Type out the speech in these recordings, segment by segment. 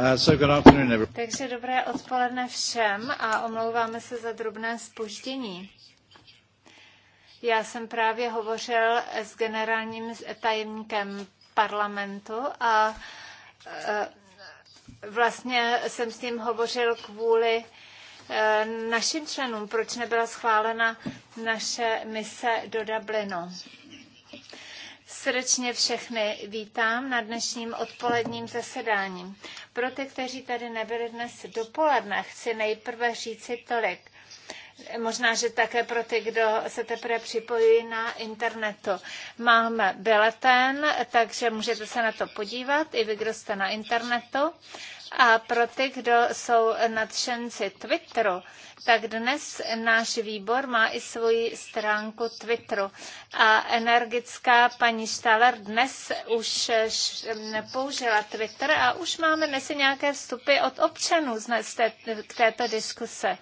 Uh, so good afternoon, Takže dobré odpoledne všem a omlouváme se za drobné spoždění. Já jsem právě hovořil s generálním tajemníkem parlamentu a eh, vlastně jsem s ním hovořil kvůli eh, našim členům, proč nebyla schválena naše mise do Dublinu. Srdečně všechny vítám na dnešním odpoledním zasedání. Pro ty, kteří tady nebyli dnes dopoledne, chci nejprve říci tolik. Možná, že také pro ty, kdo se teprve připojí na internetu. Máme biletén, takže můžete se na to podívat, i vy, kdo jste na internetu. A pro ty, kdo jsou nadšenci Twitteru, tak dnes náš výbor má i svoji stránku Twitteru. A energická paní Štaler dnes už eh, nepoužila Twitter a už máme dnes nějaké vstupy od občanů z té, k této diskuse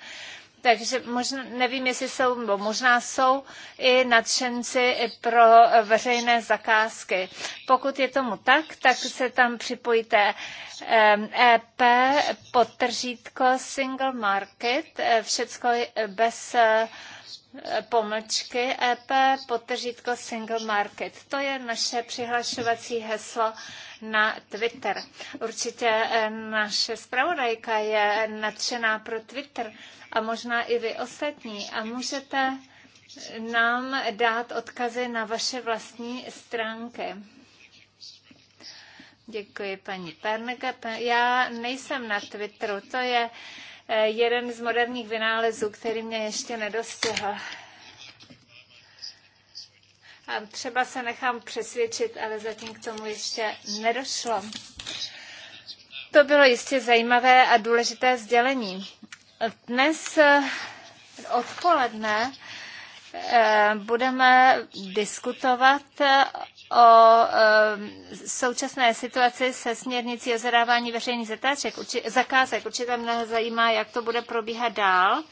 takže možná, nevím, jestli jsou, nebo možná jsou i nadšenci pro veřejné zakázky. Pokud je tomu tak, tak se tam připojíte EP, e podtržítko Single Market, eh, všecko bez eh, pomlčky EP potržítko Single Market. To je naše přihlašovací heslo na Twitter. Určitě eh, naše zpravodajka je nadšená pro Twitter a možná i vy ostatní. A můžete nám dát odkazy na vaše vlastní stránky. Děkuji, paní Pernega. Já nejsem na Twitteru, to je Eh, jeden z moderních vynálezů, který mě ještě nedostihl. A třeba se nechám přesvědčit, ale zatím k tomu ještě nedošlo. To bylo jistě zajímavé a důležité sdělení. Dnes eh, odpoledne eh, budeme diskutovat o současné situaci se směrnicí o zadávání veřejných zatáček, uči, zakázek. Určitě mě zajímá, jak to bude probíhat dál.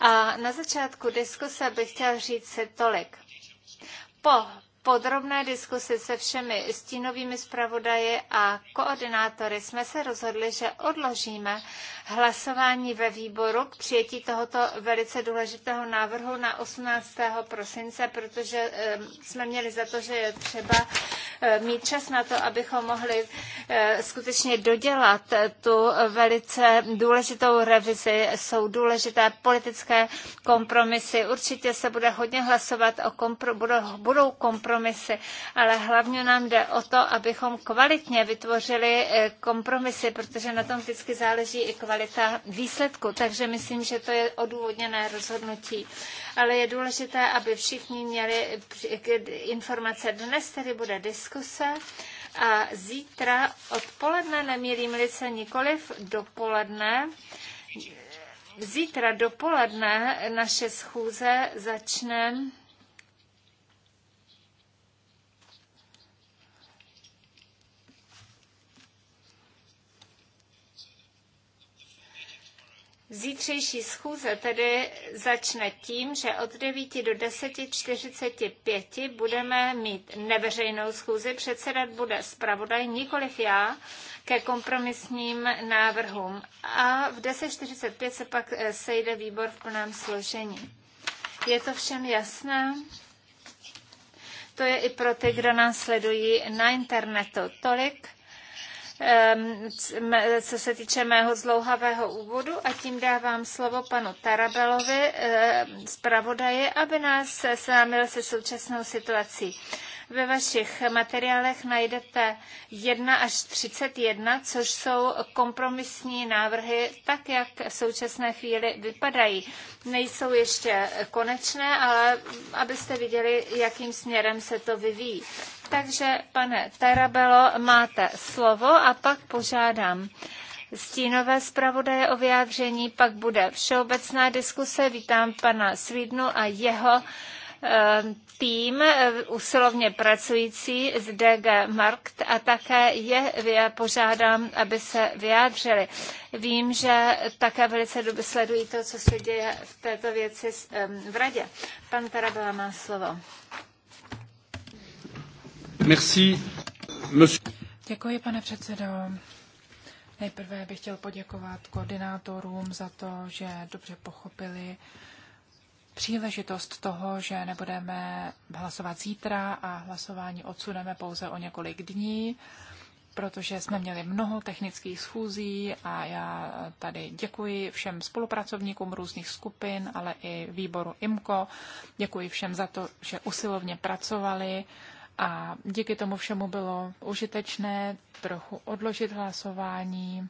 A na začátku diskuse bych chtěl říct si tolik. Po podrobné diskusi se všemi stínovými zpravodaji a koordinátory jsme se rozhodli, že odložíme hlasování ve výboru k přijetí tohoto velice důležitého návrhu na 18. prosince, protože jsme měli za to, že je třeba mít čas na to, abychom mohli skutečně dodělat tu velice důležitou revizi. Jsou důležité politické kompromisy. Určitě se bude hodně hlasovat o kompro, budou, budou kompromisy, ale hlavně nám jde o to, abychom kvalitně vytvořili kompromisy, protože na tom vždycky záleží i kvalita kvalita výsledku, takže myslím, že to je odůvodněné rozhodnutí. Ale je důležité, aby všichni měli informace. Dnes tedy bude diskuse a zítra odpoledne, nemělím lice nikoliv dopoledne, Zítra dopoledne naše schůze začne Zítřejší schůze tedy začne tím, že od 9 do 10.45 budeme mít neveřejnou schůzi. Předsedat bude zpravodaj, nikoliv já, ke kompromisním návrhům. A v 10.45 se pak eh, sejde výbor v plném složení. Je to všem jasné? To je i pro ty, kdo nás sledují na internetu. Tolik Ehm, co se týče mého zlouhavého úvodu a tím dávám slovo panu Tarabelovi, ehm, zpravodaji, aby nás seznámil se současnou situací. Ve vašich materiálech najdete 1 až 31, což jsou kompromisní návrhy, tak jak v současné chvíli vypadají. Nejsou ještě konečné, ale abyste viděli, jakým směrem se to vyvíjí. Takže, pane Tarabelo, máte slovo a pak požádám stínové zpravodaje o vyjádření, pak bude všeobecná diskuse. Vítám pana Svídnu a jeho Eh, tým eh, usilovně pracující z DG Markt a také je požádám, aby se vyjádřili. Vím, že také velice dobře sledují to, co se děje v této věci v radě. Pan Tarabela má slovo. Merci. Děkuji, pane předsedo. Nejprve bych chtěl poděkovat koordinátorům za to, že dobře pochopili příležitost toho, že nebudeme hlasovat zítra a hlasování odsuneme pouze o několik dní, protože jsme měli mnoho technických schůzí a já tady děkuji všem spolupracovníkům různých skupin, ale i výboru IMKO. Děkuji všem za to, že usilovně pracovali a díky tomu všemu bylo užitečné trochu odložit hlasování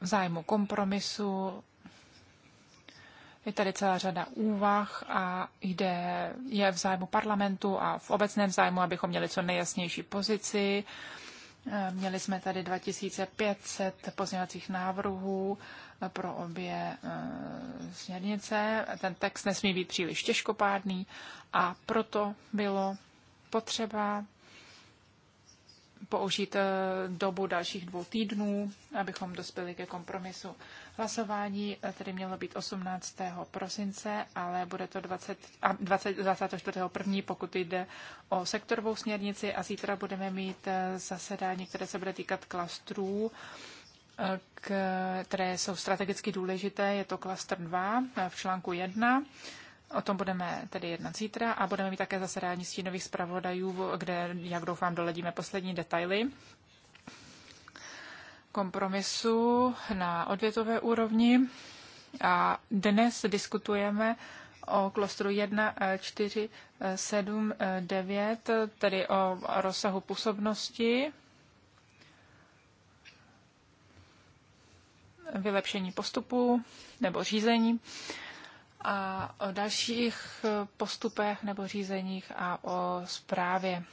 v zájmu kompromisu je tady celá řada úvah a jde, je v zájmu parlamentu a v obecném zájmu, abychom měli co nejjasnější pozici. Eh, měli jsme tady 2500 pozměňovacích návrhů eh, pro obě eh, směrnice. Ten text nesmí být příliš těžkopádný a proto bylo potřeba použít dobu dalších dvou týdnů, abychom dospěli ke kompromisu. Hlasování eh, tedy mělo být 18. prosince, ale bude to 20, a 20, 24. první, pokud jde o sektorovou směrnici a zítra budeme mít eh, zasedání, které se bude týkat klastrů, eh, které jsou strategicky důležité. Je to klastr 2 v článku 1. O tom budeme tedy jednat zítra a budeme mít také zasedání stínových zpravodajů, kde, jak doufám, doledíme poslední detaily kompromisu na odvětové úrovni a dnes diskutujeme o klostru 1, 4, 7, 9, tedy o rozsahu působnosti, vylepšení postupů nebo řízení a o dalších postupech nebo řízeních a o zprávě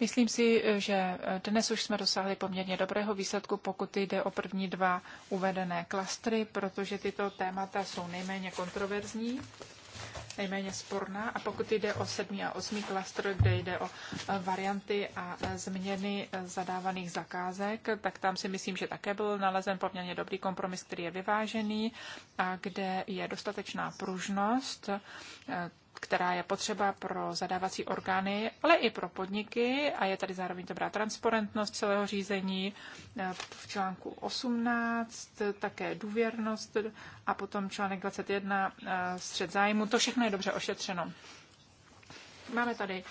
Myslím si, že dnes už jsme dosáhli poměrně dobrého výsledku, pokud jde o první dva uvedené klastry, protože tyto témata jsou nejméně kontroverzní nejméně sporná. A pokud jde o sedmý a osmý klastr, kde jde o eh, varianty a eh, změny eh, zadávaných zakázek, tak tam si myslím, že také byl nalezen poměrně dobrý kompromis, který je vyvážený a kde je dostatečná pružnost která je potřeba pro zadávací orgány, ale i pro podniky a je tady zároveň dobrá transparentnost celého řízení v článku 18, také důvěrnost a potom článek 21 střed zájmu. To všechno všechno je dobře ošetřeno. Máme tady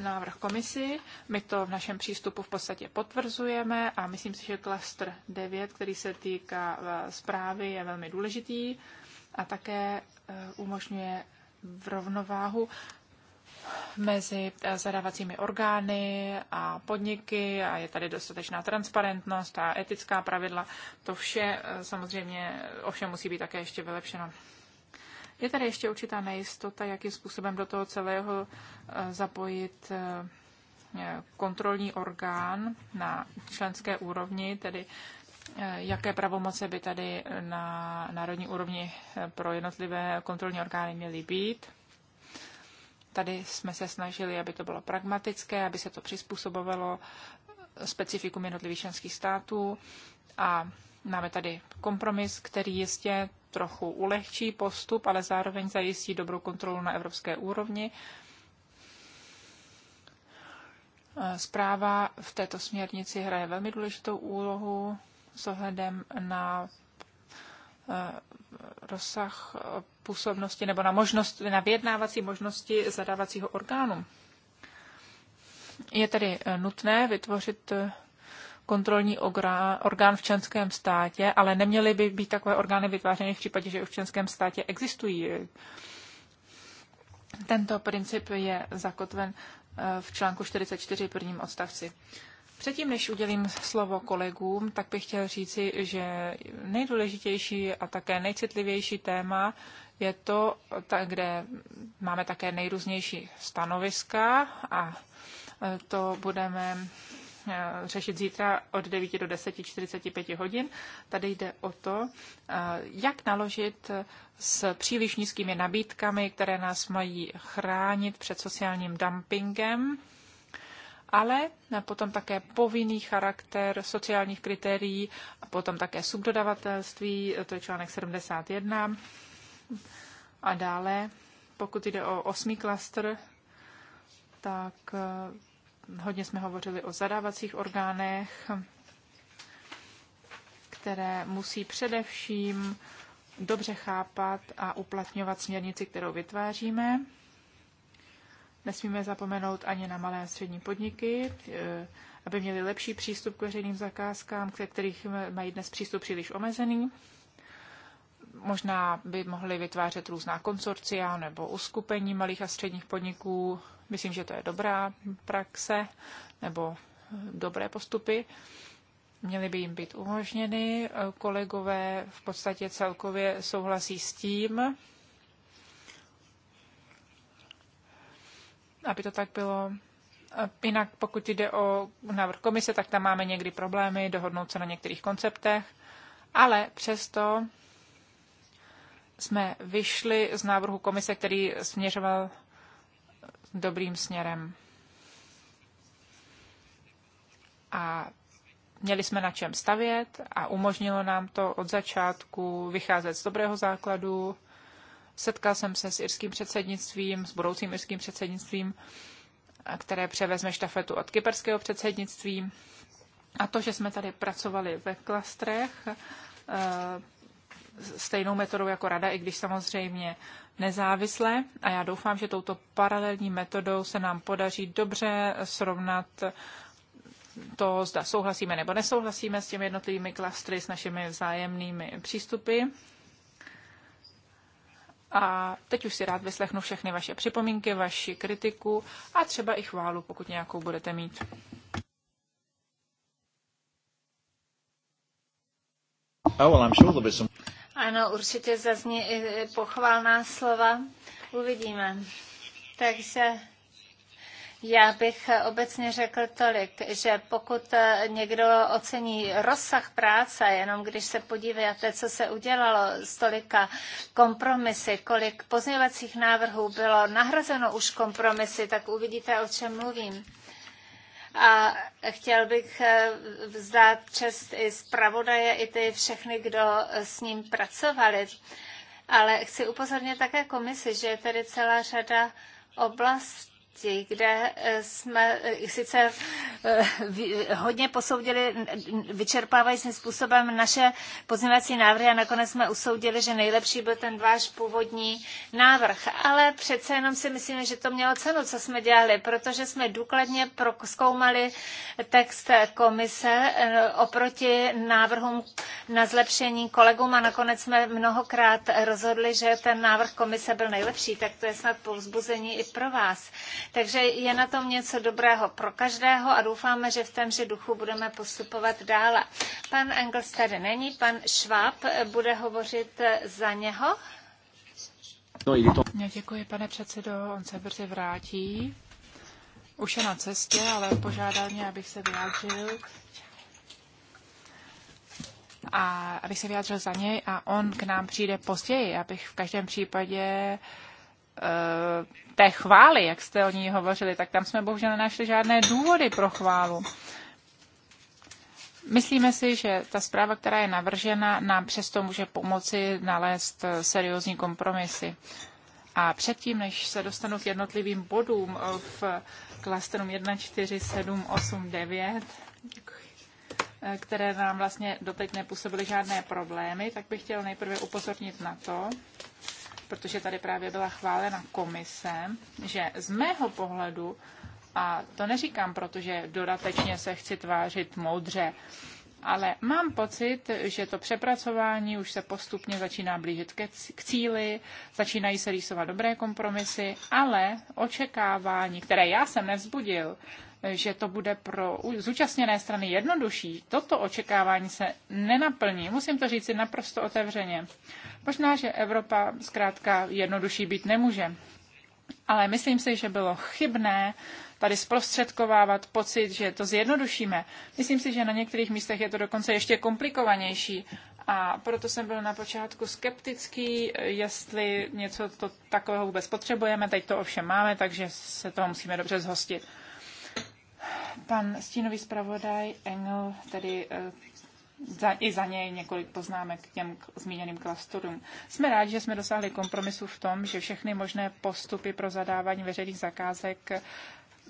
návrh komisi. My to v našem přístupu v podstatě potvrzujeme a myslím si, že klaster 9, který se týká eh, zprávy, je velmi důležitý a také eh, umožňuje v rovnováhu mezi eh, zadávacími orgány a podniky a je tady dostatečná transparentnost a etická pravidla. To vše samozřejmě ovšem musí být také ještě vylepšeno. Je tady ještě určitá nejistota, jakým způsobem do toho celého eh, zapojit eh, kontrolní orgán na členské úrovni, tedy eh, jaké pravomoce by tady na národní úrovni pro jednotlivé kontrolní orgány měly být. Tady jsme se snažili, aby to bylo pragmatické, aby se to přizpůsobovalo specifikum jednotlivých členských států a máme tady kompromis, který jistě trochu ulehčí postup, ale zároveň zajistí dobrou kontrolu na evropské úrovni. Eh, Zpráva v této směrnici hraje velmi důležitou úlohu s ohledem na eh, rozsah eh, působnosti nebo na, možnost, na vyjednávací možnosti zadávacího orgánu. Je tedy nutné vytvořit kontrolní orgán v členském státě, ale neměly by být takové orgány vytvářeny v případě, že už v členském státě existují. Tento princip je zakotven eh, v článku 44 prvním odstavci. Předtím, než udělím slovo kolegům, tak bych chtěl říci, že nejdůležitější a také nejcitlivější téma je to, kde máme také nejrůznější stanoviska a eh, to budeme Eh, řešit zítra od 9 do 45 hodin. Tady jde o to, eh, jak naložit s příliš nízkými nabídkami, které nás mají chránit před sociálním dumpingem, ale potom také povinný charakter sociálních kritérií a potom také subdodavatelství, to je článek 71. A dále, pokud jde o osmý klastr, tak eh, Hodně jsme hovořili o zadávacích orgánech, které musí především dobře chápat a uplatňovat směrnici, kterou vytváříme. Nesmíme zapomenout ani na malé a střední podniky, eh, aby měli lepší přístup k veřejným zakázkám, ke kterých mají dnes přístup příliš omezený. Možná by mohli vytvářet různá konsorcia nebo uskupení malých a středních podniků, Myslím, že to je dobrá praxe nebo dobré postupy. Měly by jim být umožněny. Kolegové v podstatě celkově souhlasí s tím, aby to tak bylo. Jinak pokud jde o návrh komise, tak tam máme někdy problémy dohodnout se na některých konceptech, ale přesto jsme vyšli z návrhu komise, který směřoval dobrým směrem. A měli jsme na čem stavět a umožnilo nám to od začátku vycházet z dobrého základu. Setkal jsem se s irským předsednictvím, s budoucím irským předsednictvím, které převezme štafetu od kyperského předsednictví. A to, že jsme tady pracovali ve klastrech, eh, stejnou metodou jako rada, i když samozřejmě nezávisle. A já doufám, že touto paralelní metodou se nám podaří dobře srovnat to, zda souhlasíme nebo nesouhlasíme s těmi jednotlivými klastry, s našimi vzájemnými přístupy. A teď už si rád vyslechnu všechny vaše připomínky, vaši kritiku a třeba i chválu, pokud nějakou budete mít. Oh, well, I'm sure there'll be some... Ano, určitě zazní i pochválná slova. Uvidíme. Takže já bych obecně řekl tolik, že pokud někdo ocení rozsah práce, jenom když se podíváte, co se udělalo z tolika kompromisy, kolik pozměňovacích návrhů bylo nahrazeno už kompromisy, tak uvidíte, o čem mluvím a chtěl bych eh, vzdát čest i zpravodaje, i ty všechny, kdo eh, s ním pracovali. Ale chci upozornit také komisi, že je tady celá řada oblastí, oblasti, kde eh, jsme eh, sice eh, hodně posoudili vyčerpávajícím způsobem naše pozměňovací návrhy a nakonec jsme usoudili, že nejlepší byl ten váš původní návrh. Ale přece jenom si myslíme, že to mělo cenu, co jsme dělali, protože jsme důkladně zkoumali text komise oproti návrhům na zlepšení kolegům a nakonec jsme mnohokrát rozhodli, že ten návrh komise byl nejlepší, tak to je snad povzbuzení i pro vás. Takže je na tom něco dobrého pro každého a doufáme, že v témže duchu budeme postupovat dále. Pan Engels tady není, pan Schwab bude hovořit za něho. No, Děkuji, pane předsedo, on se brzy vrátí. Už je na cestě, ale požádal mě, abych se vyjádřil a abych se vyjádřil za něj a on k nám přijde později, abych v každém případě té chvály, jak jste o ní hovořili, tak tam jsme bohužel nenašli žádné důvody pro chválu. Myslíme si, že ta zpráva, která je navržena, nám přesto může pomoci nalézt seriózní kompromisy. A předtím, než se dostanu k jednotlivým bodům v klasterům 1, 4, 7, 8, 9, které nám vlastně doteď nepůsobily žádné problémy, tak bych chtěl nejprve upozornit na to, protože tady právě byla chválena komise, že z mého pohledu, a to neříkám, protože dodatečně se chci tvářit moudře, ale mám pocit, že to přepracování už se postupně začíná blížit k cíli, začínají se rýsovat dobré kompromisy, ale očekávání, které já jsem nevzbudil, že to bude pro zúčastněné strany jednodušší, toto očekávání se nenaplní. Musím to říct si naprosto otevřeně. Možná, že Evropa zkrátka jednodušší být nemůže. Ale myslím si, že bylo chybné tady zprostředkovávat pocit, že to zjednodušíme. Myslím si, že na některých místech je to dokonce ještě komplikovanější. A proto jsem byl na počátku skeptický, jestli něco to, takového vůbec potřebujeme. Teď to ovšem máme, takže se toho musíme dobře zhostit. Pan stínový zpravodaj Engel tedy eh, za, i za něj několik poznámek k těm zmíněným klastorům. Jsme rádi, že jsme dosáhli kompromisu v tom, že všechny možné postupy pro zadávání veřejných zakázek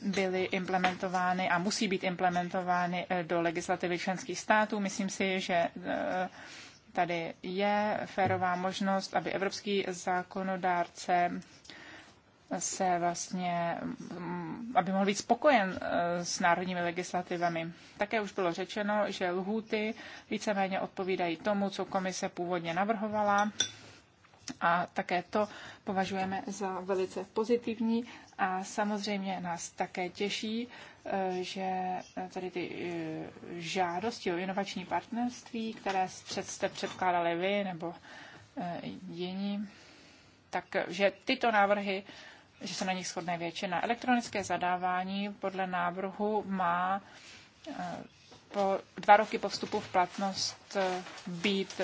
byly implementovány a musí být implementovány eh, do legislativy členských států. Myslím si, že eh, tady je férová možnost, aby evropský zákonodárce se vlastně, aby mohl být spokojen eh, s národními legislativami. Také už bylo řečeno, že lhůty víceméně odpovídají tomu, co komise původně navrhovala. A také to považujeme za velice pozitivní a samozřejmě nás také těší, eh, že eh, tady ty žádosti o inovační partnerství, které jste předkládali vy nebo jiní, takže tyto návrhy že se na nich shodne většina. Elektronické zadávání podle návrhu má eh, po dva roky po vstupu v platnost eh, být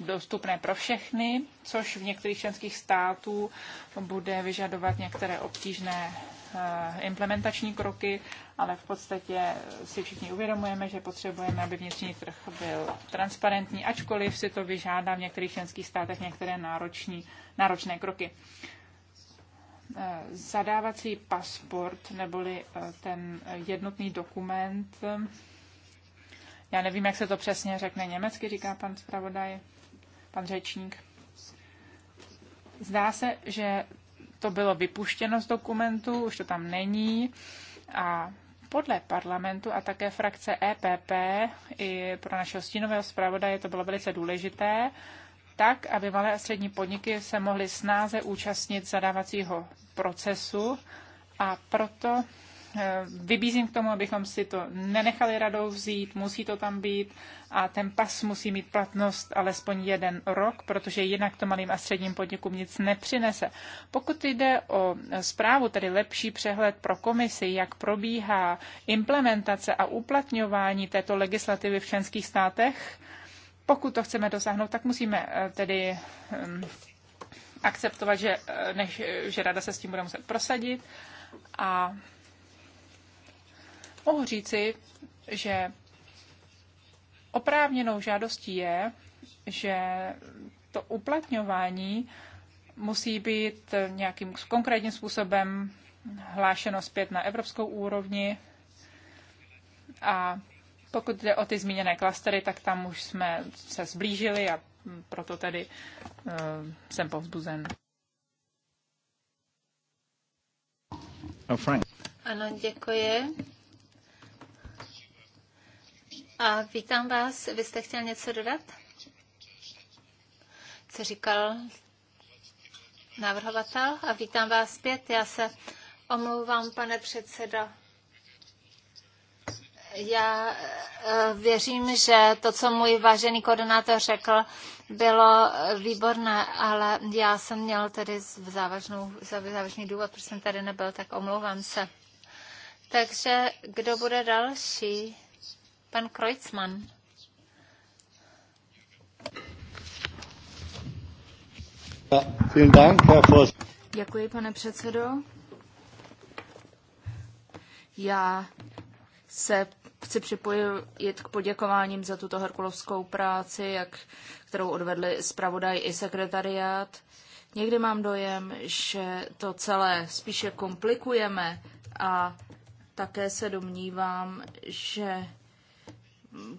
dostupné pro všechny, což v některých členských států bude vyžadovat některé obtížné eh, implementační kroky, ale v podstatě si všichni uvědomujeme, že potřebujeme, aby vnitřní trh byl transparentní, ačkoliv si to vyžádá v některých členských státech některé nároční, náročné kroky zadávací pasport neboli eh, ten jednotný dokument. Já nevím, jak se to přesně řekne německy, říká pan zpravodaj, pan řečník. Zdá se, že to bylo vypuštěno z dokumentu, už to tam není a podle parlamentu a také frakce EPP i pro našeho stínového zpravodaje to bylo velice důležité, tak, aby malé a střední podniky se mohly snáze účastnit zadávacího procesu a proto eh, vybízím k tomu, abychom si to nenechali radou vzít, musí to tam být a ten pas musí mít platnost alespoň jeden rok, protože jinak to malým a středním podnikům nic nepřinese. Pokud jde o zprávu, tedy lepší přehled pro komisi, jak probíhá implementace a uplatňování této legislativy v členských státech, pokud to chceme dosáhnout, tak musíme eh, tedy akceptovat, že, eh, než, že rada se s tím bude muset prosadit a mohu říci, že oprávněnou žádostí je, že to uplatňování musí být nějakým konkrétním způsobem hlášeno zpět na evropskou úrovni a pokud jde o ty zmíněné klastery, tak tam už jsme se zblížili a proto tedy uh, jsem povzbuzen. Oh, Frank. Ano, děkuji. A vítám vás. Vy jste chtěl něco dodat? Co říkal navrhovatel? A vítám vás zpět. Já se omlouvám, pane předsedo. Já eh, věřím, že to, co můj vážený koordinátor řekl, bylo eh, výborné, ale já jsem měl tedy závažnou, závažný důvod, proč jsem tady nebyl, tak omlouvám se. Takže kdo bude další? Pan Kreuzmann. Děkuji, pane předsedo. Já se chci připojit k poděkováním za tuto herkulovskou práci, jak, kterou odvedli zpravodaj i sekretariát. Někdy mám dojem, že to celé spíše komplikujeme a také se domnívám, že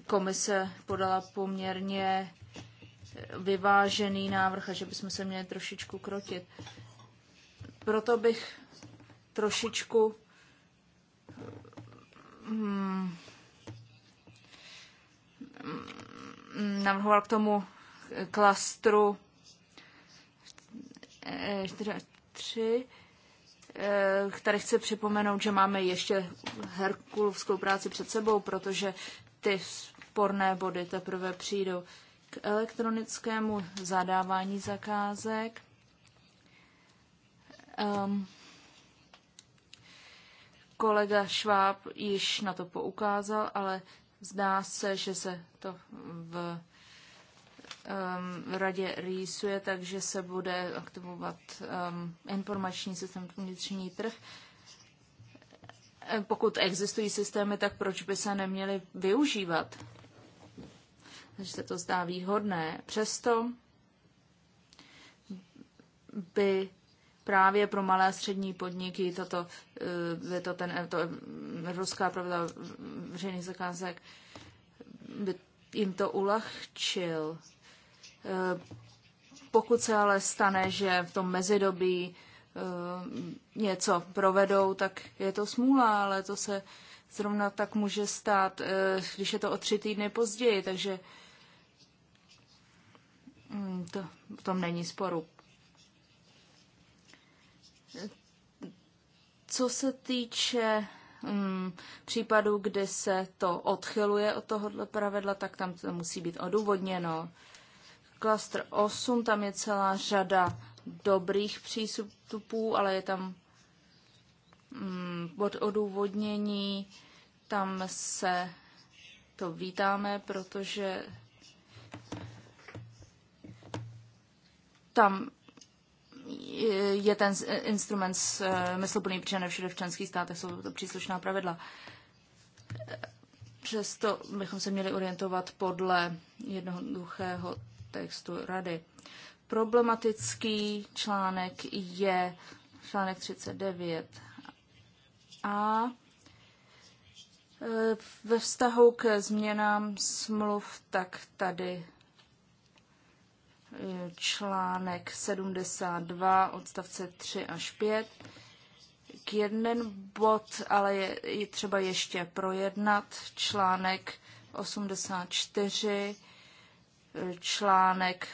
komise podala poměrně vyvážený návrh a že bychom se měli trošičku krotit. Proto bych trošičku Hmm. navrhoval k tomu klastru 3. Tady chci připomenout, že máme ještě herkulovskou práci před sebou, protože ty sporné body teprve přijdou k elektronickému zadávání zakázek. Um, Kolega Šváb již na to poukázal, ale zdá se, že se to v um, radě rýsuje, takže se bude aktivovat um, informační systém vnitřní trh. Eh, pokud existují systémy, tak proč by se neměly využívat? Takže se to zdá výhodné. Přesto by právě pro malé a střední podniky, toto, by eh, to ten, to evropská pravda veřejných zakázek, by jim to ulehčil. Eh, pokud se ale stane, že v tom mezidobí eh, něco provedou, tak je to smůla, ale to se zrovna tak může stát, když je to o tři týdny později, takže mm, to, v tom není sporu. Co se týče um, případů, kdy se to odchyluje od tohohle pravidla, tak tam to musí být odůvodněno. Klastr 8, tam je celá řada dobrých přístupů, ale je tam um, od odůvodnění, tam se to vítáme, protože tam je ten instrument smysluplný, eh, protože ne všude v členských státech jsou to příslušná pravidla. Přesto bychom se měli orientovat podle jednoduchého textu rady. Problematický článek je článek 39 a eh, ve vztahu k změnám smluv, tak tady článek 72 odstavce 3 až 5. K jeden bod ale je, je třeba ještě projednat článek 84, článek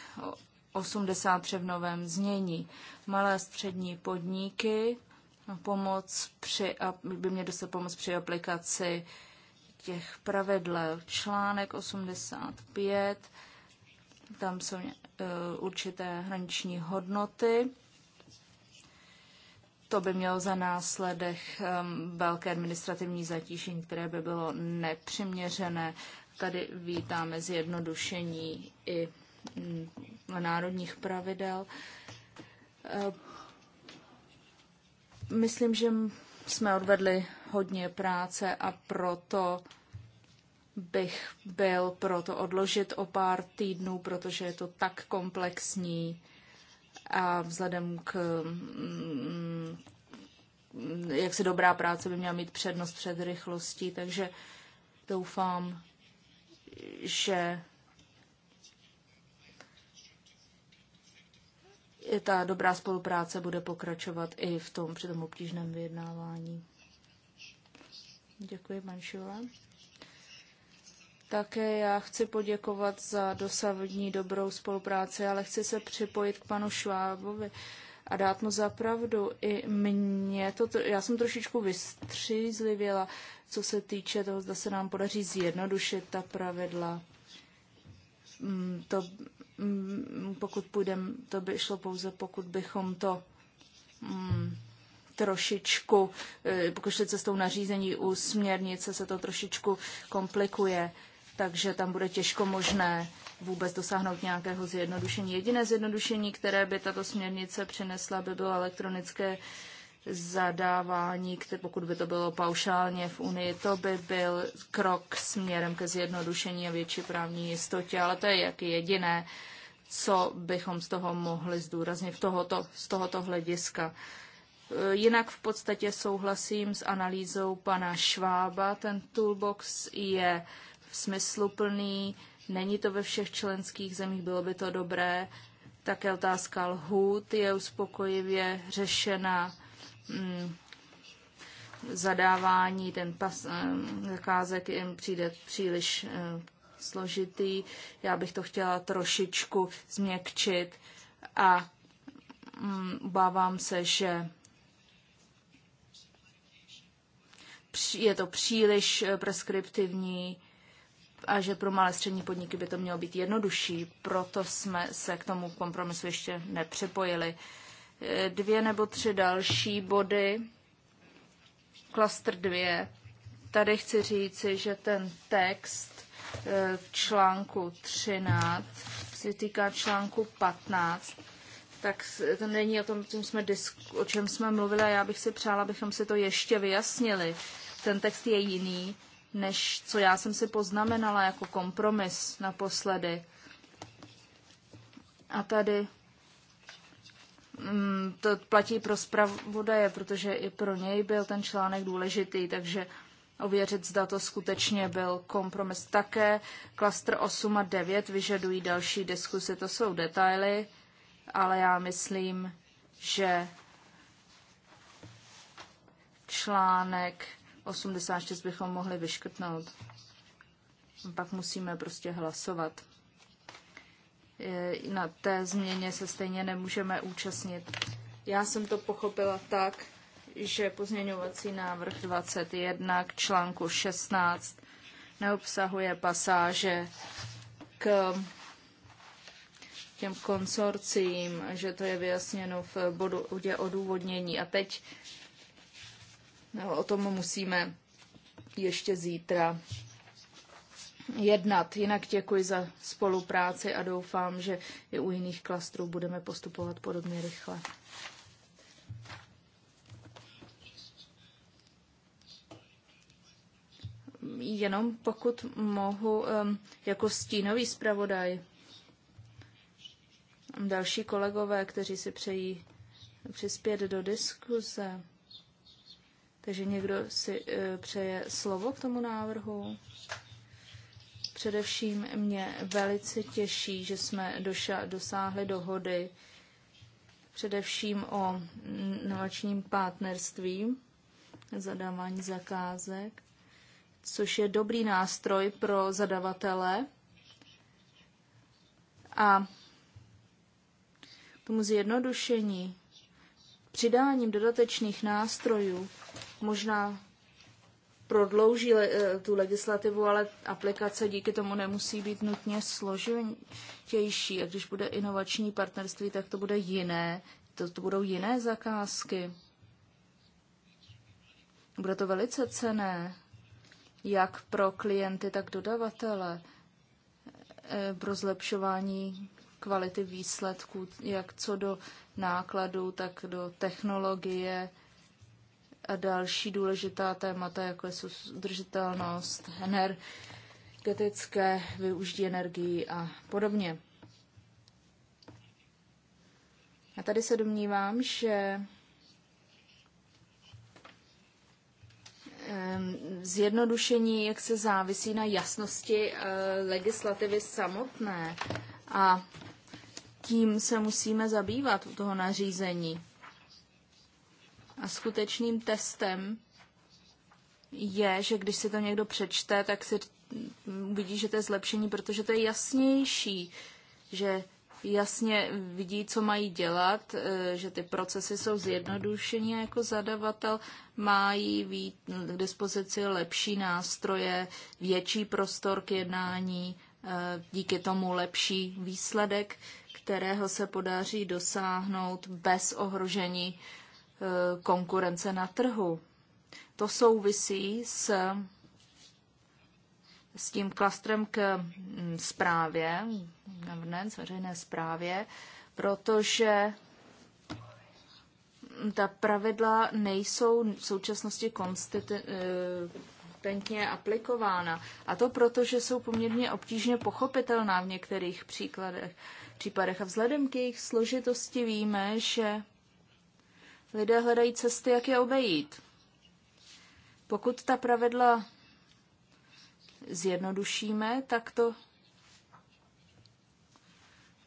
83 v novém znění. Malé a střední podniky pomoc při, by mě dostat pomoc při aplikaci těch pravidel. Článek 85 tam jsou eh, určité hraniční hodnoty. To by mělo za následek ehm, velké administrativní zatížení, které by bylo nepřiměřené. Tady vítáme zjednodušení i mm, národních pravidel. Eh, myslím, že jsme odvedli hodně práce a proto bych byl pro to odložit o pár týdnů, protože je to tak komplexní a vzhledem k mm, jak se dobrá práce by měla mít přednost před rychlostí, takže doufám, že ta dobrá spolupráce bude pokračovat i v tom při tom obtížném vyjednávání. Děkuji, Manšová. Také já chci poděkovat za dosavadní dobrou spolupráci, ale chci se připojit k panu Švábovi a dát mu za pravdu. I mě to, já jsem trošičku vystřízlivěla, co se týče toho, zda se nám podaří zjednodušit ta pravidla. Mm, to, mm, pokud půjdem, to by šlo pouze, pokud bychom to mm, trošičku, eh, pokud šli cestou nařízení u směrnice, se to trošičku komplikuje takže tam bude těžko možné vůbec dosáhnout nějakého zjednodušení. Jediné zjednodušení, které by tato směrnice přinesla, by bylo elektronické zadávání, které, pokud by to bylo paušálně v Unii, to by byl krok směrem ke zjednodušení a větší právní jistotě, ale to je jak jediné, co bychom z toho mohli zdůraznit v tohoto, z tohoto hlediska. E, jinak v podstatě souhlasím s analýzou pana Švába. Ten toolbox je smysluplný, není to ve všech členských zemích, bylo by to dobré. Také otázka lhůt je uspokojivě řešena. Hmm, zadávání ten pas, zakázek jim přijde příliš složitý. Já bych to chtěla trošičku změkčit a mm, obávám se, že je to příliš eh, preskriptivní a že pro malé střední podniky by to mělo být jednodušší. Proto jsme se k tomu kompromisu ještě nepřipojili. Eh, dvě nebo tři další body. Klaster dvě. Tady chci říci, že ten text v eh, článku 13 se týká článku 15, tak to není o tom, čem jsme disk- o čem jsme mluvili a já bych si přála, abychom si to ještě vyjasnili. Ten text je jiný než co já jsem si poznamenala jako kompromis naposledy. A tady mm, to platí pro zpravodaje, protože i pro něj byl ten článek důležitý, takže ověřit, zda to skutečně byl kompromis. Také klastr 8 a 9 vyžadují další diskusy, to jsou detaily, ale já myslím, že článek 86 bychom mohli vyškrtnout. Pak musíme prostě hlasovat. Na té změně se stejně nemůžeme účastnit. Já jsem to pochopila tak, že pozměňovací návrh 21 k článku 16 neobsahuje pasáže k těm konsorcím, že to je vyjasněno v bodu odůvodnění. A teď o tom musíme ještě zítra jednat. Jinak děkuji za spolupráci a doufám, že i u jiných klastrů budeme postupovat podobně rychle. Jenom pokud mohu, jako stínový zpravodaj, další kolegové, kteří si přejí přispět do diskuze. Takže někdo si e, přeje slovo k tomu návrhu? Především mě velice těší, že jsme doša- dosáhli dohody především o novačním partnerství, zadávání zakázek, což je dobrý nástroj pro zadavatele. A tomu zjednodušení, přidáním dodatečných nástrojů, možná prodlouží le, eh, tu legislativu, ale aplikace díky tomu nemusí být nutně složitější. A když bude inovační partnerství, tak to bude jiné, to, to budou jiné zakázky. Bude to velice cené, jak pro klienty, tak dodavatele, eh, pro zlepšování kvality výsledků, jak co do nákladů, tak do technologie, a další důležitá témata, jako je udržitelnost, energetické využití energii a podobně. A tady se domnívám, že zjednodušení jak se závisí na jasnosti eh, legislativy samotné a tím se musíme zabývat u toho nařízení. A skutečným testem je, že když si to někdo přečte, tak si vidí, že to je zlepšení, protože to je jasnější, že jasně vidí, co mají dělat, eh, že ty procesy jsou zjednodušení a jako zadavatel mají vít, k dispozici lepší nástroje, větší prostor k jednání, eh, díky tomu lepší výsledek, kterého se podaří dosáhnout bez ohrožení Eh, konkurence na trhu. To souvisí s, s tím klastrem k zprávě, mm, governance, veřejné zprávě, protože ta pravidla nejsou v současnosti konstantně eh, aplikována. A to proto, že jsou poměrně obtížně pochopitelná v některých příkladech, případech. A vzhledem k jejich složitosti víme, že lidé hledají cesty, jak je obejít. Pokud ta pravidla zjednodušíme, tak to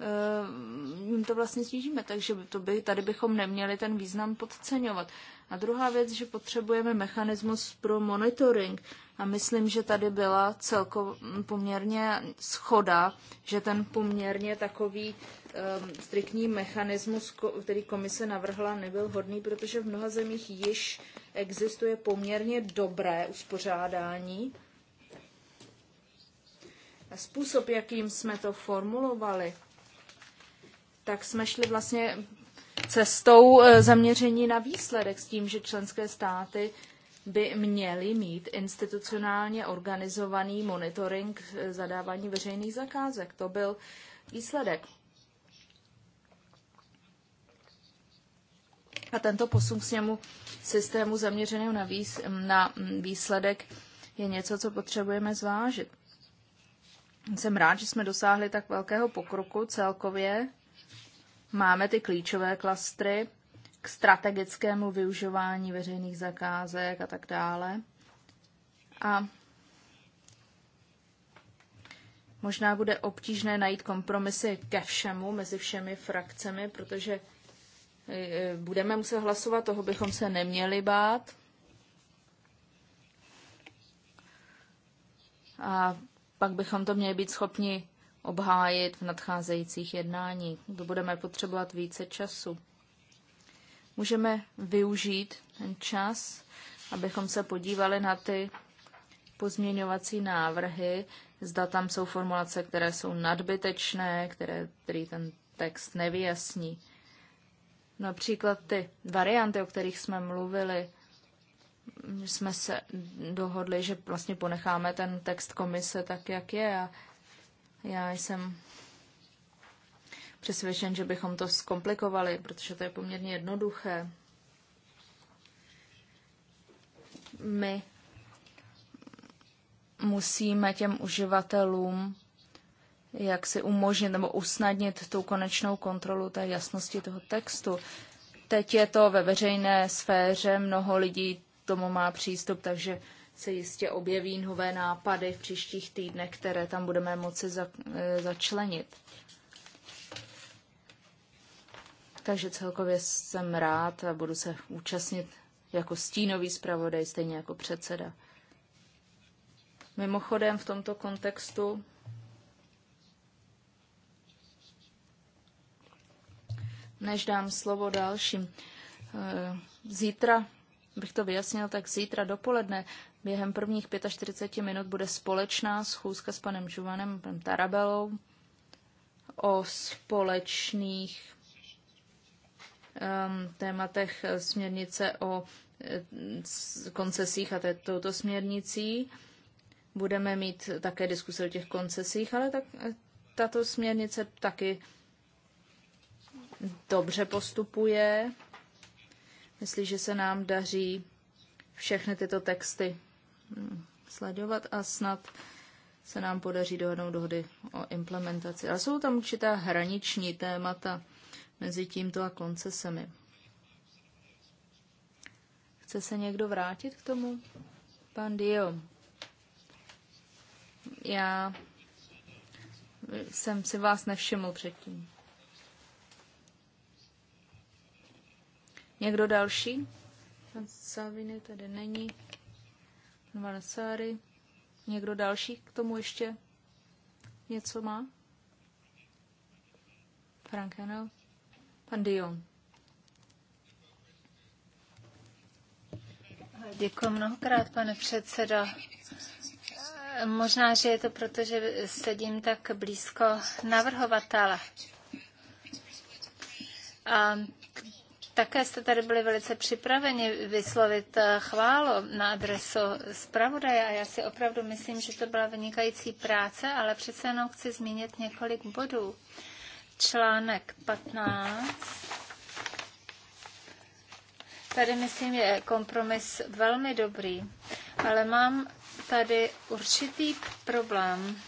eh, jim to vlastně snížíme, takže to by, tady bychom neměli ten význam podceňovat. A druhá věc, že potřebujeme mechanismus pro monitoring. A myslím, že tady byla celko mm, poměrně schoda, že ten poměrně takový um, striktní mechanismus, který komise navrhla, nebyl hodný, protože v mnoha zemích již existuje poměrně dobré uspořádání. A způsob, jakým jsme to formulovali, tak jsme šli vlastně cestou e, zaměření na výsledek s tím, že členské státy by měly mít institucionálně organizovaný monitoring eh, zadávání veřejných zakázek. To byl výsledek. A tento posun k sněmu systému zaměřeného na, výs, na mm, výsledek je něco, co potřebujeme zvážit. Jsem rád, že jsme dosáhli tak velkého pokroku celkově. Máme ty klíčové klastry, k strategickému využívání veřejných zakázek a tak dále. A možná bude obtížné najít kompromisy ke všemu mezi všemi frakcemi, protože e, e, budeme muset hlasovat, toho bychom se neměli bát. A pak bychom to měli být schopni obhájit v nadcházejících jednáních. To budeme potřebovat více času. Můžeme využít ten čas, abychom se podívali na ty pozměňovací návrhy, zda tam jsou formulace, které jsou nadbytečné, které, který ten text nevyjasní. Například ty varianty, o kterých jsme mluvili, jsme se dohodli, že vlastně ponecháme ten text komise tak, jak je a já jsem přesvědčen, že bychom to zkomplikovali, protože to je poměrně jednoduché. My musíme těm uživatelům jak si umožnit nebo usnadnit tu konečnou kontrolu té jasnosti toho textu. Teď je to ve veřejné sféře, mnoho lidí tomu má přístup, takže se jistě objeví nové nápady v příštích týdnech, které tam budeme moci za, e, začlenit. Takže celkově jsem rád a budu se účastnit jako stínový zpravodaj, stejně jako předseda. Mimochodem v tomto kontextu než dám slovo dalším. Eh, zítra, bych to vyjasnil, tak zítra dopoledne během prvních 45 minut bude společná schůzka s panem Žuvanem, panem Tarabelou o společných Um, tématech směrnice o eh, koncesích a touto směrnicí. Budeme mít také diskuse o těch koncesích, ale tak, eh, tato směrnice taky dobře postupuje. Myslím, že se nám daří všechny tyto texty hm, sledovat a snad se nám podaří dohodnout dohody o implementaci. Ale jsou tam určitá hraniční témata, mezi tímto a koncesemi. Chce se někdo vrátit k tomu? Pan Dio. Já jsem si vás nevšiml předtím. Někdo další? Pan Saviny tady není. Pan Vanasari. Někdo další k tomu ještě něco má? Frank Henel. Pan Dion. Děkuji mnohokrát, pane předsedo. Možná, že je to proto, že sedím tak blízko navrhovatele. A také jste tady byli velice připraveni vyslovit eh, chválu na adresu zpravodaje a já si opravdu myslím, že to byla vynikající práce, ale přece jenom chci zmínit několik bodů. Uh, článek 15 tady, myslím, je kompromis velmi dobrý, ale mám tady určitý problém.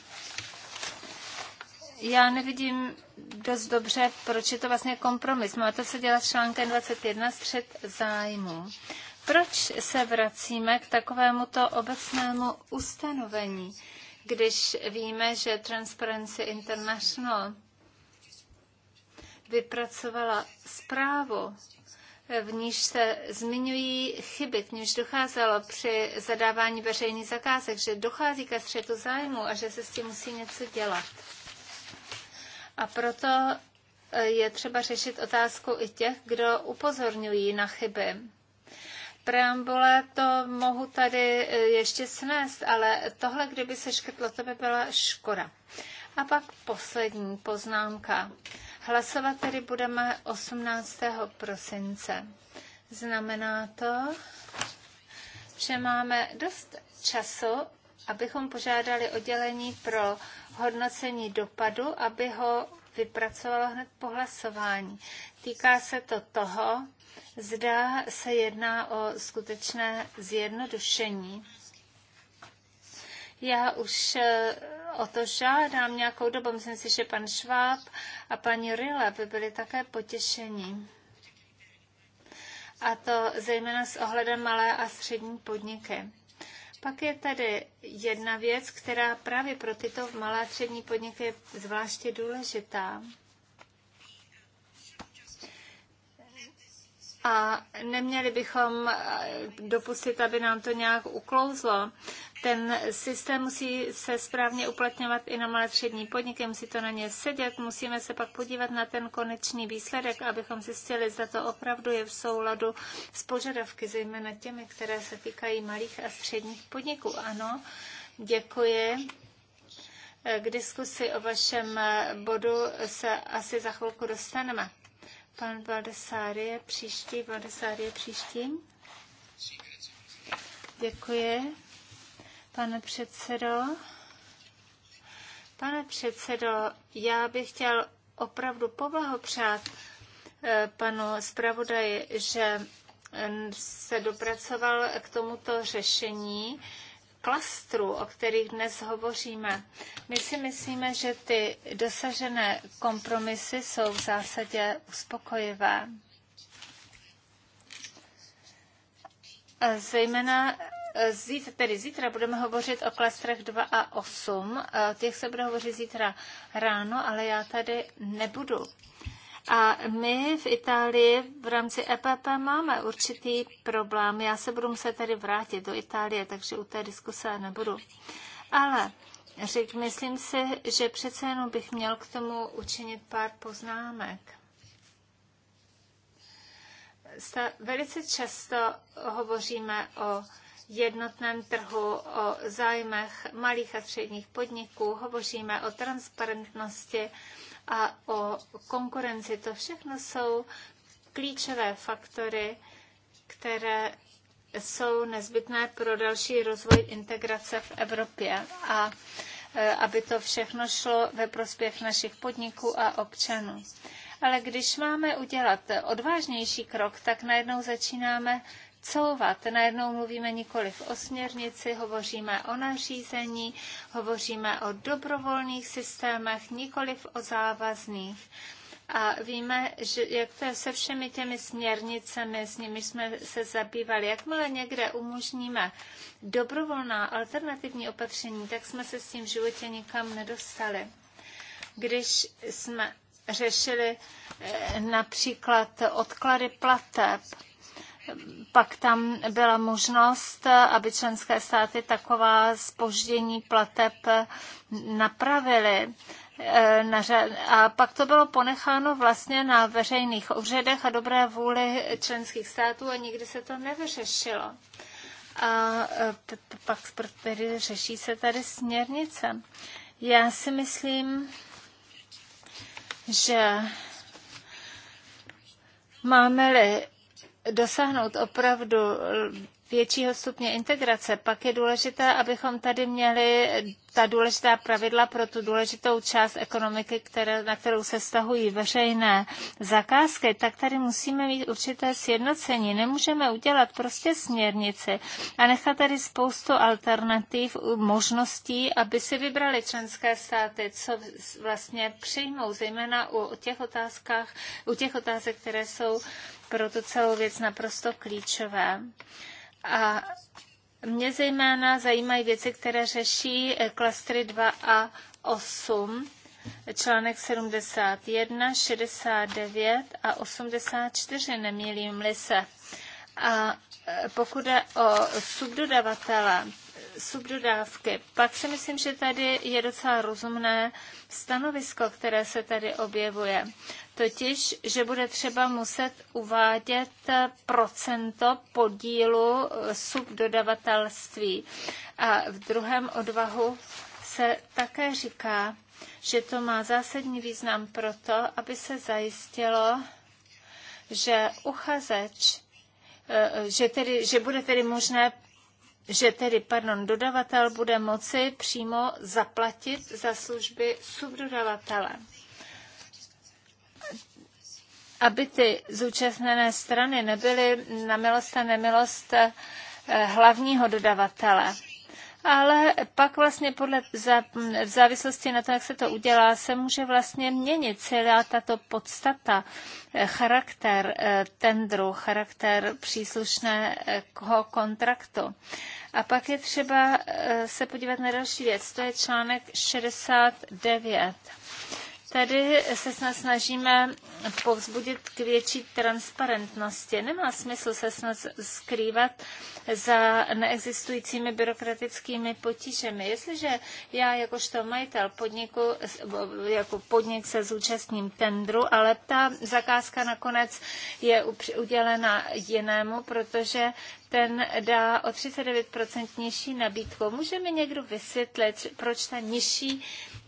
Já nevidím dost dobře, proč je to vlastně kompromis. Má to se dělat článkem 21 střed zájmu. Proč se vracíme k takovémuto obecnému ustanovení, když víme, že Transparency International vypracovala zprávu, v níž se zmiňují chyby, k níž docházelo při zadávání veřejných zakázek, že dochází ke střetu zájmu a že se s tím musí něco dělat. A proto e, je třeba řešit otázku i těch, kdo upozorňují na chyby preambule to mohu tady e, ještě snést, ale tohle, kdyby se škrtlo, to by byla škoda. A pak poslední poznámka. Hlasovat tedy budeme 18. prosince. Znamená to, že máme dost času, abychom požádali oddělení pro hodnocení dopadu, aby ho vypracovalo hned po hlasování. Týká se to toho, zda se jedná o skutečné zjednodušení. Já už eh, o to žádám nějakou dobu. Myslím si, že pan Šváb a paní Rila by byli také potěšení. A to zejména s ohledem malé a střední podniky. Pak je tady jedna věc, která právě pro tyto malé a střední podniky je zvláště důležitá. A neměli bychom dopustit, aby nám to nějak uklouzlo ten systém musí se správně uplatňovat i na malé střední podniky, musí to na ně sedět, musíme se pak podívat na ten konečný výsledek, abychom zjistili, zda to opravdu je v souladu s požadavky, zejména těmi, které se týkají malých a středních podniků. Ano, děkuji. K diskusi o vašem bodu se asi za chvilku dostaneme. Pan Valdesári je příští, Valdesári je příští. Děkuji pane předsedo. Pane předsedo, já bych chtěl opravdu poblahopřát eh, panu zpravodaji, že eh, se dopracoval k tomuto řešení klastru, o kterých dnes hovoříme. My si myslíme, že ty dosažené kompromisy jsou v zásadě uspokojivé. Zejména Zít, tedy zítra budeme hovořit o klastrech 2 a 8. O eh, těch se bude hovořit zítra ráno, ale já tady nebudu. A my v Itálii v rámci EPP máme určitý problém. Já se budu muset tady vrátit do Itálie, takže u té diskuse nebudu. Ale řek, myslím si, že přece jenom bych měl k tomu učinit pár poznámek. Velice často hovoříme o jednotném trhu, o zájmech malých a středních podniků, hovoříme o transparentnosti a o konkurenci. To všechno jsou klíčové faktory, které jsou nezbytné pro další rozvoj integrace v Evropě a e, aby to všechno šlo ve prospěch našich podniků a občanů. Ale když máme udělat odvážnější krok, tak najednou začínáme couvat. Najednou mluvíme nikoli o směrnici, hovoříme o nařízení, hovoříme o dobrovolných systémech, nikoli o závazných. A víme, že jak to je se všemi těmi směrnicemi, s nimi jsme se zabývali, jakmile někde umožníme dobrovolná alternativní opatření, tak jsme se s tím v životě nikam nedostali. Když jsme řešili eh, například odklady plateb, pak tam byla možnost, aby členské státy taková spoždění plateb napravily. Eh, a pak to bylo ponecháno vlastně na veřejných úřadech a dobré vůli členských států a nikdy se to nevyřešilo. A eh, pak tedy řeší se tady směrnice. Já si myslím, že máme-li dosáhnout opravdu většího stupně integrace, pak je důležité, abychom tady měli ta důležitá pravidla pro tu důležitou část ekonomiky, které, na kterou se stahují veřejné zakázky, tak tady musíme mít určité sjednocení. Nemůžeme udělat prostě směrnici a nechat tady spoustu alternativ, možností, aby si vybrali členské státy, co vlastně přijmou, zejména u těch otázkách, u těch otázek, které jsou pro tu celou věc naprosto klíčové. A mě zejména zajímají věci, které řeší eh, klastry 2 a 8, článek 71, 69 a 84, nemělím li se. A eh, pokud je o subdodavatele, subdodávky, pak si myslím, že tady je docela rozumné stanovisko, které se tady objevuje totiž, že bude třeba muset uvádět procento podílu subdodavatelství. A v druhém odvahu se také říká, že to má zásadní význam proto, aby se zajistilo, že uchazeč, eh, že, tedy, že bude tedy možné že tedy, pardon, dodavatel bude moci přímo zaplatit za služby subdodavatele aby ty zúčastněné strany nebyly na milost a nemilost eh, hlavního dodavatele. Ale pak vlastně podle, v závislosti na tom, jak se to udělá, se může vlastně měnit celá tato podstata, eh, charakter eh, tendru, charakter příslušného kontraktu. A pak je třeba se podívat na další věc, to je článek 69 Tady se snažíme povzbudit k větší transparentnosti. Nemá smysl se snad skrývat za neexistujícími byrokratickými potížemi. Jestliže já jakožto majitel podniku, jako podnik se zúčastním tendru, ale ta zakázka nakonec je udělena jinému, protože ten dá o 39% nižší nabídku. Může mi někdo vysvětlit, proč ta nižší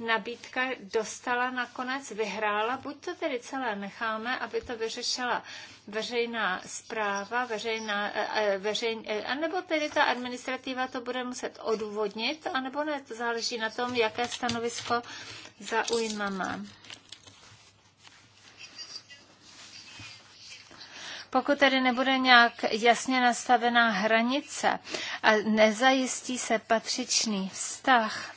nabídka dostala nakonec, vyhrála? Buď to tedy celé necháme, aby to vyřešila veřejná zpráva, veřejná, eh, eh, veřejn, eh, anebo tedy ta administrativa to bude muset odůvodnit, anebo ne, to záleží na tom, jaké stanovisko zaujmeme. Pokud tedy nebude nějak jasně nastavená hranice a nezajistí se patřičný vztah,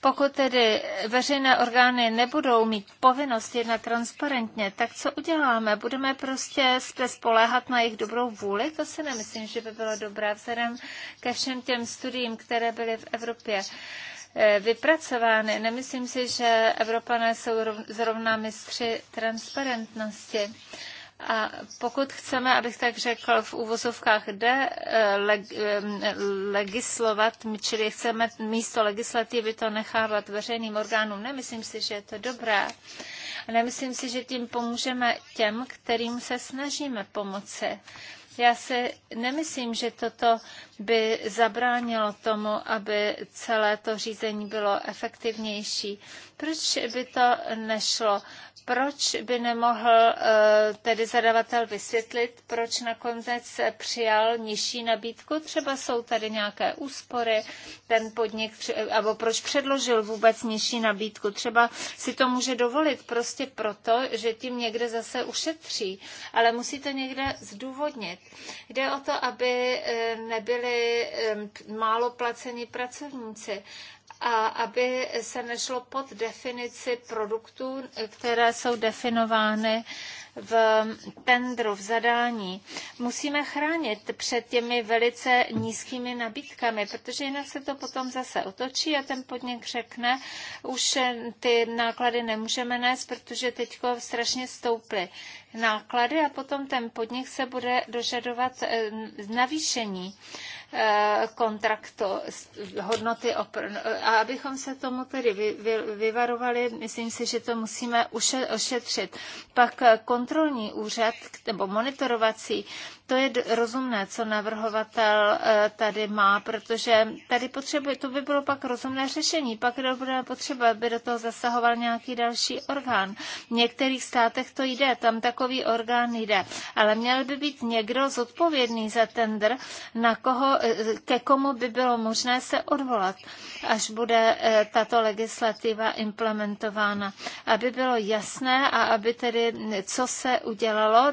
pokud tedy veřejné orgány nebudou mít povinnost jednat transparentně, tak co uděláme? Budeme prostě spoléhat na jejich dobrou vůli? To si nemyslím, že by bylo dobré vzhledem ke všem těm studiím, které byly v Evropě eh, vypracovány. Nemyslím si, že Evropané jsou zrovna mistři transparentnosti. A pokud chceme, abych tak řekl, v úvozovkách de leg, legislovat, čili chceme místo legislativy to nechávat veřejným orgánům, nemyslím si, že je to dobré. Nemyslím si, že tím pomůžeme těm, kterým se snažíme pomoci. Já si nemyslím, že toto by zabránilo tomu, aby celé to řízení bylo efektivnější. Proč by to nešlo? Proč by nemohl eh, tedy zadavatel vysvětlit, proč nakonec přijal nižší nabídku? Třeba jsou tady nějaké úspory, ten podnik, nebo proč předložil vůbec nižší nabídku? Třeba si to může dovolit prostě proto, že tím někde zase ušetří, ale musí to někde zdůvodnit. Jde o to, aby eh, nebyli eh, málo placení pracovníci a aby se nešlo pod definici produktů, které jsou definovány v tendru, v zadání, musíme chránit před těmi velice nízkými nabídkami, protože jinak se to potom zase otočí a ten podnik řekne, už eh, ty náklady nemůžeme nést, protože teď strašně stouply náklady a potom ten podnik se bude dožadovat eh, navýšení Eh, kontraktu hodnoty no, a abychom se tomu tedy vy, vy, vyvarovali, myslím si, že to musíme ušetřit. Pak eh, kontrolní úřad nebo monitorovací to je rozumné, co navrhovatel eh, tady má, protože tady potřebuje, to by bylo pak rozumné řešení, pak bude potřeba, aby do toho zasahoval nějaký další orgán. V některých státech to jde, tam takový orgán jde, ale měl by být někdo zodpovědný za tender, na koho, eh, ke komu by bylo možné se odvolat, až bude eh, tato legislativa implementována, aby bylo jasné a aby tedy, co se udělalo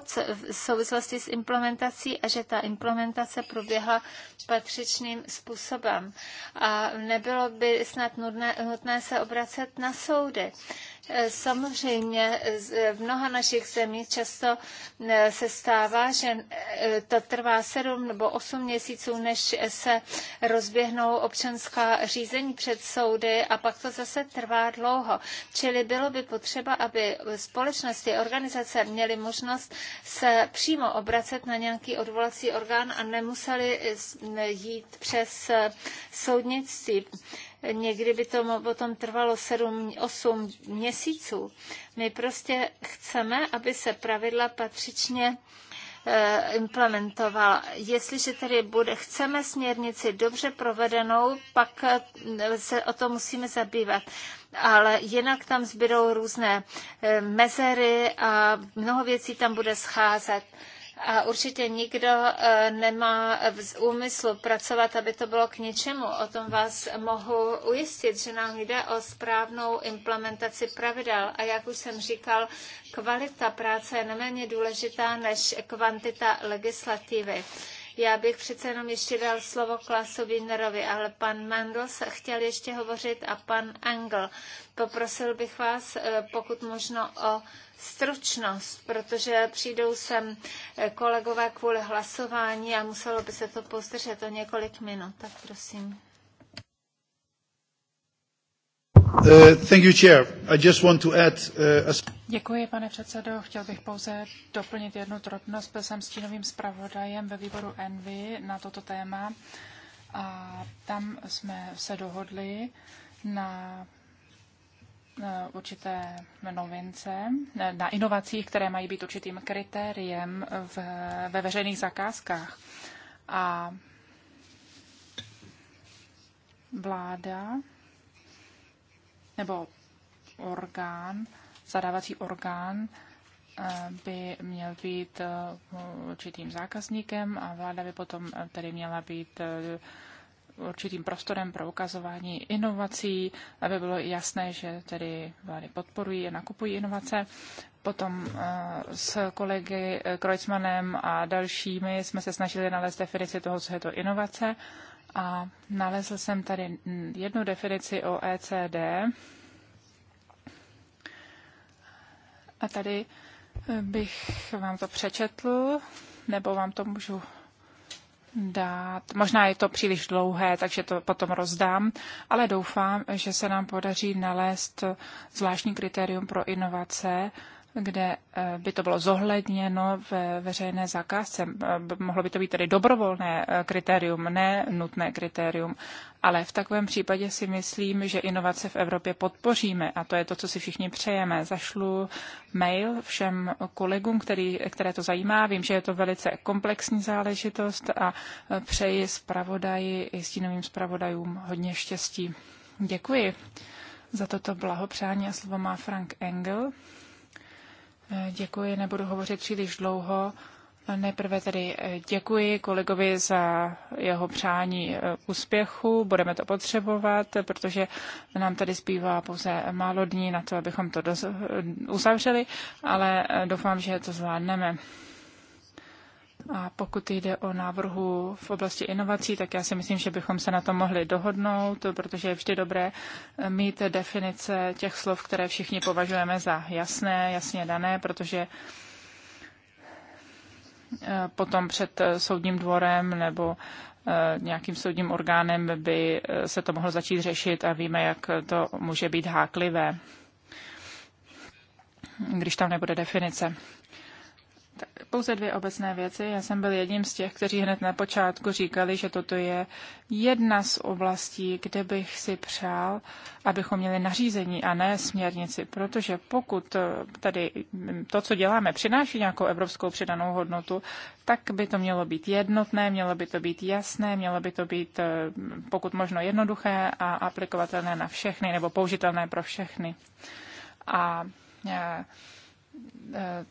v souvislosti s implementací implementací a že ta implementace proběhla patřičným způsobem. A nebylo by snad nudné, nutné se obracet na soudy. Samozřejmě v mnoha našich zemích často e, se stává, že e, to trvá sedm nebo osm měsíců, než se rozběhnou občanská řízení před soudy a pak to zase trvá dlouho. Čili bylo by potřeba, aby společnosti, organizace měly možnost se přímo obracet na nějaký odvolací orgán a nemuseli jít přes e, soudnictví. Někdy by to potom trvalo 7-8 měsíců. My prostě chceme, aby se pravidla patřičně eh, implementovala. Jestliže tedy bude, chceme směrnici dobře provedenou, pak eh, se o to musíme zabývat. Ale jinak tam zbydou různé eh, mezery a mnoho věcí tam bude scházet a určitě nikdo eh, nemá v úmyslu pracovat, aby to bylo k ničemu. O tom vás mohu ujistit, že nám jde o správnou implementaci pravidel. A jak už jsem říkal, kvalita práce je neméně důležitá než kvantita legislativy. Já bych přece jenom ještě dal slovo Klasu Wienerovi, ale pan Mandels chtěl ještě hovořit a pan Engel. Poprosil bych vás, eh, pokud možno, o stručnost, protože přijdou sem eh, kolegové kvůli hlasování a muselo by se to pozdržet o několik minut. Tak prosím. Děkuji, pane předsedo. Chtěl bych pouze doplnit jednu drobnost. Byl jsem stínovým zpravodajem ve výboru Envy na toto téma a tam jsme se dohodli na určité novince, na inovacích, které mají být určitým kritériem v, ve veřejných zakázkách. A vláda nebo orgán, zadávací orgán eh, by měl být eh, určitým zákazníkem a vláda by potom eh, tedy měla být určitým prostorem pro ukazování inovací, aby bylo jasné, že tedy vlády podporují a nakupují inovace. Potom s kolegy Kreuzmanem a dalšími jsme se snažili nalézt definici toho, co je to inovace a nalezl jsem tady jednu definici o ECD. A tady eh, bych vám to přečetl, nebo vám to můžu dát. Možná je to příliš dlouhé, takže to potom rozdám, ale doufám, že se nám podaří nalézt zvláštní kritérium pro inovace kde eh, by to bylo zohledněno ve veřejné zakázce. Eh, mohlo by to být tedy dobrovolné eh, kritérium, ne nutné kritérium, ale v takovém případě si myslím, že inovace v Evropě podpoříme a to je to, co si všichni přejeme. Zašlu mail všem kolegům, který, které to zajímá. Vím, že je to velice komplexní záležitost a přeji zpravodaji i stínovým zpravodajům hodně štěstí. Děkuji za toto blahopřání a slovo má Frank Engel. Děkuji, nebudu hovořit příliš dlouho. Nejprve tedy eh, děkuji kolegovi za jeho přání eh, úspěchu. Budeme to potřebovat, protože nám tady zbývá pouze málo dní na to, abychom to eh, uzavřeli, ale doufám, že to zvládneme. A pokud jde o návrhu v oblasti inovací, tak já si myslím, že bychom se na to mohli dohodnout, protože je vždy dobré eh, mít definice těch slov, které všichni považujeme za jasné, jasně dané, protože eh, potom před eh, soudním dvorem nebo nějakým soudním orgánem by se to mohlo začít řešit a víme, jak to může být háklivé, když tam nebude definice pouze dvě obecné věci. Já jsem byl jedním z těch, kteří hned na počátku říkali, že toto je jedna z oblastí, kde bych si přál, abychom měli nařízení a ne směrnici, protože pokud tady to, co děláme, přináší nějakou evropskou přidanou hodnotu, tak by to mělo být jednotné, mělo by to být jasné, mělo by to být eh, pokud možno jednoduché a aplikovatelné na všechny nebo použitelné pro všechny. A, a, eh, a eh,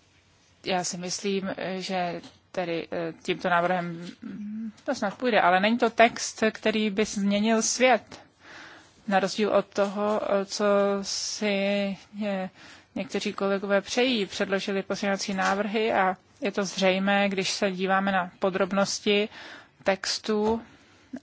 já si myslím, že tedy eh, tímto návrhem to snad půjde, ale není to text, který by změnil svět. Na rozdíl od toho, eh, co si někteří kolegové přejí, předložili poslanecí návrhy a je to zřejmé, když se díváme na podrobnosti textu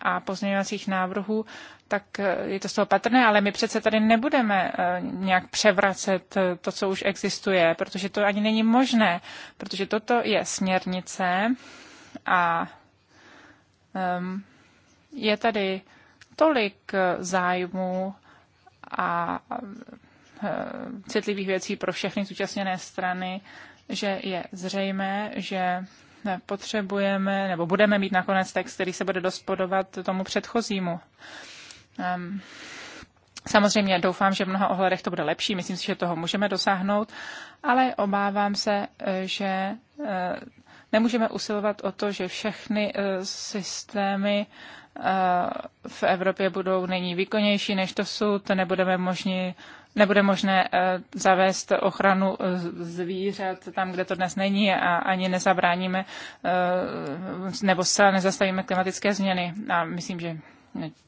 a pozměňovacích návrhů, tak eh, je to z toho patrné, ale my přece tady nebudeme eh, nějak převracet eh, to, co už existuje, protože to ani není možné, protože toto je směrnice a ehm, je tady tolik zájmů a citlivých věcí pro všechny zúčastněné strany, že je zřejmé, že potřebujeme nebo budeme mít nakonec text, který se bude dospodovat tomu předchozímu. Ehm, samozřejmě doufám, že v mnoha ohledech to bude lepší, myslím si, že toho můžeme dosáhnout, ale obávám se, eh, že eh, nemůžeme usilovat o to, že všechny eh, systémy v Evropě budou není výkonnější než to dosud, nebudeme možni, nebude možné zavést ochranu zvířat tam, kde to dnes není a ani nezabráníme nebo se nezastavíme klimatické změny. A myslím, že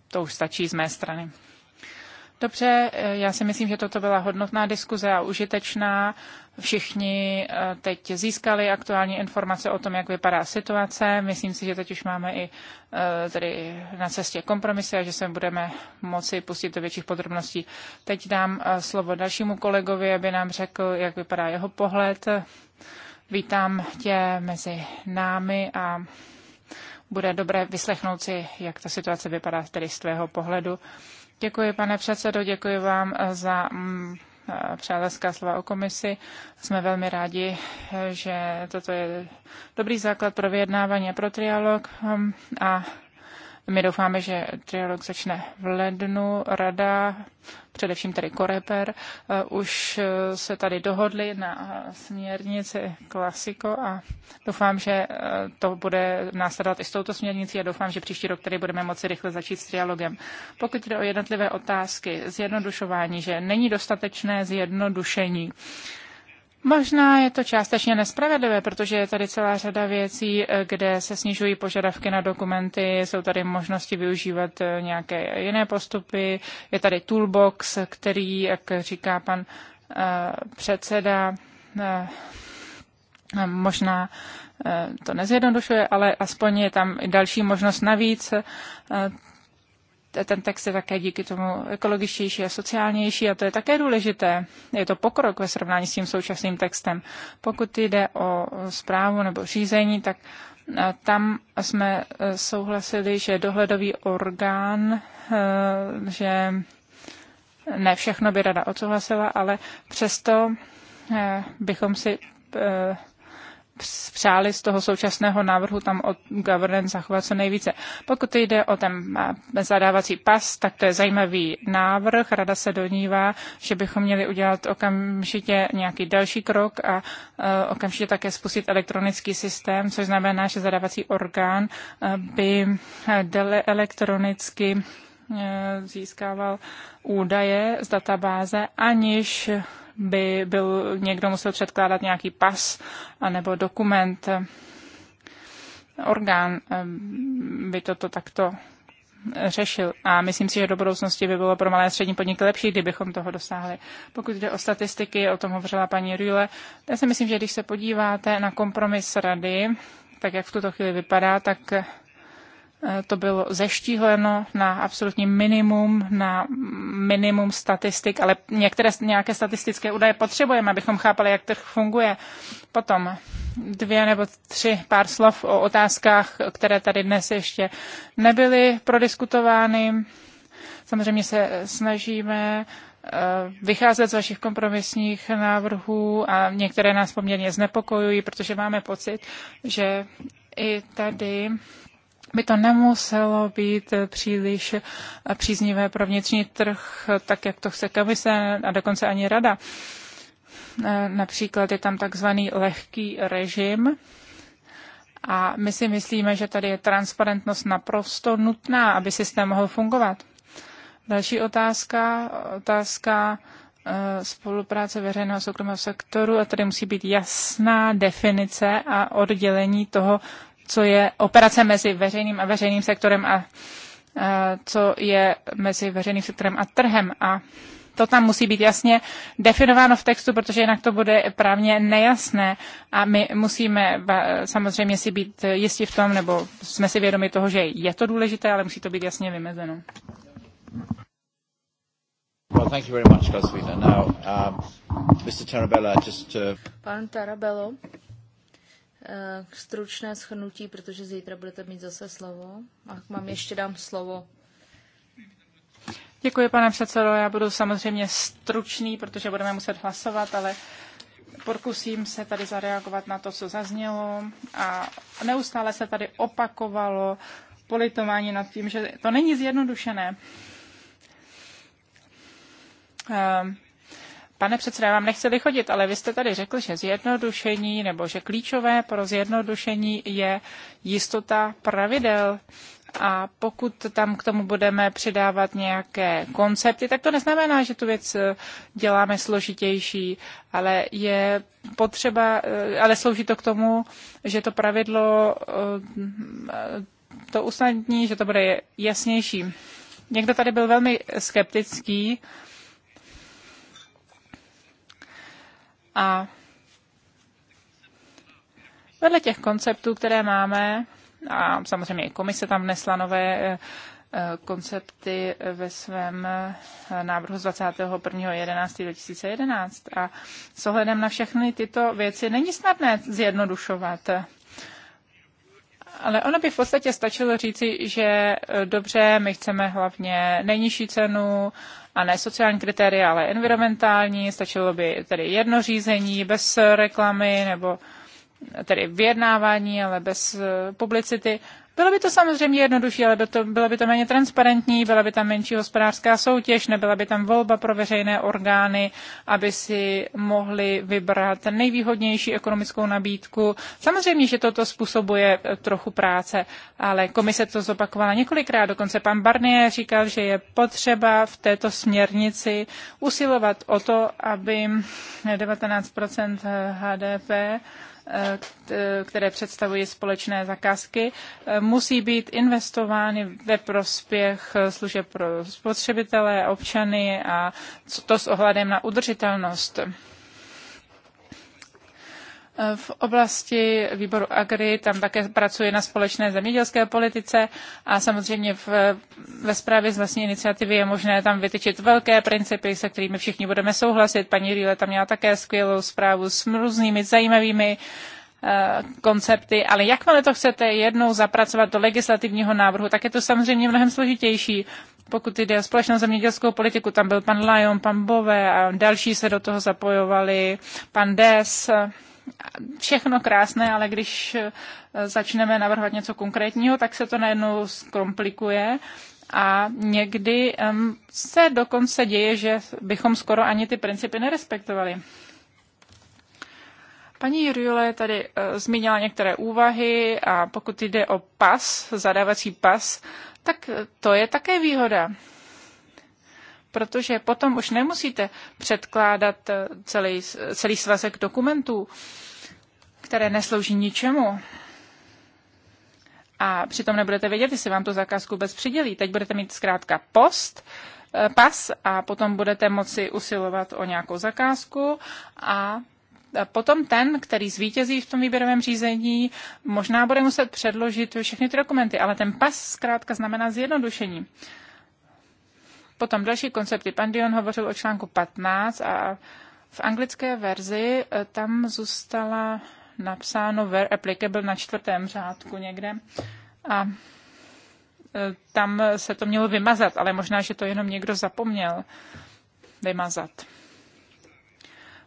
to už stačí z mé strany. Dobře, eh, já si myslím, že toto byla hodnotná diskuze a užitečná. Všichni eh, teď získali aktuální informace o tom, jak vypadá situace. Myslím si, že teď už máme i eh, tady na cestě kompromisy a že se budeme moci pustit do větších podrobností. Teď dám slovo dalšímu kolegovi, aby nám řekl, jak vypadá jeho pohled. Vítám tě mezi námi a bude dobré vyslechnout si, jak ta situace vypadá tedy z tvého pohledu. Děkuji, pane předsedo, děkuji vám za mm, eh, přátelská slova o komisi. Jsme velmi rádi, eh, že toto je dobrý základ pro vyjednávání a pro trialog hm, a my doufáme, že trialog začne v lednu. Rada, především tady Koreper, eh, už eh, se tady dohodli na směrnici Klasiko a doufám, že eh, to bude následovat i s touto směrnicí a doufám, že příští rok tady budeme moci rychle začít s trialogem. Pokud jde o jednotlivé otázky, zjednodušování, že není dostatečné zjednodušení. Možná je to částečně nespravedlivé, protože je tady celá řada věcí, eh, kde se snižují požadavky na dokumenty, jsou tady možnosti využívat eh, nějaké jiné postupy, je tady toolbox, který, jak říká pan eh, předseda, možná to nezjednodušuje, ale aspoň je tam další možnost navíc ten text je také díky tomu ekologičtější a sociálnější a to je také důležité. Je to pokrok ve srovnání s tím současným textem. Pokud jde o zprávu nebo řízení, tak eh, tam jsme eh, souhlasili, že dohledový orgán, eh, že ne všechno by rada odsouhlasila, ale přesto bychom si přáli z toho současného návrhu tam od governance zachovat co nejvíce. Pokud jde o ten eh, zadávací pas, tak to je zajímavý návrh. Rada se donívá, že bychom měli udělat okamžitě nějaký další krok a eh, okamžitě také spustit elektronický systém, což znamená, že zadávací orgán eh, by dele elektronicky získával údaje z databáze, aniž by byl někdo musel předkládat nějaký pas nebo dokument. Orgán by toto takto řešil. A myslím si, že do budoucnosti by bylo pro malé a střední podniky lepší, kdybychom toho dosáhli. Pokud jde o statistiky, o tom hovořila paní Rüle, já si myslím, že když se podíváte na kompromis rady, tak jak v tuto chvíli vypadá, tak Eh, to bylo zeštíhleno na absolutní minimum, na minimum statistik, ale některé, nějaké statistické údaje potřebujeme, abychom chápali, jak trh funguje. Potom dvě nebo tři pár slov o otázkách, které tady dnes ještě nebyly prodiskutovány. Samozřejmě se snažíme eh, vycházet z vašich kompromisních návrhů a některé nás poměrně znepokojují, protože máme pocit, že i tady by to nemuselo být příliš příznivé pro vnitřní trh, tak jak to chce komise a dokonce ani rada. E, například je tam takzvaný lehký režim, a my si myslíme, že tady je transparentnost naprosto nutná, aby systém mohl fungovat. Další otázka, otázka e, spolupráce veřejného a soukromého sektoru a tady musí být jasná definice a oddělení toho, co je operace mezi veřejným a veřejným sektorem a co je mezi veřejným sektorem a trhem. A to tam musí být jasně definováno v textu, protože jinak to bude právně nejasné a my musíme samozřejmě si být jistí v tom, nebo jsme si vědomi toho, že je to důležité, ale musí to být jasně vymezeno. Well, thank you very much, Now, um, Mr. Tarabella, just to... Pan Tarabello, Eh, stručné schrnutí, protože zítra budete mít zase slovo. A mám ještě dám slovo. Děkuji, pane předsedo. Já budu samozřejmě stručný, protože budeme muset hlasovat, ale pokusím se tady zareagovat na to, co zaznělo. A neustále se tady opakovalo politování nad tím, že to není zjednodušené. Um Pane předsedo, já vám nechci vychodit, ale vy jste tady řekl, že zjednodušení nebo že klíčové pro zjednodušení je jistota pravidel. A pokud tam k tomu budeme přidávat nějaké koncepty, tak to neznamená, že tu věc eh, děláme složitější, ale je potřeba, eh, ale slouží to k tomu, že to pravidlo eh, to usnadní, že to bude jasnější. Někdo tady byl velmi skeptický, A vedle těch konceptů, které máme, a samozřejmě i komise tam vnesla nové eh, eh, koncepty ve svém eh, návrhu z 21.11.2011 a s ohledem na všechny tyto věci není snadné zjednodušovat. Ale ono by v podstatě stačilo říci, že dobře, my chceme hlavně nejnižší cenu a ne sociální kritéria, ale environmentální. Stačilo by tedy jedno řízení bez reklamy nebo tedy vyjednávání, ale bez eh, publicity bylo by to samozřejmě jednodušší, ale by to, bylo by to méně transparentní, byla by tam menší hospodářská soutěž, nebyla by tam volba pro veřejné orgány, aby si mohli vybrat nejvýhodnější ekonomickou nabídku. Samozřejmě, že toto způsobuje eh, trochu práce, ale komise to zopakovala několikrát. Dokonce pan Barnier říkal, že je potřeba v této směrnici usilovat o to, aby 19 HDP které představují společné zakázky, e, musí být investovány ve prospěch e, služeb pro spotřebitele, občany a to s ohledem na udržitelnost v oblasti výboru Agri, tam také pracuje na společné zemědělské politice a samozřejmě v, ve zprávě z vlastní iniciativy je možné tam vytyčit velké principy, se kterými všichni budeme souhlasit. Paní Rýle tam měla také skvělou zprávu s různými zajímavými eh, koncepty, ale jakmile to chcete jednou zapracovat do legislativního návrhu, tak je to samozřejmě mnohem složitější. Pokud jde o společnou zemědělskou politiku, tam byl pan Lyon, pan Bové a další se do toho zapojovali, pan Des všechno krásné, ale když eh, začneme navrhovat něco konkrétního, tak se to najednou zkomplikuje. A někdy se dokonce děje, že bychom skoro ani ty principy nerespektovali. Paní Juriule tady eh, zmínila některé úvahy a pokud jde o pas, zadávací pas, tak eh, to je také výhoda protože potom už nemusíte předkládat eh, celý, celý svazek dokumentů, které neslouží ničemu. A přitom nebudete vědět, jestli vám tu zakázku vůbec přidělí. Teď budete mít zkrátka post, eh, pas a potom budete moci usilovat o nějakou zakázku a potom ten, který zvítězí v tom výběrovém řízení, možná bude muset předložit všechny ty dokumenty, ale ten pas zkrátka znamená zjednodušení. Potom další koncepty. Pan Dion hovořil o článku 15 a v anglické verzi eh, tam zůstala napsáno where applicable na čtvrtém řádku někde. A eh, tam se to mělo vymazat, ale možná, že to jenom někdo zapomněl vymazat.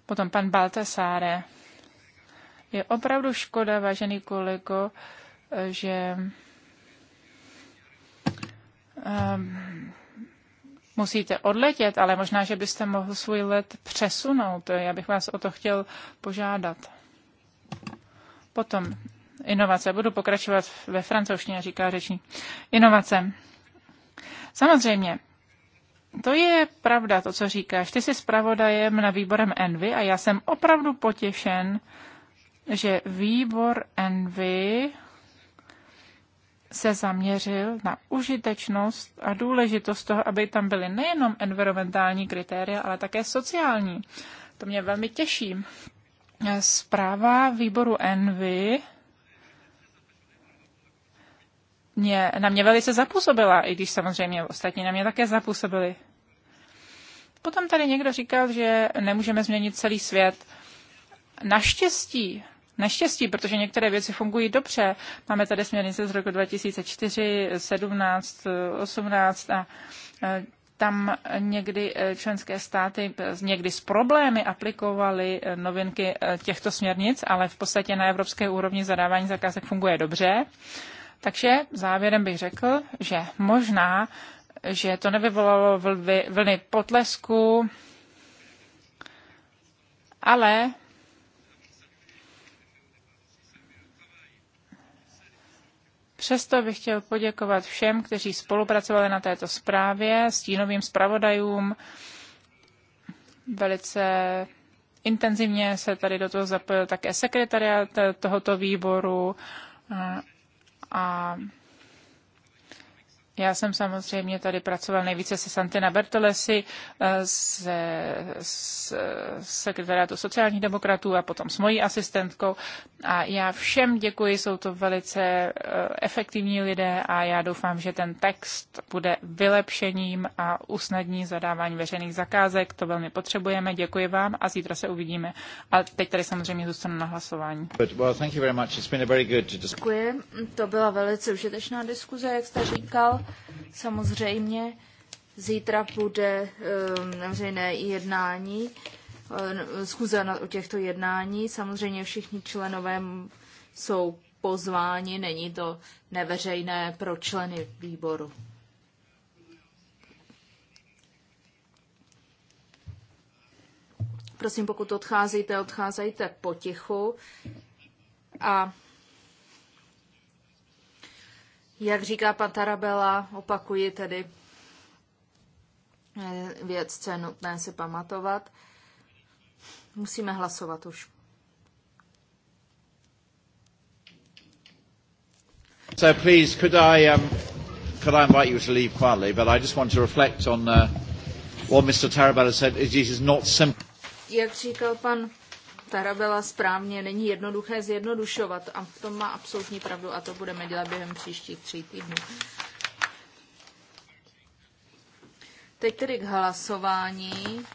Potom pan Baltasáre. Je opravdu škoda, vážený kolego, eh, že um, musíte odletět, ale možná, že byste mohl svůj let přesunout. Já bych vás o to chtěl požádat. Potom inovace. Budu pokračovat ve francouzštině, říká řeční. Inovace. Samozřejmě, to je pravda, to, co říkáš. Ty jsi zpravodajem na výborem Envy a já jsem opravdu potěšen, že výbor Envy se zaměřil na užitečnost a důležitost toho, aby tam byly nejenom environmentální kritéria, ale také sociální. To mě velmi těší. Zpráva výboru Envy mě, na mě velice zapůsobila, i když samozřejmě ostatní na mě také zapůsobili. Potom tady někdo říkal, že nemůžeme změnit celý svět. Naštěstí Naštěstí, protože některé věci fungují dobře. Máme tady směrnice z roku 2004, 17, 18 a e, tam někdy e, členské státy někdy s problémy aplikovaly e, novinky těchto směrnic, ale v podstatě na evropské úrovni zadávání zakázek funguje dobře. Takže závěrem bych řekl, že možná, že to nevyvolalo vlny potlesku, ale Přesto bych chtěl poděkovat všem, kteří spolupracovali na této zprávě, stínovým zpravodajům. Velice intenzivně se tady do toho zapojil také sekretariat tohoto výboru a já jsem samozřejmě tady pracoval nejvíce se Santina Bertolesi, eh, se, sekretariátu sociálních demokratů a potom s mojí asistentkou. A já všem děkuji, jsou to velice eh, efektivní lidé a já doufám, že ten text bude vylepšením a usnadní zadávání veřejných zakázek. To velmi potřebujeme. Děkuji vám a zítra se uvidíme. A teď tady samozřejmě zůstanu na hlasování. Děkuji, to byla velice užitečná diskuze, jak jste říkal. Samozřejmě zítra bude um, veřejné jednání, ehm, schůze o těchto jednání. Samozřejmě všichni členové jsou pozváni, není to neveřejné pro členy výboru. Prosím, pokud odcházíte, odcházejte potichu a jak říká pan Tarabela, opakuji tedy eh, věc, co je nutné si pamatovat. Musíme hlasovat už. So please, could I, um, could I invite you to leave quietly, but I just want to reflect on uh, what Mr. Tarabella said. It is not simple. Jak říkal pan Tarabela správně, není jednoduché zjednodušovat a v tom má absolutní pravdu a to budeme dělat během příštích tří týdnů. Teď tedy k hlasování.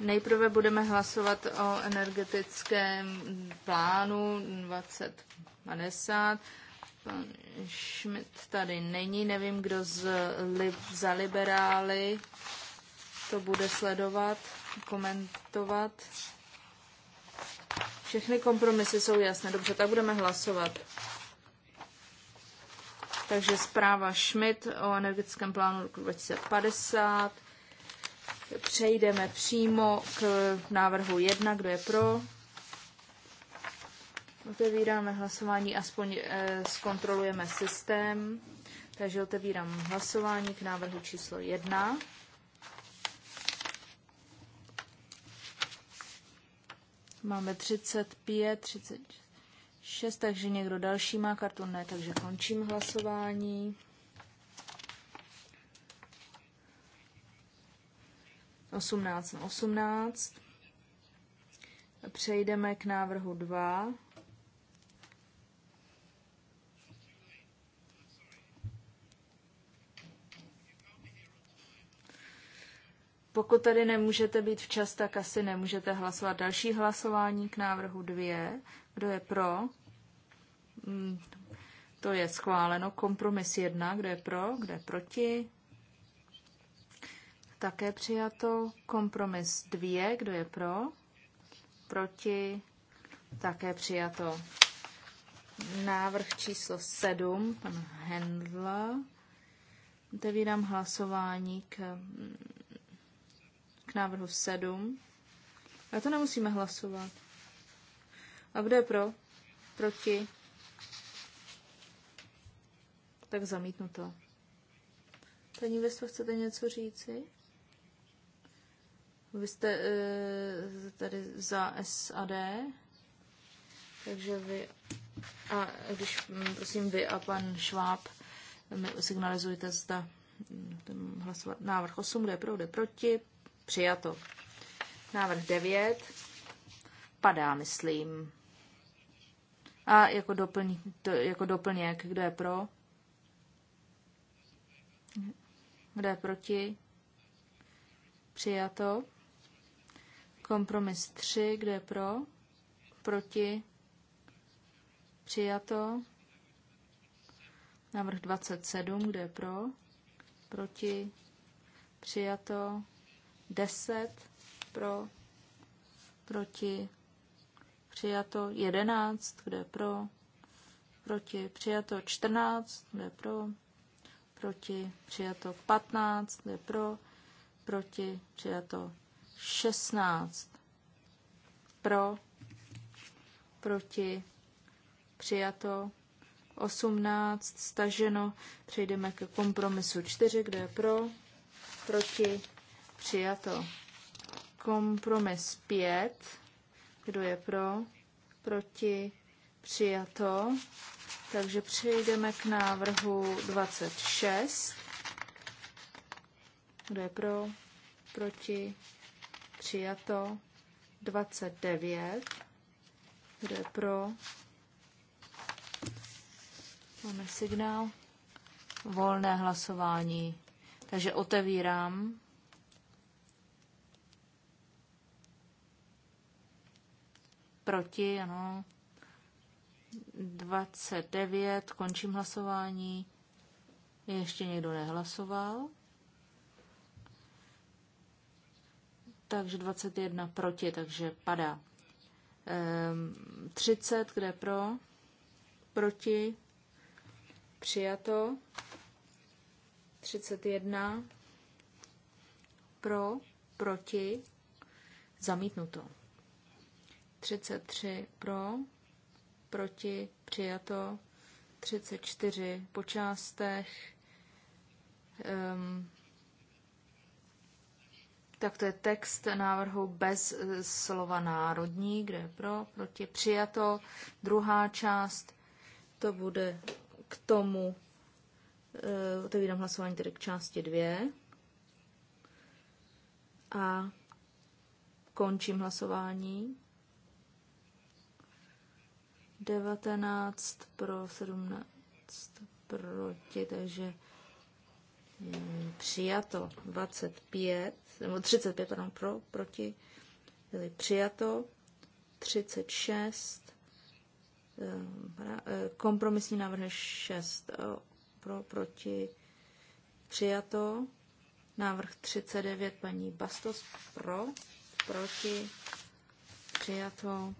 Nejprve budeme hlasovat o energetickém plánu 2050. Pan Schmidt tady není, nevím, kdo z li, za liberály to bude sledovat, komentovat. Všechny kompromisy jsou jasné. Dobře, tak budeme hlasovat. Takže zpráva Schmidt o energetickém plánu roku 2050. Přejdeme přímo k návrhu 1, kdo je pro. Otevíráme hlasování, aspoň e, zkontrolujeme systém. Takže otevírám hlasování k návrhu číslo 1. Máme 35, 36, takže někdo další má kartu? Ne, takže končím hlasování. 18 na 18. Přejdeme k návrhu 2. Pokud tady nemůžete být včas, tak asi nemůžete hlasovat. Další hlasování k návrhu dvě. Kdo je pro? Hmm, to je schváleno. Kompromis jedna. Kdo je pro? Kdo je proti? Také přijato. Kompromis dvě. Kdo je pro? Proti? Také přijato. Návrh číslo sedm. pan Hendla. Otevírám hlasování k návrhu 7. A to nemusíme hlasovat. A kdo je pro? Proti? Tak zamítnu to. Paní Vesto, chcete něco říci? Vy jste uh, tady za SAD, takže vy a když, mm, prosím, vy a pan Šváb eh, mi signalizujte, zda mm, ten hlasovat návrh 8, kde pro, kde proti, Přijato. Návrh 9 padá, myslím. A jako, doplň, to, jako doplněk, kdo je pro? Kdo je proti? Přijato. Kompromis 3, kdo je pro? Proti? Přijato. Návrh 27, kdo je pro? Proti? Přijato. 10 pro, proti, přijato 11, kde pro, proti, přijato 14, kde pro, proti, přijato 15, kde pro, proti, přijato 16, pro, proti, přijato 18, staženo, přejdeme ke kompromisu 4, kde je pro, proti, Přijato. Kompromis 5. Kdo je pro? Proti? Přijato. Takže přejdeme k návrhu 26. Kdo je pro? Proti? Přijato. 29. Kdo je pro? Máme signál. Volné hlasování. Takže otevírám proti, ano, 29, končím hlasování, ještě někdo nehlasoval. takže 21 proti, takže padá. Ehm, 30, kde pro, proti, přijato. 31 pro, proti, zamítnuto. 33 pro, proti, přijato, 34 po částech. Um, tak to je text návrhu bez eh, slova národní, kde je pro, proti, přijato. Druhá část, to bude k tomu, uh, otevírám hlasování tedy k části dvě. A končím hlasování. 19 pro 17 proti, takže mm, přijato 25, nebo 35 pardon, pro, proti, byly přijato 36, eh, eh, kompromisní návrh 6 eh, pro, proti, přijato, návrh 39 paní Bastos pro, proti, přijato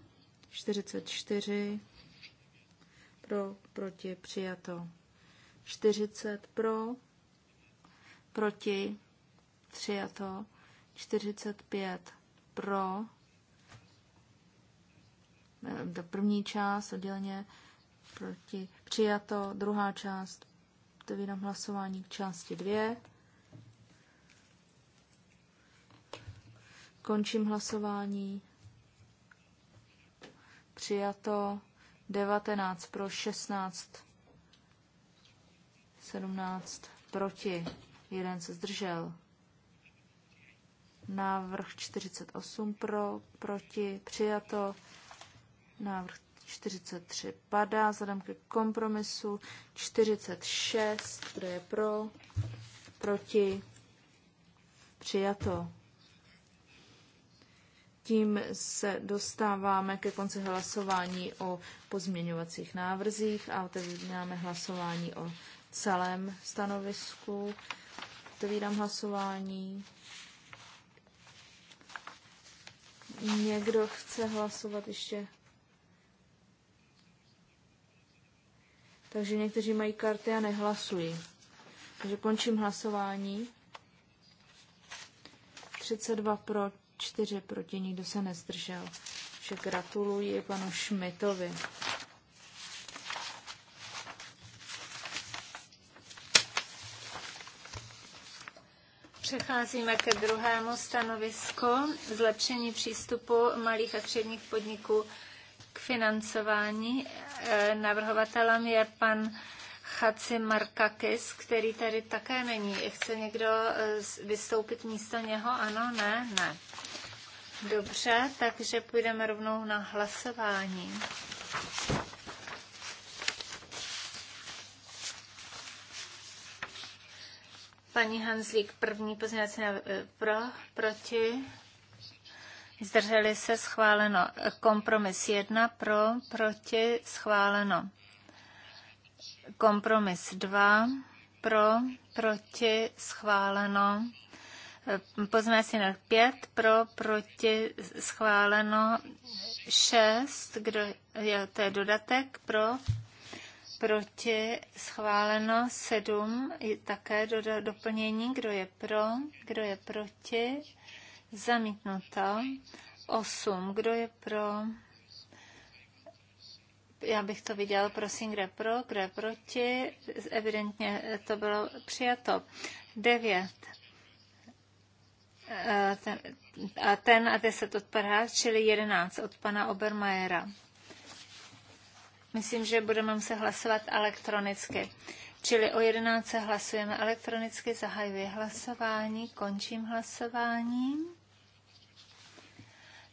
44 pro, proti, přijato. 40 pro, proti, přijato. 45 pro, do první část odděleně proti, přijato, druhá část, to vydám hlasování k části 2. Končím hlasování. Přijato. 19 pro, 16, 17 proti, jeden se zdržel. Návrh 48 pro, proti, přijato. Návrh 43 padá, vzhledem ke kompromisu. 46, kdo je pro, proti, přijato. Tím se dostáváme ke konci hlasování o pozměňovacích návrzích a otevíráme hlasování o celém stanovisku. Otevírám hlasování. Někdo chce hlasovat ještě? Takže někteří mají karty a nehlasují. Takže končím hlasování. 32 pro, čtyři proti, nikdo se nezdržel. že gratuluji panu Šmitovi. Přecházíme ke druhému stanovisku zlepšení přístupu malých a středních podniků k financování. E, navrhovatelem je pan Chaci Markakis, který tady také není. Chce někdo e, vystoupit místo něho? Ano, ne, ne. Dobře, takže půjdeme rovnou na hlasování. Paní Hanzlík, první pozměňovací eh, pro, proti. Zdrželi se schváleno. Kompromis jedna pro, proti, schváleno. Kompromis dva pro, proti, schváleno si na 5 pro, proti, schváleno 6, kdo je, to je dodatek pro, proti, schváleno 7, je také do, doplnění, kdo je pro, kdo je proti, zamítnuto 8, kdo je pro, já bych to viděl, prosím, kde pro, kde proti, evidentně to bylo přijato. 9 ten, a ten a deset od Parha, čili jedenáct od pana Obermajera. Myslím, že budeme muset hlasovat elektronicky. Čili o 11 hlasujeme elektronicky, zahajuji hlasování, končím hlasování.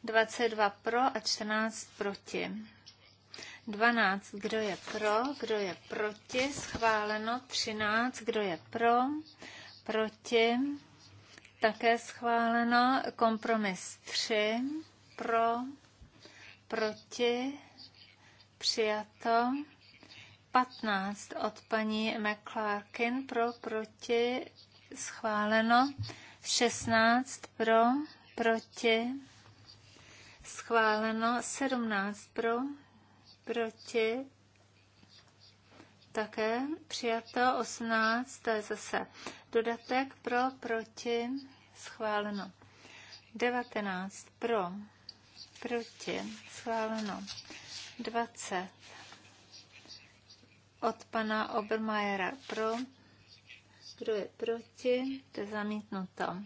22 pro a 14 proti. 12, kdo je pro, kdo je proti, schváleno 13, kdo je pro, proti také schváleno kompromis 3 pro, proti, přijato. 15 od paní McClarkin pro, proti, schváleno. 16 pro, proti, schváleno. 17 pro, proti, také přijato. 18, to je zase dodatek pro, proti, schváleno. 19 pro, proti, schváleno. 20 od pana Obermajera pro, kdo je proti, to je zamítnuto.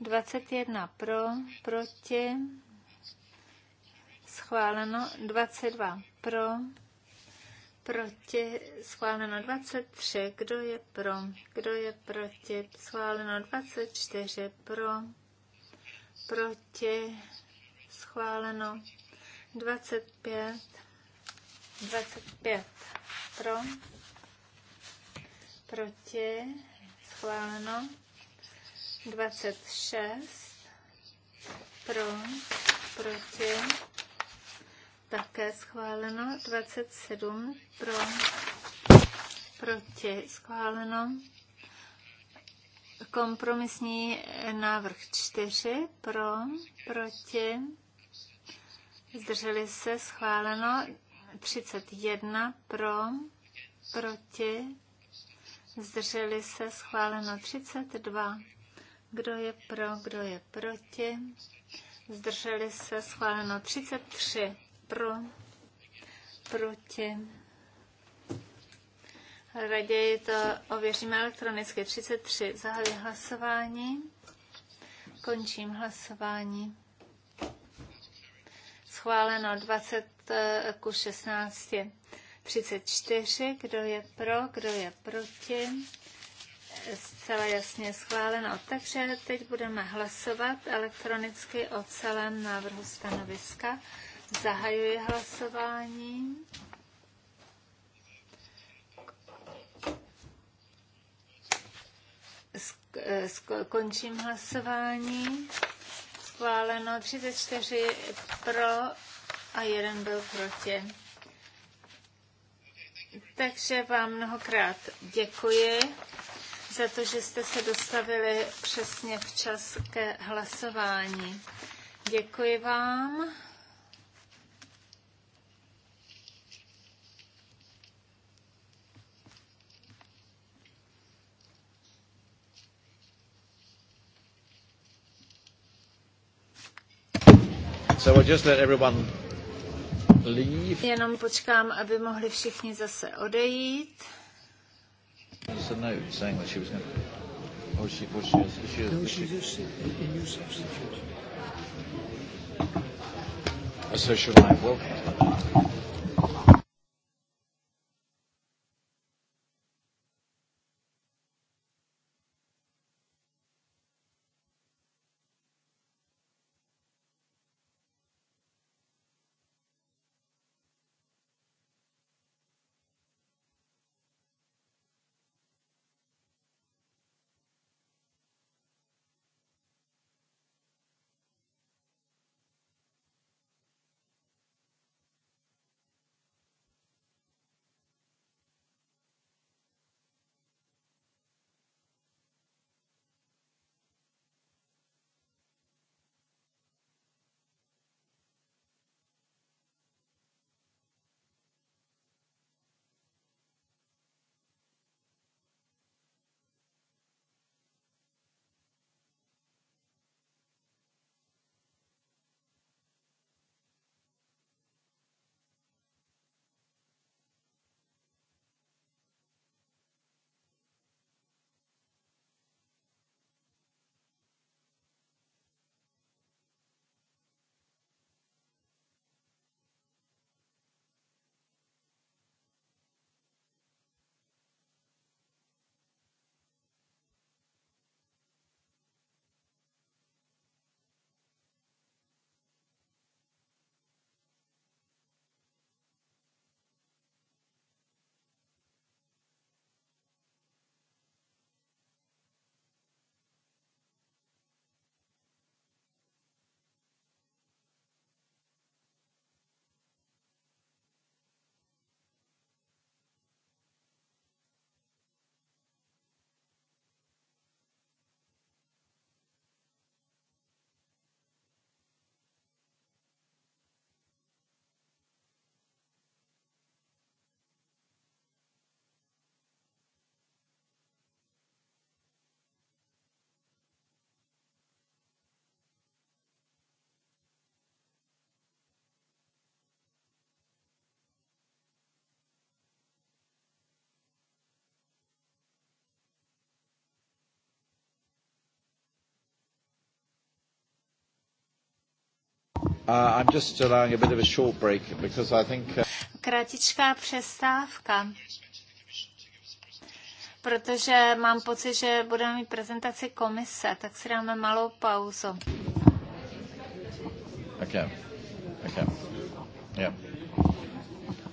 21 pro, proti, schváleno. 22 pro, proti, schváleno 23, kdo je pro, kdo je proti, schváleno 24, pro, proti, schváleno 25, 25, pro, proti, schváleno 26, pro, proti, také schváleno, 27 pro, proti schváleno, kompromisní návrh 4 pro, proti, zdrželi se, schváleno, 31 pro, proti, zdrželi se, schváleno 32. Kdo je pro, kdo je proti? Zdrželi se, schváleno 33 pro, proti. Raději to ověříme elektronicky. 33. Zahajuji hlasování. Končím hlasování. Schváleno 20 eh, ku 16. 34. Kdo je pro, kdo je proti? Zcela jasně schváleno. Takže teď budeme hlasovat elektronicky o celém návrhu stanoviska. Zahajuji hlasování. Skončím eh, hlasování. Schváleno 34 pro a jeden byl proti. Takže vám mnohokrát děkuji za to, že jste se dostavili přesně včas ke hlasování. Děkuji vám. Jenom počkám, aby mohli všichni zase odejít. she oh, she, she, she, no, she, a social welcome. Uh, Kratičká přestávka protože mám pocit, že budeme mít prezentaci komise, tak si dáme malou pauzu. Okay. Okay. Yeah.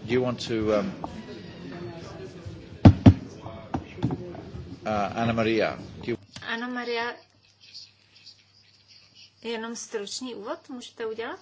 Do you want to um, uh, Anna Maria? Do you... Anna Maria Jenom stručný úvod můžete udělat?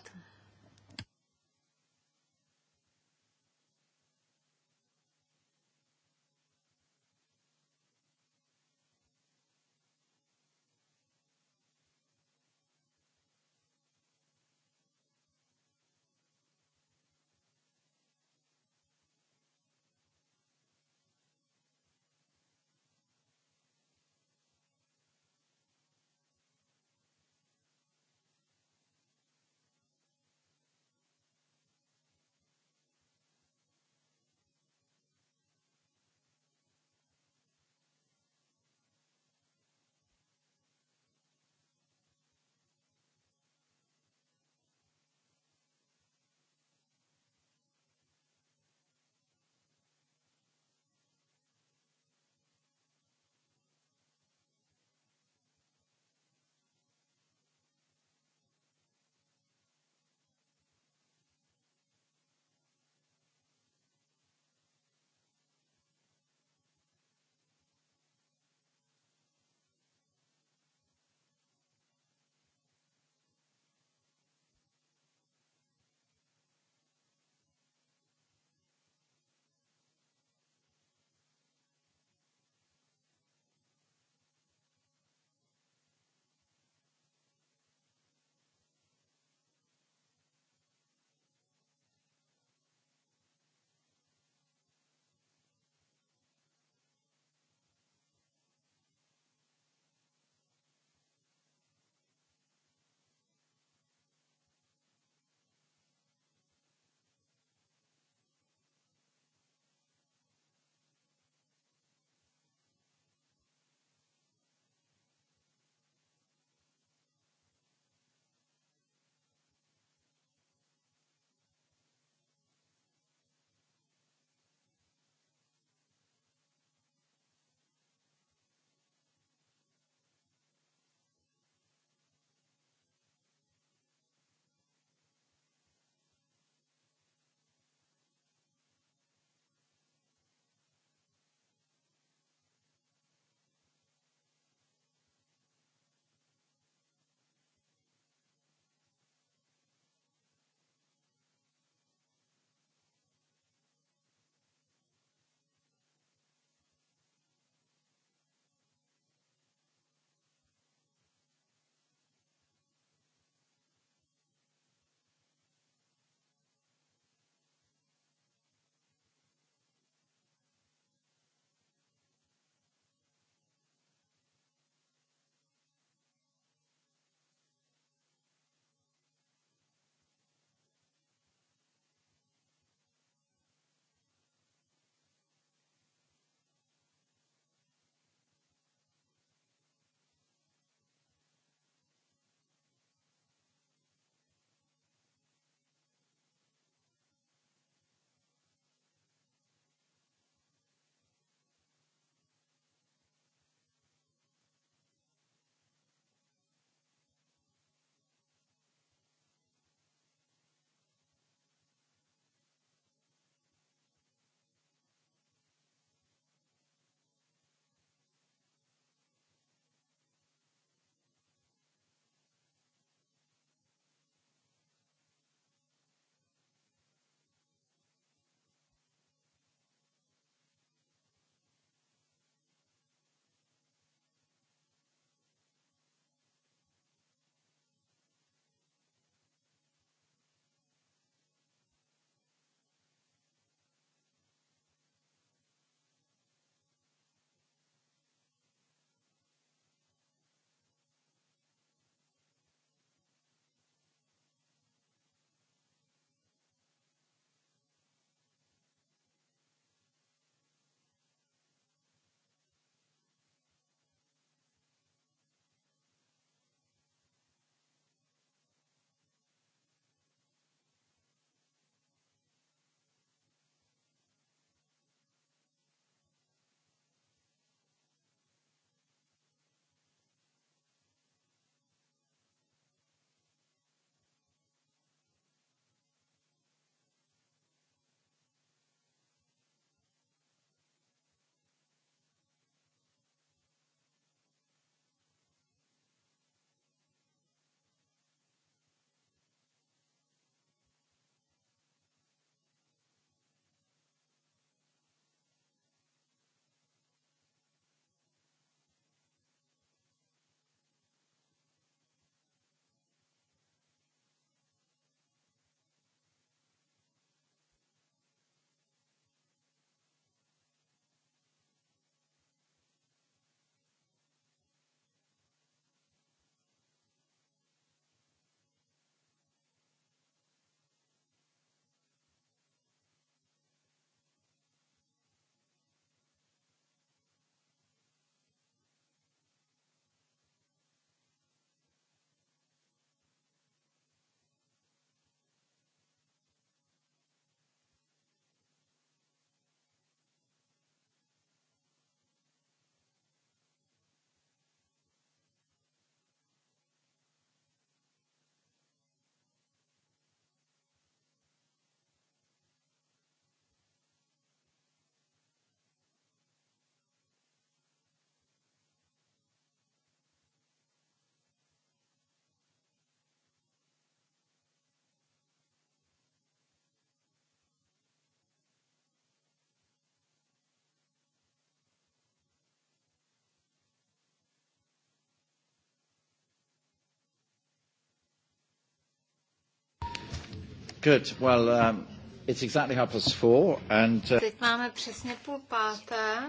Good. Well, um, it's exactly half past four and... Uh... Teď máme přesně půl páté.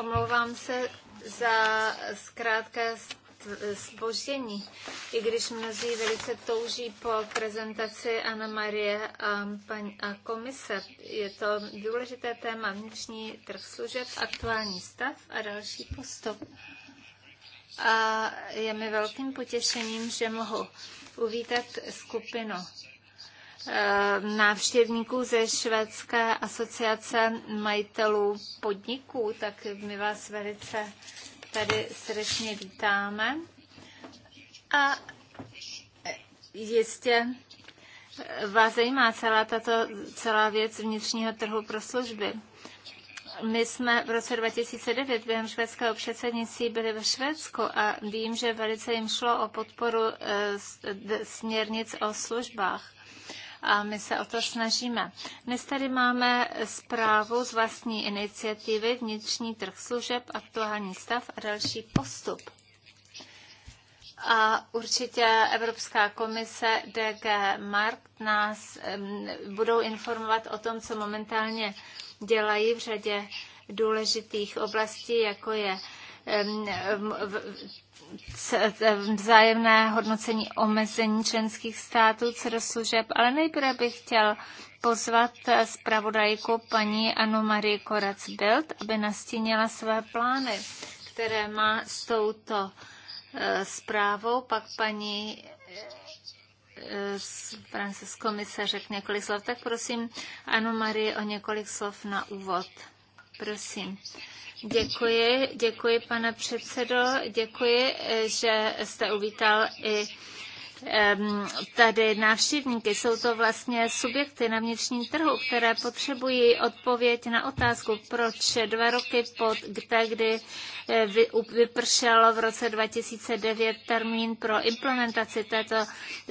Omlouvám se za zkrátké zpoždění, i když mnozí velice touží po prezentaci Anna Marie a, paní, a komise. Je to důležité téma vnitřní trh služeb, aktuální stav a další postup. A je mi velkým potěšením, že mohu uvítat skupinu Eh, návštěvníků ze Švédské asociace majitelů podniků, tak my vás velice tady srdečně vítáme. A jistě vás zajímá celá tato celá věc vnitřního trhu pro služby. My jsme v roce 2009 během švédského předsednictví byli ve Švédsku a vím, že velice jim šlo o podporu eh, směrnic o službách a my se o to snažíme. Dnes tady máme zprávu z vlastní iniciativy Vnitřní trh služeb, aktuální stav a další postup. A určitě Evropská komise DG Markt nás budou informovat o tom, co momentálně dělají v řadě důležitých oblastí, jako je vzájemné hodnocení omezení členských států služeb, ale nejprve bych chtěl pozvat zpravodajku paní Anu Marie Korac-Bild, aby nastínila své plány, které má s touto e, zprávou. Pak paní e, Francis komise řekne několik slov. Tak prosím Anu Marie o několik slov na úvod. Prosím. Děkuji, děkuji pane předsedo, děkuji, eh, že jste uvítal i tady návštěvníky, jsou to vlastně subjekty na vnitřním trhu, které potřebují odpověď na otázku, proč dva roky po té, kdy eh, vypršel v roce 2009 termín pro implementaci této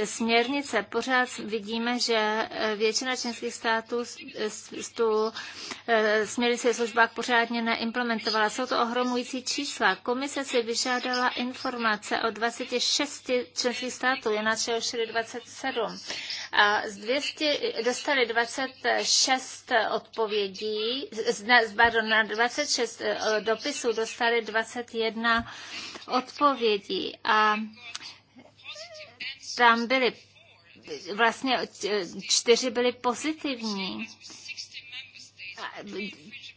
směrnice, pořád vidíme, že eh, většina členských států tu eh, směrnici službák službách pořádně neimplementovala. Jsou to ohromující čísla. Komise si vyžádala informace o 26 členských států, Jonášeho 27. A z 200, dostali 26 odpovědí, z, pardon, na 26 eh, dopisů dostali 21 odpovědí a tam byly vlastně eh, čtyři byly pozitivní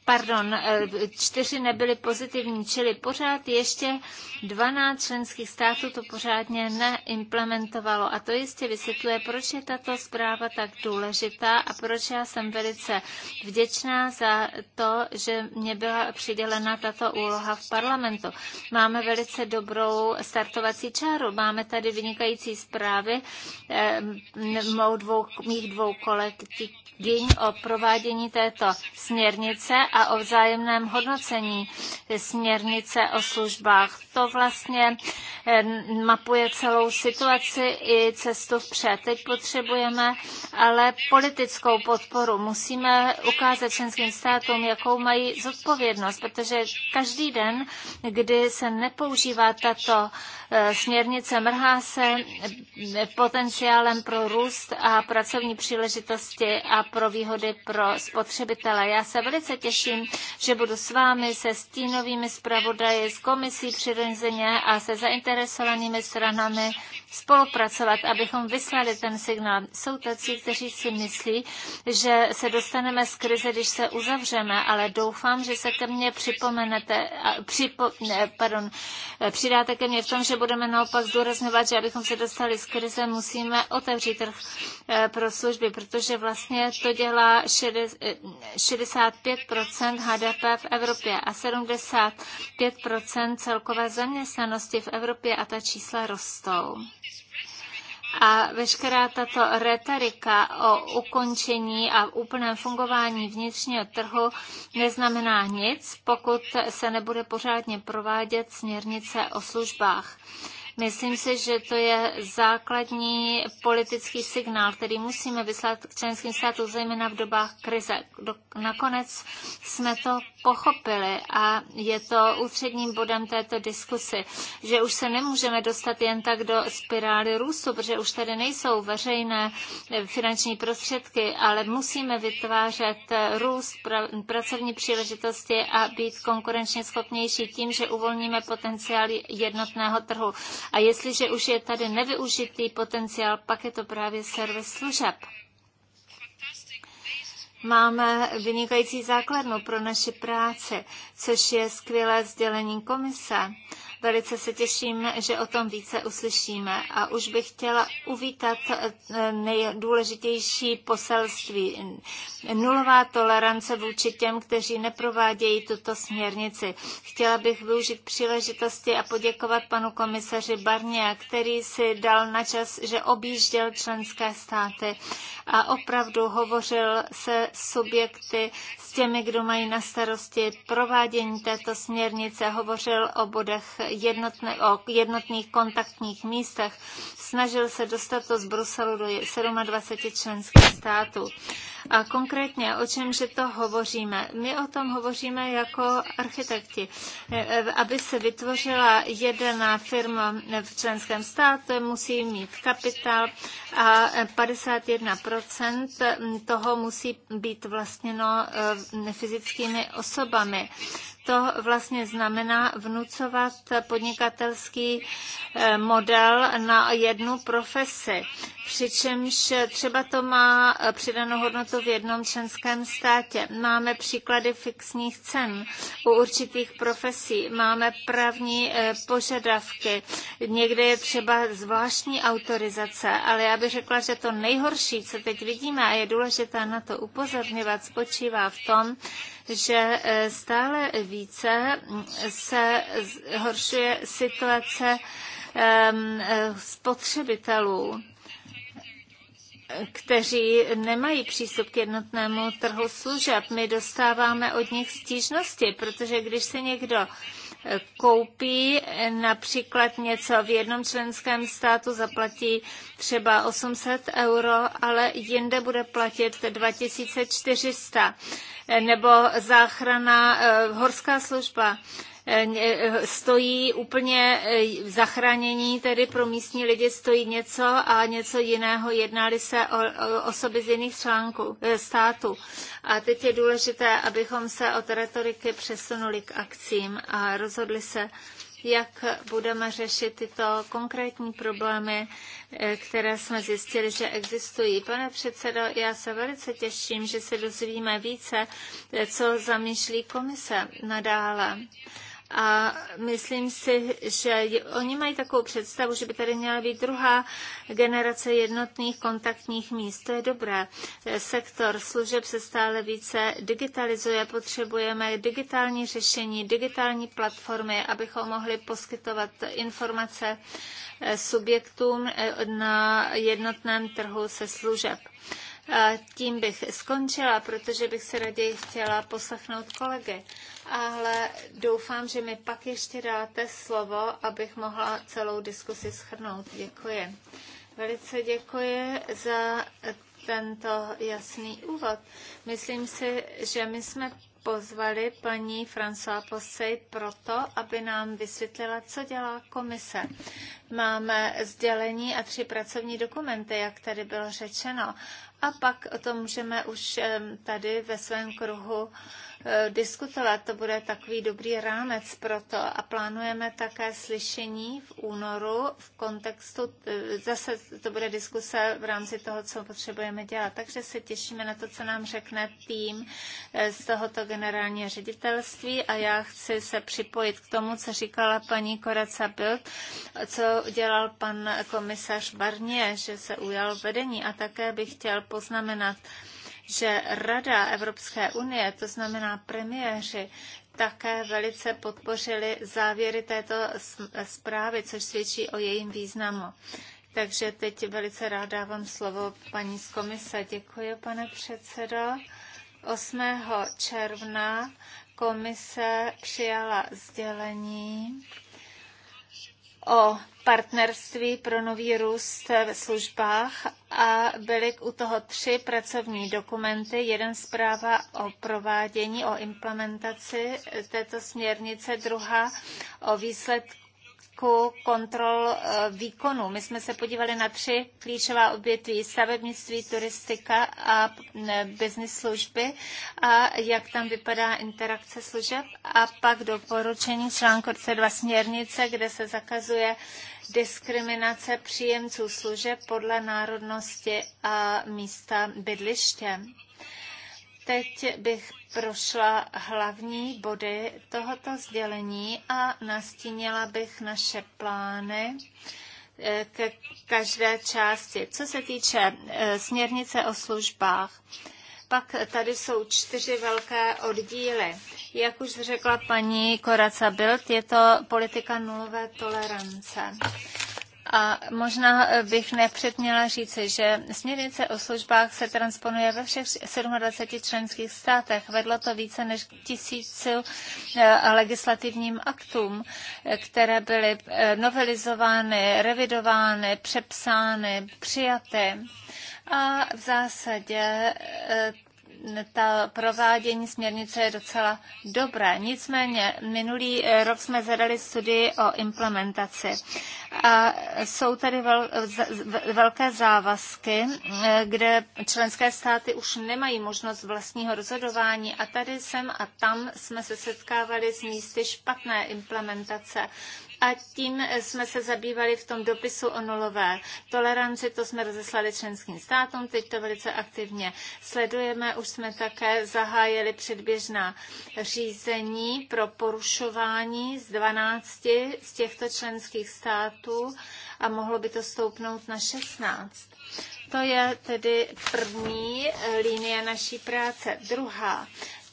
pardon, eh, čtyři nebyly pozitivní, čili pořád ještě 12 členských států to pořádně neimplementovalo. A to jistě vysvětluje, proč je tato zpráva tak důležitá a proč já jsem velice vděčná za to, že mě byla přidělena tato úloha v parlamentu. Máme velice dobrou startovací čáru, máme tady vynikající zprávy eh, mou dvou, mých dvou kolegů dění o provádění této směrnice a o vzájemném hodnocení směrnice o službách. To vlastně eh, mapuje celou situaci i cestu vpřed. Teď potřebujeme ale politickou podporu. Musíme ukázat členským státům, jakou mají zodpovědnost, protože každý den, kdy se nepoužívá tato eh, směrnice, mrhá se eh, potenciálem pro růst a pracovní příležitosti a pro výhody pro spotřebitele. Já se velice těším, že budu s vámi, se stínovými zpravodaji, s komisí přirozeně a se zainteresovanými stranami spolupracovat, abychom vyslali ten signál. Jsou tací, kteří si myslí, že se dostaneme z krize, když se uzavřeme, ale doufám, že se ke mně připomenete, připo, ne, pardon, přidáte ke mně v tom, že budeme naopak zdůrazňovat, že abychom se dostali z krize, musíme otevřít trh eh, pro služby, protože vlastně to dělá 65 eh, HDP v Evropě a 75 celkové zaměstnanosti v Evropě a ta čísla rostou. A veškerá tato retorika o ukončení a úplném fungování vnitřního trhu neznamená nic, pokud se nebude pořádně provádět směrnice o službách. Myslím si, že to je základní politický signál, který musíme vyslat k členským státům, zejména v dobách krize. Nakonec jsme to pochopili a je to ústředním bodem této diskusy, že už se nemůžeme dostat jen tak do spirály růstu, protože už tady nejsou veřejné finanční prostředky, ale musíme vytvářet růst, pracovní příležitosti a být konkurenčně schopnější tím, že uvolníme potenciál jednotného trhu. A jestliže už je tady nevyužitý potenciál, pak je to právě servis služeb. Máme vynikající základnu pro naši práci, což je skvělé sdělení komise Velice se těším, že o tom více uslyšíme. A už bych chtěla uvítat eh, nejdůležitější poselství. Nulová tolerance vůči těm, kteří neprovádějí tuto směrnici. Chtěla bych využít příležitosti a poděkovat panu komisaři Barně, který si dal na čas, že objížděl členské státy a opravdu hovořil se subjekty, s těmi, kdo mají na starosti provádění této směrnice, hovořil o bodech jednotné, o jednotných kontaktních místech, snažil se dostat to z Bruselu do 27 členských států. A konkrétně, o čem že to hovoříme? My o tom hovoříme jako architekti. E, e, aby se vytvořila jedna firma v členském státu, musí mít kapitál a 51% toho musí být vlastněno e, fyzickými osobami to vlastně znamená vnucovat podnikatelský model na jednu profesi přičemž třeba to má eh, přidanou hodnotu v jednom členském státě. Máme příklady fixních cen u určitých profesí, máme právní eh, požadavky, někde je třeba zvláštní autorizace, ale já bych řekla, že to nejhorší, co teď vidíme a je důležité na to upozorňovat, spočívá v tom, že eh, stále více mm, se zhoršuje situace ehm, spotřebitelů kteří nemají přístup k jednotnému trhu služeb. My dostáváme od nich stížnosti, protože když se někdo eh, koupí eh, například něco v jednom členském státu, zaplatí třeba 800 euro, ale jinde bude platit 2400. Eh, nebo záchrana, horská služba Eh, eh, stojí úplně eh, zachránění, tedy pro místní lidi stojí něco a něco jiného. Jednali se o osoby z jiných článků států. A teď je důležité, abychom se od retoriky přesunuli k akcím a rozhodli se, jak budeme řešit tyto konkrétní problémy, které jsme zjistili, že existují. Pane předsedo, já se velice těším, že se dozvíme více, co zamýšlí komise nadále. A myslím si, že oni mají takovou představu, že by tady měla být druhá generace jednotných kontaktních míst. To je dobré. Sektor služeb se stále více digitalizuje. Potřebujeme digitální řešení, digitální platformy, abychom mohli poskytovat informace eh, subjektům eh, na jednotném trhu se služeb. A tím bych skončila, protože bych se raději chtěla poslechnout kolegy. Ale doufám, že mi pak ještě dáte slovo, abych mohla celou diskusi schrnout. Děkuji. Velice děkuji za tento jasný úvod. Myslím si, že my jsme pozvali paní François Posej proto, aby nám vysvětlila, co dělá komise. Máme sdělení a tři pracovní dokumenty, jak tady bylo řečeno. A pak o tom můžeme už tady ve svém kruhu eh, diskutovat. To bude takový dobrý rámec pro to. A plánujeme také slyšení v únoru v kontextu, eh, zase to bude diskuse v rámci toho, co potřebujeme dělat. Takže se těšíme na to, co nám řekne tým eh, z tohoto generálního ředitelství. A já chci se připojit k tomu, co říkala paní Koraca Bild, co udělal dělal pan komisař Barnier, že se ujal vedení a také bych chtěl poznamenat, že Rada Evropské unie, to znamená premiéři, také velice podpořili závěry této zprávy, což svědčí o jejím významu. Takže teď velice rád dávám slovo paní z komise. Děkuji, pane předsedo. 8. června komise přijala sdělení o partnerství pro nový růst ve službách a byly u toho tři pracovní dokumenty. Jeden zpráva o provádění, o implementaci této směrnice, druhá o výsledku otázku kontrol eh, výkonu. My jsme se podívali na tři klíčová odvětví, stavebnictví, turistika a eh, business služby a jak tam vypadá interakce služeb a pak doporučení článku C2 směrnice, kde se zakazuje diskriminace příjemců služeb podle národnosti a místa bydliště. Teď bych prošla hlavní body tohoto sdělení a nastínila bych naše plány eh, ke každé části. Co se týče eh, směrnice o službách, pak tady jsou čtyři velké oddíly. Jak už řekla paní Koraca Bild, je to politika nulové tolerance. A možná eh, bych nepředměla říci, že směrnice o službách se transponuje ve všech 27 členských státech. Vedlo to více než tisíci eh, legislativním aktům, eh, které byly novelizovány, revidovány, přepsány, přijaty. A v zásadě ta provádění směrnice je docela dobré. Nicméně minulý rok jsme zadali studii o implementaci. A jsou tady vel, velké závazky, kde členské státy už nemají možnost vlastního rozhodování a tady jsem a tam jsme se setkávali s místy špatné implementace a tím jsme se zabývali v tom dopisu o nulové toleranci, to jsme rozeslali členským státům, teď to velice aktivně sledujeme, už jsme také zahájili předběžná řízení pro porušování z 12 z těchto členských států a mohlo by to stoupnout na 16. To je tedy první linie naší práce. Druhá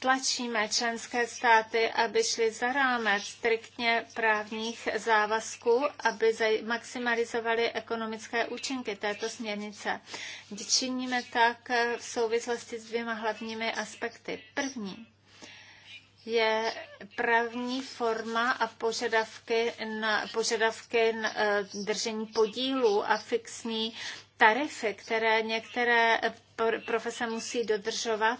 tlačíme členské státy, aby šly za rámec striktně právních závazků, aby maximalizovali ekonomické účinky této směrnice. Činíme tak v souvislosti s dvěma hlavními aspekty. První je právní forma a požadavky na, požadavky na eh, držení podílů a fixní tarify, které některé eh, profese musí dodržovat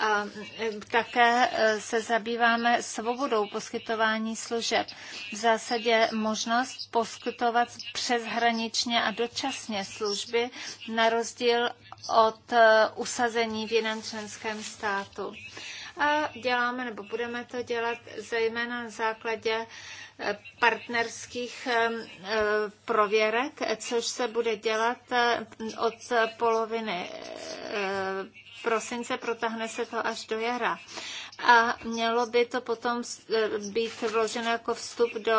a eh, také eh, se zabýváme svobodou poskytování služeb. V zásadě možnost poskytovat přeshraničně a dočasně služby na rozdíl od usazení v jiném členském státu. A děláme, nebo budeme to dělat zejména na základě eh, partnerských eh, eh, prověrek, což se bude dělat od poloviny prosince, protáhne se to až do jara a mělo by to potom e, být vloženo jako vstup do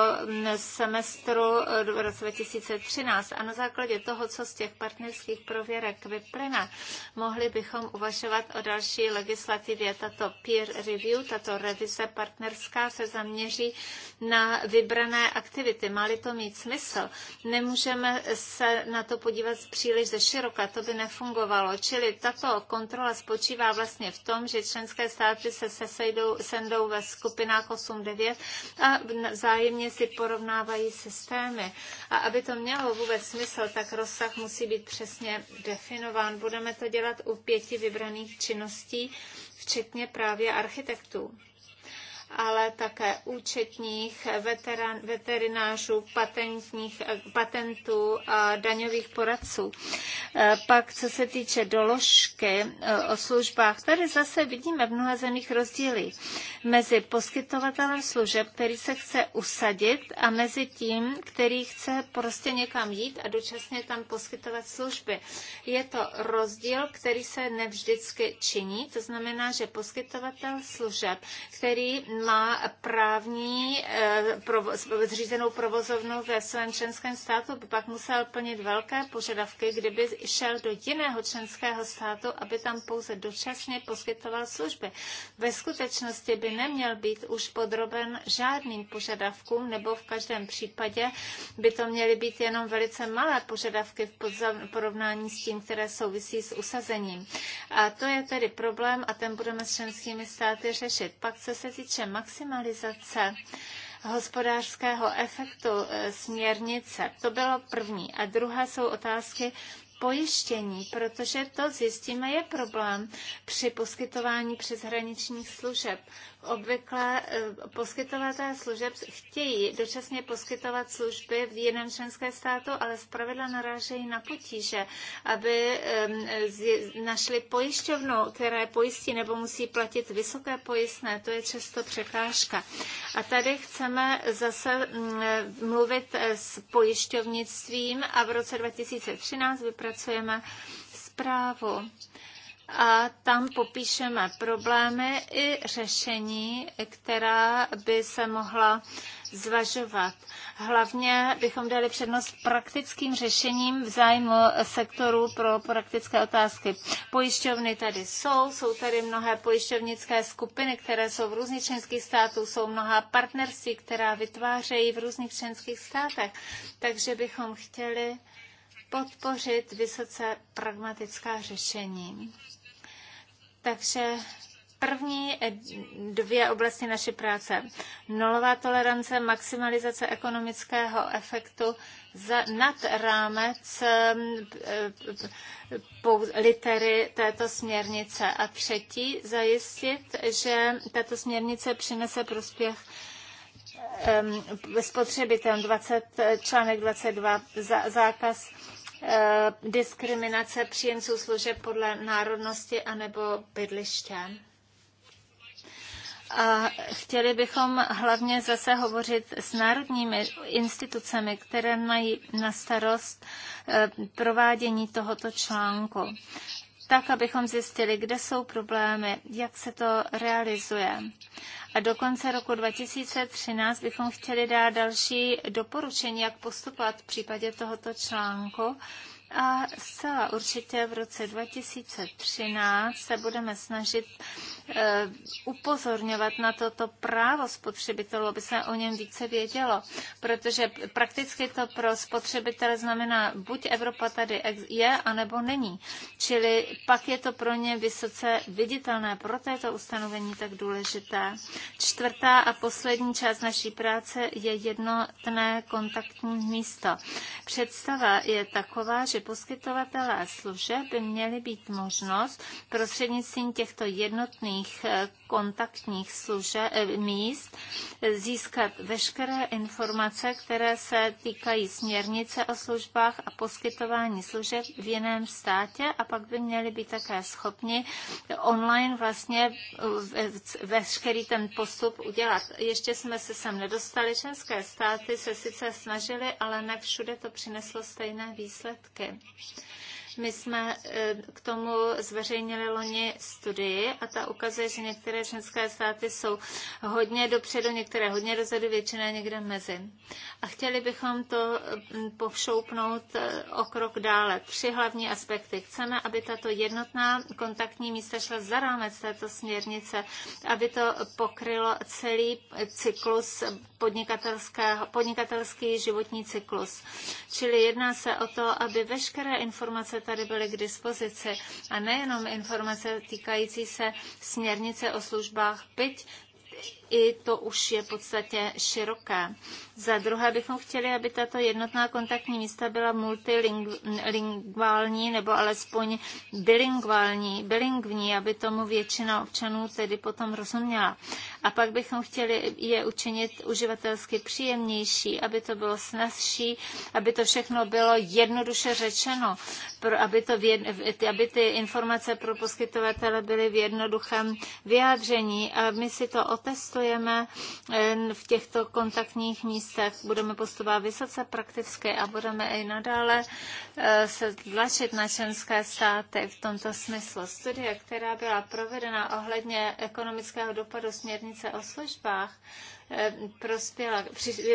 semestru 2013. E, a na základě toho, co z těch partnerských prověrek vyplyne, mohli bychom uvažovat o další legislativě. Tato peer review, tato revize partnerská se zaměří na vybrané aktivity. Má-li to mít smysl, nemůžeme se na to podívat příliš ze široka, to by nefungovalo. Čili tato kontrola spočívá vlastně v tom, že členské státy se, se sejdou, sendou ve skupinách 8-9 a vzájemně si porovnávají systémy. A aby to mělo vůbec smysl, tak rozsah musí být přesně definován. Budeme to dělat u pěti vybraných činností, včetně právě architektů ale také účetních, veterán, veterinářů, patentních, patentů a daňových poradců. E, pak, co se týče doložky e, o službách, tady zase vidíme v mnoha zemích rozdíly mezi poskytovatelem služeb, který se chce usadit a mezi tím, který chce prostě někam jít a dočasně tam poskytovat služby. Je to rozdíl, který se nevždycky činí, to znamená, že poskytovatel služeb, který má právní eh, zřízenou provozovnu ve svém členském státu, by pak musel plnit velké požadavky, kdyby šel do jiného členského státu, aby tam pouze dočasně poskytoval služby. Ve skutečnosti by neměl být už podroben žádným požadavkům, nebo v každém případě by to měly být jenom velice malé požadavky v porovnání s tím, které souvisí s usazením. A to je tedy problém a ten budeme s členskými státy řešit. Pak, co se týče maximalizace hospodářského efektu e, směrnice. To bylo první. A druhá jsou otázky pojištění, protože to zjistíme je problém při poskytování přeshraničních služeb. Obvykle eh, poskytovatelé služeb chtějí dočasně poskytovat služby v jiném členském státu, ale zpravidla narážejí na potíže, aby našli pojišťovnu, která pojistí nebo musí platit vysoké pojistné. To je často překážka. A tady chceme zase mm, mluvit eh, s pojišťovnictvím a v roce 2013 vypracujeme zprávu a tam popíšeme problémy i řešení, která by se mohla zvažovat. Hlavně bychom dali přednost praktickým řešením v zájmu sektoru pro praktické otázky. Pojišťovny tady jsou, jsou tady mnohé pojišťovnické skupiny, které jsou v různých členských států, jsou mnoha partnerství, která vytvářejí v různých členských státech. Takže bychom chtěli podpořit vysoce pragmatická řešení. Takže první dvě oblasti naší práce. Nulová tolerance, maximalizace ekonomického efektu za, nad rámec um, litery této směrnice. A třetí, zajistit, že tato směrnice přinese prospěch um, spotřebitelům. 20, článek 22, za, zákaz Eh, diskriminace příjemců služeb podle národnosti anebo bydliště. A chtěli bychom hlavně zase hovořit s národními institucemi, které mají na starost eh, provádění tohoto článku tak, abychom zjistili, kde jsou problémy, jak se to realizuje. A do konce roku 2013 bychom chtěli dát další doporučení, jak postupovat v případě tohoto článku a zcela určitě v roce 2013 se budeme snažit eh, upozorňovat na toto právo spotřebitelů, aby se o něm více vědělo, protože prakticky to pro spotřebitele znamená, buď Evropa tady je, anebo není. Čili pak je to pro ně vysoce viditelné, proto je to ustanovení tak důležité. Čtvrtá a poslední část naší práce je jednotné kontaktní místo. Představa je taková, že při poskytovatelé služeb by měly být možnost prostřednictvím těchto jednotných eh, kontaktních služeb, eh, míst získat veškeré informace, které se týkají směrnice o službách a poskytování služeb v jiném státě a pak by měli být také schopni online vlastně eh, veškerý ten postup udělat. Ještě jsme se sem nedostali, české státy se sice snažily, ale ne všude to přineslo stejné výsledky státy. My jsme e, k tomu zveřejnili loni studii a ta ukazuje, že některé ženské státy jsou hodně dopředu, některé hodně dozadu, většina někde mezi. A chtěli bychom to povšoupnout e, o krok dále. Tři hlavní aspekty. Chceme, aby tato jednotná kontaktní místa šla za rámec této směrnice, aby to pokrylo celý cyklus podnikatelského, podnikatelský životní cyklus. Čili jedná se o to, aby veškeré informace tady byly k dispozici. A nejenom informace týkající se směrnice o službách, byť i to už je v podstatě široké. Za druhé bychom chtěli, aby tato jednotná kontaktní místa byla multilingvální nebo alespoň bilingvální, bilingvní, aby tomu většina občanů tedy potom rozuměla. A pak bychom chtěli je učinit uživatelsky příjemnější, aby to bylo snazší, aby to všechno bylo jednoduše řečeno, pro, aby, to v, aby ty informace pro poskytovatele byly v jednoduchém vyjádření. A my si to otevřeme otestujeme eh, v těchto kontaktních místech. Budeme postupovat vysoce prakticky a budeme i nadále eh, se tlačit na členské státy v tomto smyslu. Studie, která byla provedena ohledně ekonomického dopadu směrnice o službách, Eh, prospěla,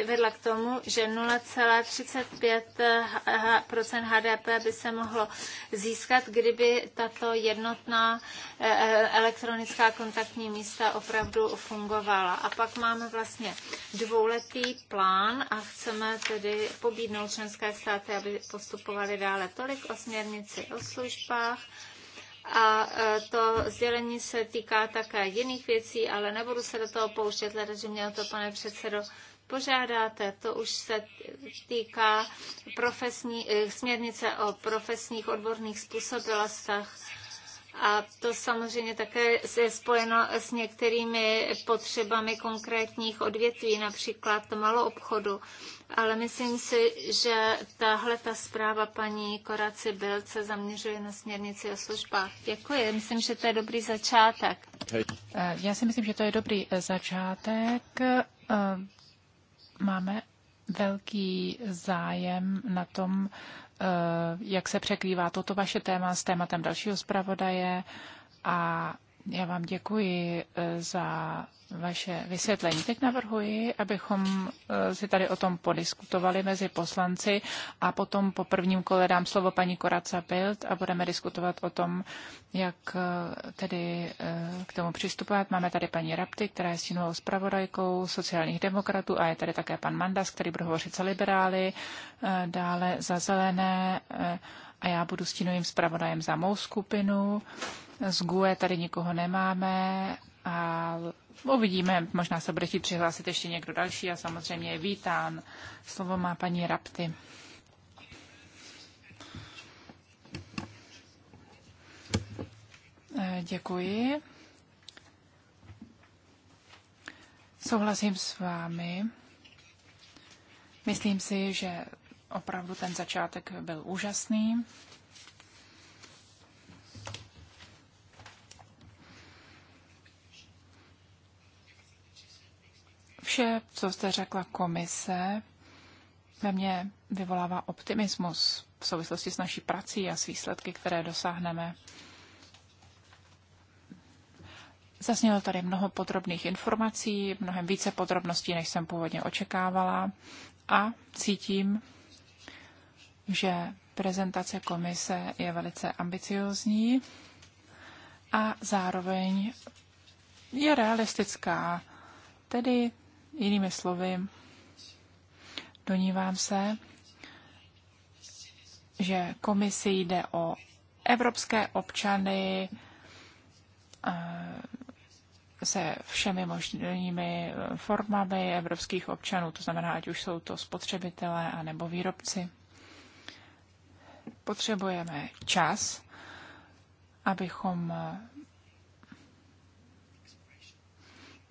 vedla k tomu, že 0,35 HDP by se mohlo získat, kdyby tato jednotná eh, elektronická kontaktní místa opravdu fungovala. A pak máme vlastně dvouletý plán a chceme tedy pobídnout členské státy, aby postupovali dále. Tolik o směrnici o službách. A e, to sdělení se týká také jiných věcí, ale nebudu se do toho pouštět, že mě o to, pane předsedo, požádáte. To už se týká profesní, e, směrnice o profesních odborných způsobilostech. A to samozřejmě také je spojeno s některými potřebami konkrétních odvětví, například malou obchodu ale myslím si, že tahle ta zpráva paní Koraci Bilce zaměřuje na směrnici o službách. Děkuji, myslím, že to je dobrý začátek. Eh, já si myslím, že to je dobrý eh, začátek. Eh, máme velký zájem na tom, jak se překrývá toto vaše téma s tématem dalšího zpravodaje a já vám děkuji eh, za vaše vysvětlení. Teď navrhuji, abychom eh, si tady o tom podiskutovali mezi poslanci a potom po prvním kole dám slovo paní Koraca Pilt a budeme diskutovat o tom, jak eh, tedy k tomu přistupovat. Máme tady paní Rapty, která je stínovou zpravodajkou sociálních demokratů a je tady také pan Mandas, který bude hovořit za liberály, dále za zelené a já budu stínovým zpravodajem za mou skupinu z GUE tady nikoho nemáme a uvidíme, možná se bude chtít přihlásit ještě někdo další a samozřejmě je vítán. Slovo má paní Rapty. Eh, děkuji. Souhlasím s vámi. Myslím si, že opravdu ten začátek byl úžasný. vše, co jste řekla komise, ve mně vyvolává optimismus v souvislosti s naší prací a s výsledky, které dosáhneme. Zaznělo tady mnoho podrobných informací, mnohem více podrobností, než jsem původně očekávala a cítím, že prezentace komise je velice ambiciozní a zároveň je realistická, tedy Jinými slovy, donívám se, že komisi jde o evropské občany se všemi možnými formami evropských občanů, to znamená, ať už jsou to spotřebitelé a nebo výrobci. Potřebujeme čas, abychom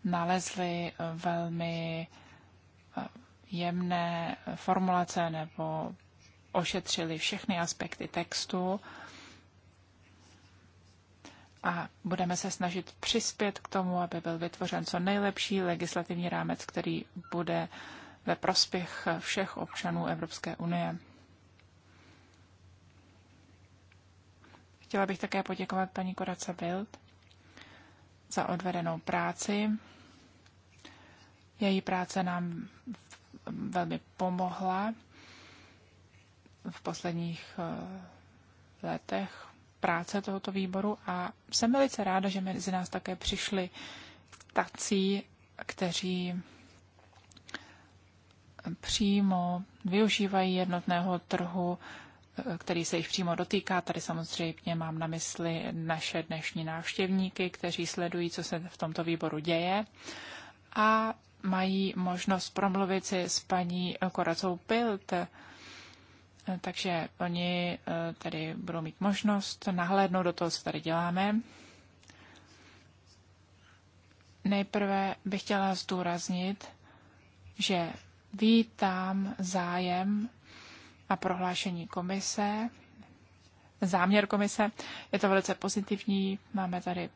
nalezli eh, velmi eh, jemné formulace nebo ošetřili všechny aspekty textu a budeme se snažit přispět k tomu, aby byl vytvořen co nejlepší legislativní rámec, který bude ve prospěch všech občanů Evropské unie. Chtěla bych také poděkovat paní Koraca Bild za odvedenou práci její práce nám velmi pomohla v posledních eh, letech práce tohoto výboru a jsem velice ráda, že mezi nás také přišli tací, kteří přímo využívají jednotného trhu, eh, který se jich přímo dotýká. Tady samozřejmě mám na mysli naše dnešní návštěvníky, kteří sledují, co se v tomto výboru děje. A mají možnost promluvit si s paní Koracou Pilt, takže oni eh, tady budou mít možnost nahlédnout do toho, co tady děláme. Nejprve bych chtěla zdůraznit, že vítám zájem a prohlášení komise, záměr komise. Je to velice pozitivní, máme tady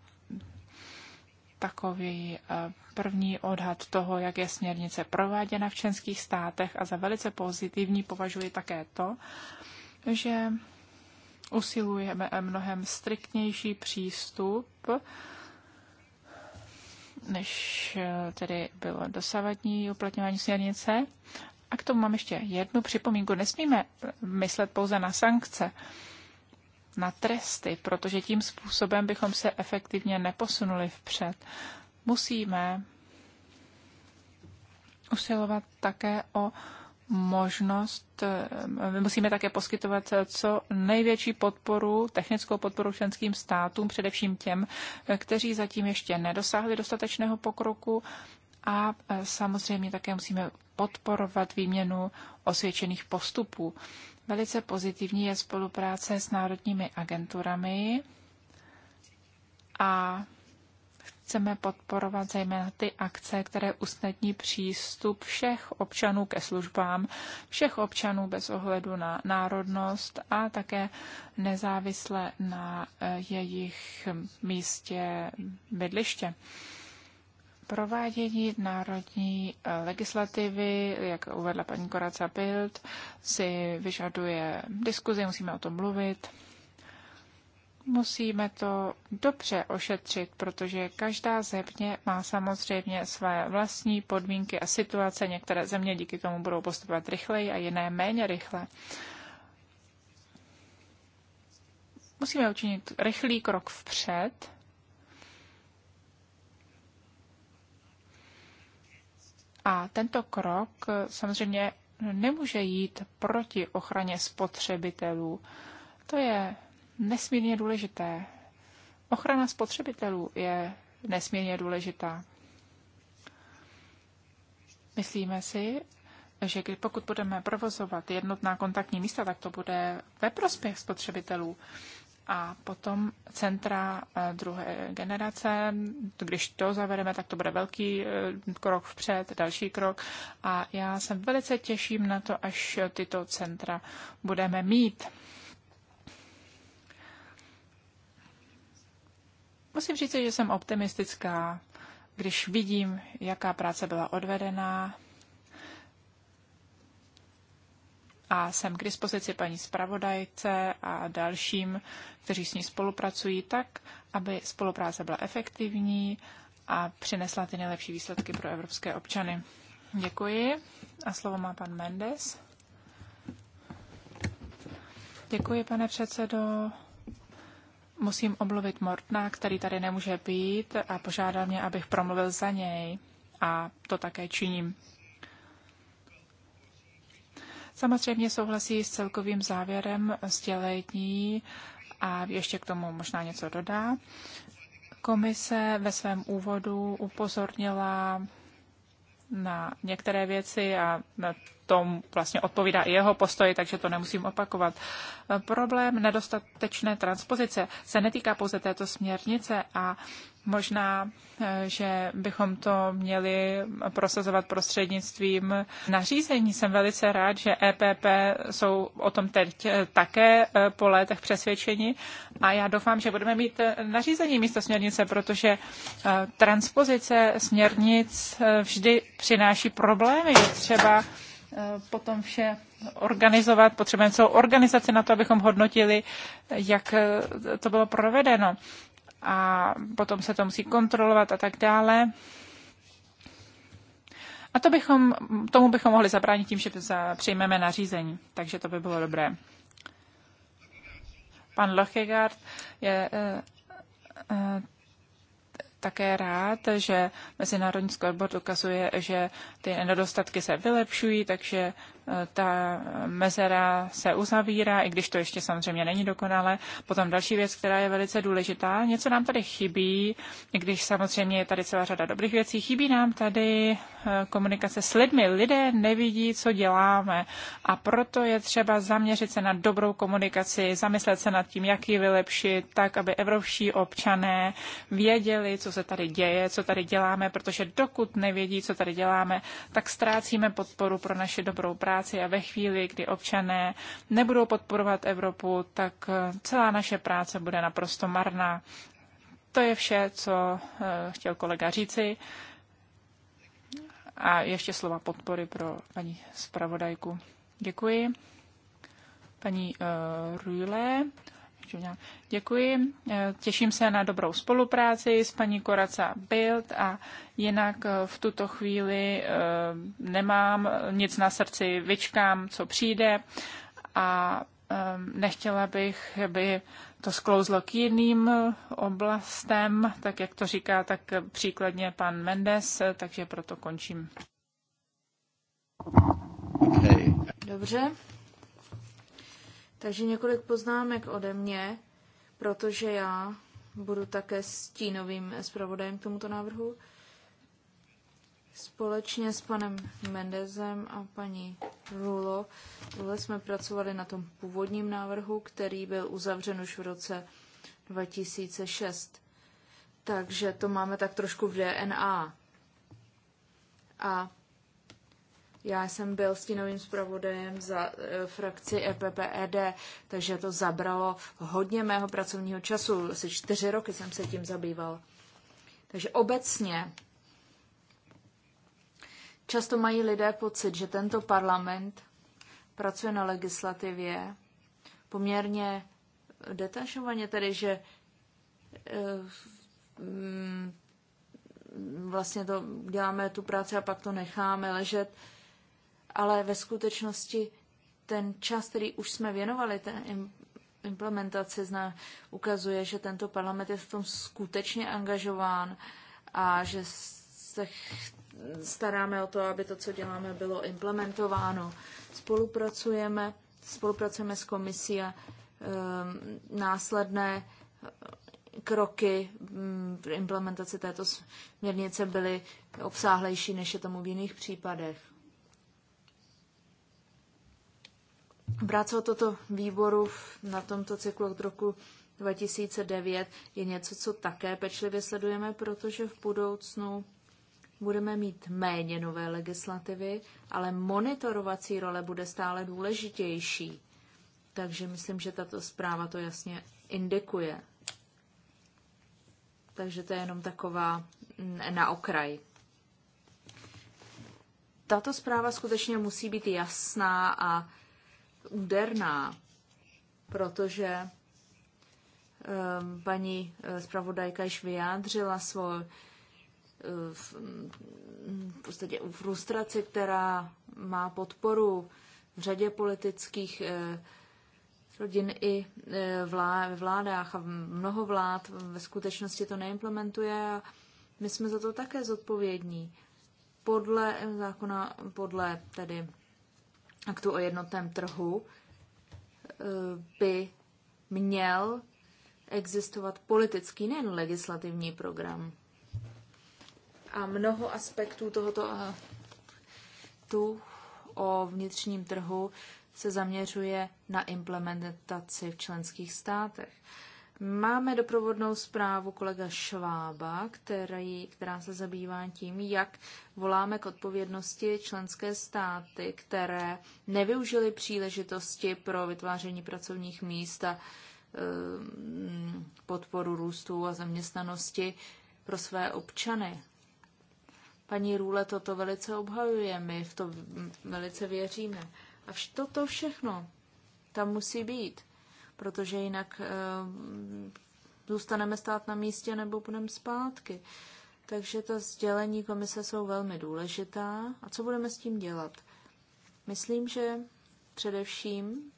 takový eh, první odhad toho, jak je směrnice prováděna v členských státech a za velice pozitivní považuji také to, že usilujeme mnohem striktnější přístup, než eh, tedy bylo dosavadní uplatňování směrnice. A k tomu mám ještě jednu připomínku. Nesmíme myslet pouze na sankce na tresty, protože tím způsobem bychom se efektivně neposunuli vpřed. Musíme usilovat také o možnost, my eh, musíme také poskytovat co největší podporu, technickou podporu členským státům, především těm, eh, kteří zatím ještě nedosáhli dostatečného pokroku a eh, samozřejmě také musíme podporovat výměnu osvědčených postupů. Velice pozitivní je spolupráce s národními agenturami a chceme podporovat zejména ty akce, které usnadní přístup všech občanů ke službám, všech občanů bez ohledu na národnost a také nezávisle na eh, jejich místě bydliště. Provádění národní eh, legislativy, jak uvedla paní Koraca Pilt, si vyžaduje diskuzi, musíme o tom mluvit. Musíme to dobře ošetřit, protože každá země má samozřejmě své vlastní podmínky a situace. Některé země díky tomu budou postupovat rychleji a jiné méně rychle. Musíme učinit rychlý krok vpřed A tento krok eh, samozřejmě nemůže jít proti ochraně spotřebitelů. To je nesmírně důležité. Ochrana spotřebitelů je nesmírně důležitá. Myslíme si, že když pokud budeme provozovat jednotná kontaktní místa, tak to bude ve prospěch spotřebitelů a potom centra eh, druhé generace. Když to zavedeme, tak to bude velký eh, krok vpřed, další krok. A já jsem velice těším na to, až tyto centra budeme mít. Musím říct, že jsem optimistická, když vidím, jaká práce byla odvedená, a jsem k dispozici paní zpravodajce a dalším, kteří s ní spolupracují tak, aby spolupráce byla efektivní a přinesla ty nejlepší výsledky pro evropské občany. Děkuji. A slovo má pan Mendes. Děkuji, pane předsedo. Musím omluvit Mortna, který tady nemůže být a požádal mě, abych promluvil za něj. A to také činím. Samozřejmě souhlasí s celkovým závěrem sdělení a ještě k tomu možná něco dodá. Komise ve svém úvodu upozornila na některé věci a tom vlastně odpovídá i jeho postoj, takže to nemusím opakovat. Eh, Problém nedostatečné transpozice se netýká pouze této směrnice a možná, eh, že bychom to měli prosazovat prostřednictvím nařízení. Jsem velice rád, že EPP jsou o tom teď eh, také po letech přesvědčeni a já doufám, že budeme mít nařízení místo směrnice, protože transpozice směrnic vždy přináší problémy, třeba Eh, potom vše organizovat. Potřebujeme celou organizaci na to, abychom hodnotili, jak eh, to bylo provedeno. A potom se to musí kontrolovat a tak dále. A to bychom, tomu bychom mohli zabránit tím, že přijmeme nařízení. Takže to by bylo dobré. Pan Lochegard je eh, také rád, že Mezinárodní scoreboard ukazuje, že ty nedostatky se vylepšují, takže ta mezera se uzavírá, i když to ještě samozřejmě není dokonale. Potom další věc, která je velice důležitá, něco nám tady chybí, i když samozřejmě je tady celá řada dobrých věcí, chybí nám tady eh, komunikace s lidmi. Lidé nevidí, co děláme a proto je třeba zaměřit se na dobrou komunikaci, zamyslet se nad tím, jak ji vylepšit, tak, aby evropští občané věděli, co se tady děje, co tady děláme, protože dokud nevědí, co tady děláme, tak ztrácíme podporu pro naši dobrou práci práci a ve chvíli, kdy občané nebudou podporovat Evropu, tak eh, celá naše práce bude naprosto marná. To je vše, co eh, chtěl kolega říci. A ještě slova podpory pro paní zpravodajku. Děkuji. Paní uh, Rühle. Děkuji. Eh, těším se na dobrou spolupráci s paní Koraca Bild a jinak eh, v tuto chvíli eh, nemám nic na srdci, vyčkám, co přijde a nechtěla bych, aby to sklouzlo k jiným oblastem, tak jak to říká tak příkladně pan Mendes, takže proto končím. Okay. Dobře. Takže několik poznámek ode mě, protože já budu také stínovým zpravodajem k tomuto návrhu. Společně s panem Mendezem a paní Rulo jsme pracovali na tom původním návrhu, který byl uzavřen už v roce 2006. Takže to máme tak trošku v DNA. A já jsem byl stínovým zpravodajem za uh, frakci EPPED, takže to zabralo hodně mého pracovního času. Asi čtyři roky jsem se tím zabýval. Takže obecně často mají lidé pocit, že tento parlament pracuje na legislativě poměrně detašovaně, tedy že e, mm, vlastně to děláme tu práci a pak to necháme ležet ale ve skutečnosti ten čas, který už jsme věnovali ten implementaci, zna, ukazuje, že tento parlament je v tom skutečně angažován a že se staráme o to, aby to, co děláme, bylo implementováno. Spolupracujeme, spolupracujeme s komisí a um, následné eh, kroky mm, v implementaci této směrnice byly obsáhlejší, než je tomu v jiných případech. Práce toto výboru na tomto cyklu od roku 2009 je něco, co také pečlivě sledujeme, protože v budoucnu budeme mít méně nové legislativy, ale monitorovací role bude stále důležitější. Takže myslím, že tato zpráva to jasně indikuje. Takže to je jenom taková mm, na okraj. Tato zpráva skutečně musí být jasná a úderná, protože eh, paní eh, zpravodajka již vyjádřila svou eh, v, podstatě frustraci, která má podporu v řadě politických rodin i ve vládách a mnoho vlád ve skutečnosti to neimplementuje a my jsme za to také zodpovědní. Podle zákona, podle tedy aktu o jednotném trhu eh, by měl existovat politický, nejen legislativní program. A mnoho aspektů tohoto eh, tu o vnitřním trhu se zaměřuje na implementaci v členských státech. Máme doprovodnou zprávu kolega Švába, který, která se zabývá tím, jak voláme k odpovědnosti členské státy, které nevyužily příležitosti pro vytváření pracovních míst a e, podporu růstu a zaměstnanosti pro své občany. Paní Růle toto velice obhajuje, my v to velice věříme. A toto všechno tam musí být protože jinak eh, zůstaneme stát na místě nebo půjdeme zpátky. Takže ta sdělení komise jsou velmi důležitá. A co budeme s tím dělat? Myslím, že především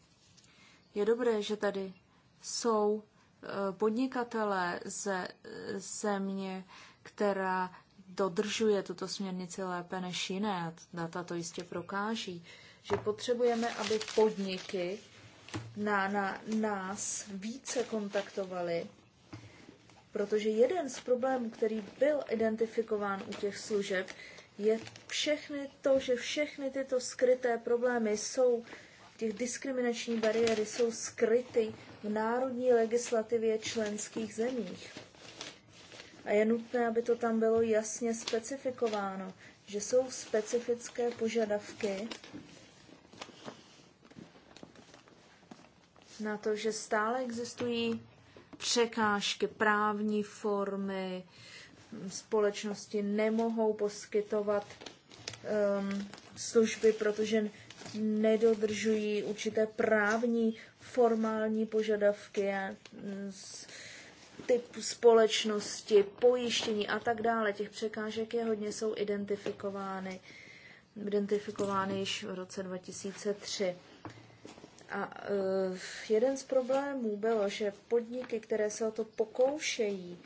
je dobré, že tady jsou eh, podnikatelé ze země, která dodržuje tuto směrnici lépe než jiné. Data to jistě prokáží, že potřebujeme, aby podniky na, na nás více kontaktovali, protože jeden z problémů, který byl identifikován u těch služeb, je všechny to, že všechny tyto skryté problémy jsou, těch diskriminační bariéry jsou skryty v národní legislativě členských zemích. A je nutné, aby to tam bylo jasně specifikováno, že jsou specifické požadavky na to, že stále existují překážky, právní formy, společnosti nemohou poskytovat um, služby, protože nedodržují určité právní, formální požadavky a mm, typ společnosti, pojištění a tak dále. Těch překážek je hodně, jsou identifikovány, identifikovány již v roce 2003. A e, jeden z problémů bylo, že podniky, které se o to pokoušejí,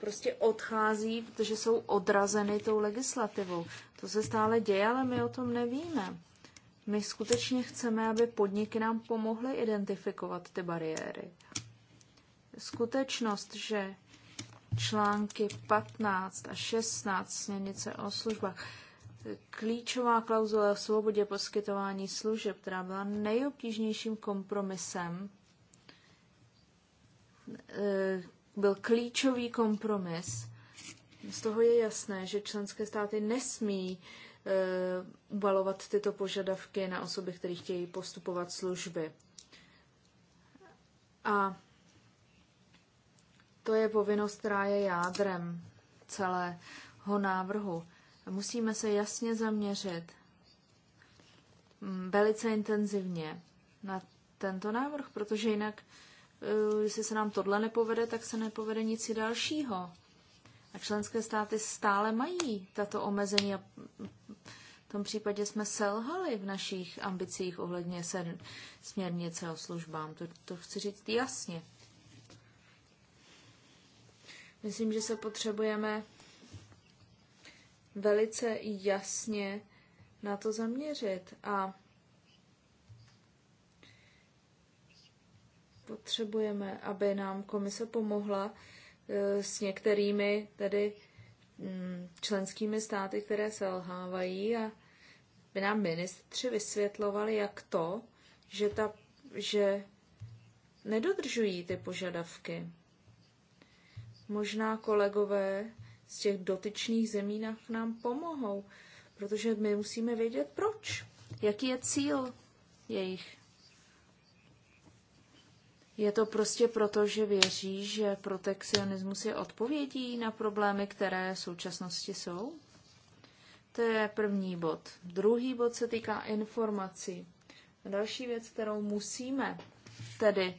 prostě odchází, protože jsou odrazeny tou legislativou. To se stále děje, ale my o tom nevíme. My skutečně chceme, aby podniky nám pomohly identifikovat ty bariéry. Skutečnost, že články 15 a 16 směrnice o službách klíčová klauzule o svobodě poskytování služeb, která byla nejobtížnějším kompromisem, eh, byl klíčový kompromis. Z toho je jasné, že členské státy nesmí eh, ubalovat tyto požadavky na osoby, které chtějí postupovat služby. A to je povinnost, která je jádrem celého návrhu. Musíme se jasně zaměřit mm, velice intenzivně na tento návrh, protože jinak, eh, jestli se nám tohle nepovede, tak se nepovede nic dalšího. A členské státy stále mají tato omezení a v tom případě jsme selhali v našich ambicích ohledně směrnice o službám. To, to chci říct jasně. Myslím, že se potřebujeme velice jasně na to zaměřit a potřebujeme, aby nám komise pomohla eh, s některými tedy mm, členskými státy, které selhávají a by nám ministři vysvětlovali, jak to, že, ta, že nedodržují ty požadavky. Možná kolegové z těch dotyčných zemí nám pomohou, protože my musíme vědět proč, jaký je cíl jejich. Je to prostě proto, že věří, že protekcionismus je odpovědí na problémy, které v současnosti jsou? To je první bod. Druhý bod se týká informací. Další věc, kterou musíme tedy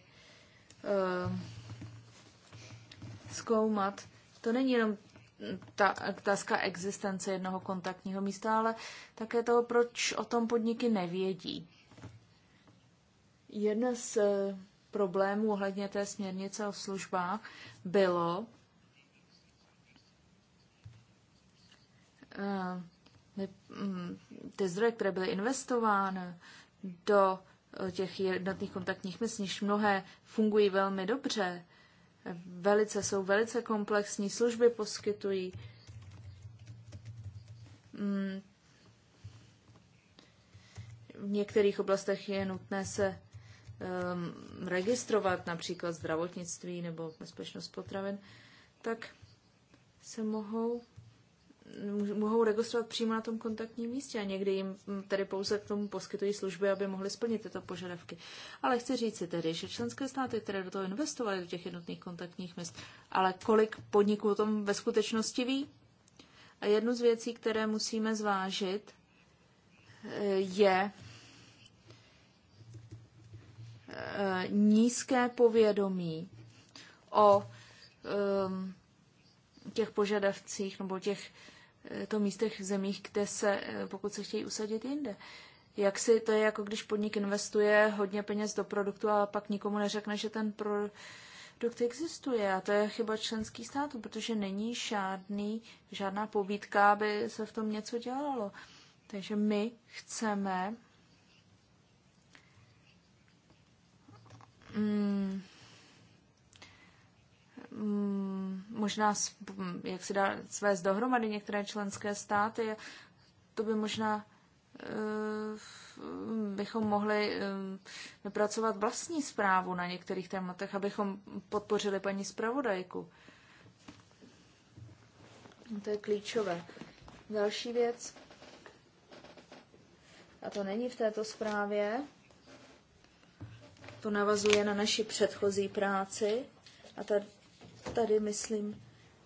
uh, zkoumat, to není jenom ta otázka existence jednoho kontaktního místa, ale také toho, proč o tom podniky nevědí. Jedna z eh, problémů ohledně té směrnice o službách bylo eh, mm, ty zdroje, které byly investovány do eh, těch jednotných kontaktních míst, mnohé fungují velmi dobře, velice, jsou velice komplexní, služby poskytují. Mm, v některých oblastech je nutné se um, registrovat, například zdravotnictví nebo bezpečnost potravin, tak se mohou mohou registrovat přímo na tom kontaktním místě a někdy jim mm, tedy pouze k tomu poskytují služby, aby mohli splnit tyto požadavky. Ale chci říct, si tedy, že členské státy, které do toho investovaly, do těch jednotných kontaktních míst, ale kolik podniků o tom ve skutečnosti ví? A jednu z věcí, které musíme zvážit, eh, je eh, nízké povědomí o ehm, těch požadavcích nebo těch Eh, to místech v zemích, kde se, eh, pokud se chtějí usadit jinde. Jak si to je jako když podnik investuje hodně peněz do produktu a pak nikomu neřekne, že ten produkt existuje. A to je chyba členských států, protože není žádný, žádná povídka aby se v tom něco dělalo. Takže my chceme mm, Mm, možná, jak si dá své dohromady některé členské státy, to by možná eh, bychom mohli eh, vypracovat vlastní zprávu na některých tématech, abychom podpořili paní zpravodajku. To je klíčové. Další věc, a to není v této zprávě, to navazuje na naši předchozí práci, a ta tady myslím,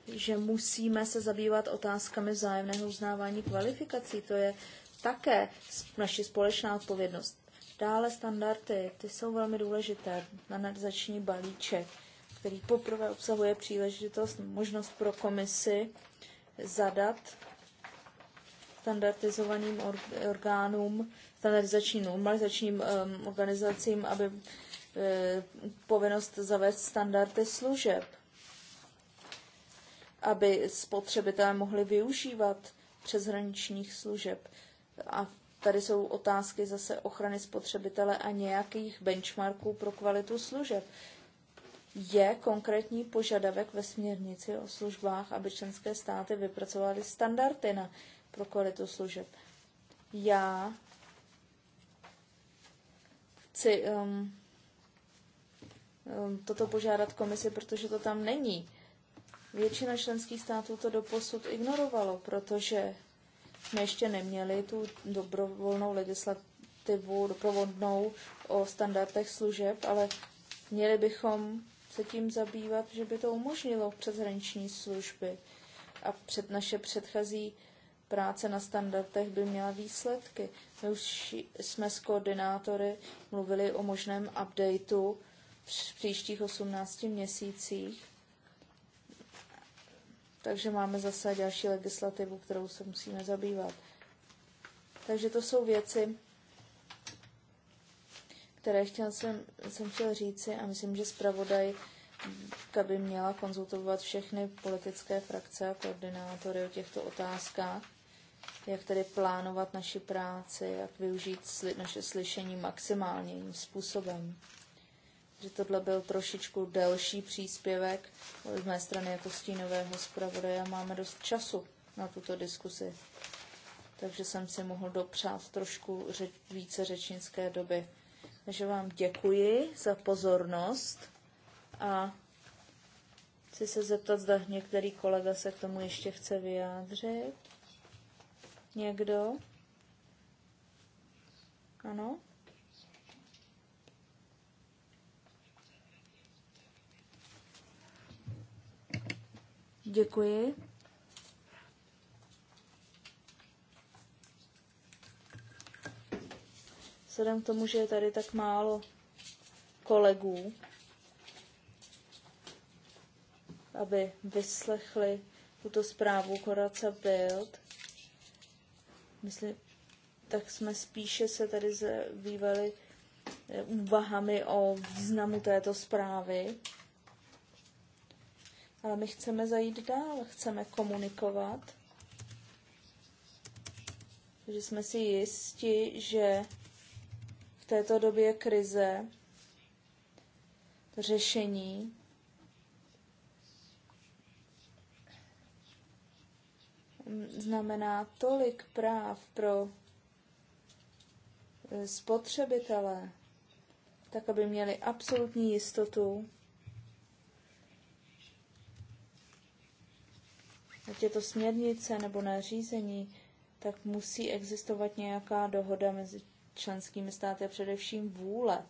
že musíme se zabývat otázkami vzájemného uznávání kvalifikací. To je také naše společná odpovědnost. Dále standardy, ty jsou velmi důležité. Na nadzační balíček, který poprvé obsahuje příležitost, možnost pro komisi zadat standardizovaným orgánům, standardizačním, normalizačním um, organizacím, aby eh, povinnost zavést standardy služeb aby spotřebitelé mohli využívat přeshraničních služeb. A tady jsou otázky zase ochrany spotřebitele a nějakých benchmarků pro kvalitu služeb. Je konkrétní požadavek ve směrnici o službách, aby členské státy vypracovaly standardy na, pro kvalitu služeb. Já chci um, um, toto požádat komisi, protože to tam není. Většina členských států to doposud ignorovalo, protože jsme ještě neměli tu dobrovolnou legislativu, doprovodnou o standardech služeb, ale měli bychom se tím zabývat, že by to umožnilo přeshraniční služby. A před naše předchozí práce na standardech by měla výsledky. My už jsme s koordinátory mluvili o možném updateu v příštích 18 měsících takže máme zase další legislativu, kterou se musíme zabývat. Takže to jsou věci, které chtěl jsem, jsem chtěl říci a myslím, že zpravodaj by měla konzultovat všechny politické frakce a koordinátory o těchto otázkách, jak tedy plánovat naši práci, jak využít sli- naše slyšení maximálním způsobem že tohle byl trošičku delší příspěvek. Z mé strany jako stínového zpravodaje máme dost času na tuto diskusi, takže jsem si mohl dopřát trošku řeč, více řečnické doby. Takže vám děkuji za pozornost a chci se zeptat, zda některý kolega se k tomu ještě chce vyjádřit. Někdo? Ano? Děkuji. Vzhledem k tomu, že je tady tak málo kolegů, aby vyslechli tuto zprávu Koraca Build, myslím, tak jsme spíše se tady zabývali úvahami o významu této zprávy. Ale my chceme zajít dál, chceme komunikovat. Že jsme si jisti, že v této době krize řešení znamená tolik práv pro eh, spotřebitele, tak aby měli absolutní jistotu, ať je to směrnice nebo nařízení, tak musí existovat nějaká dohoda mezi členskými státy a především vůle.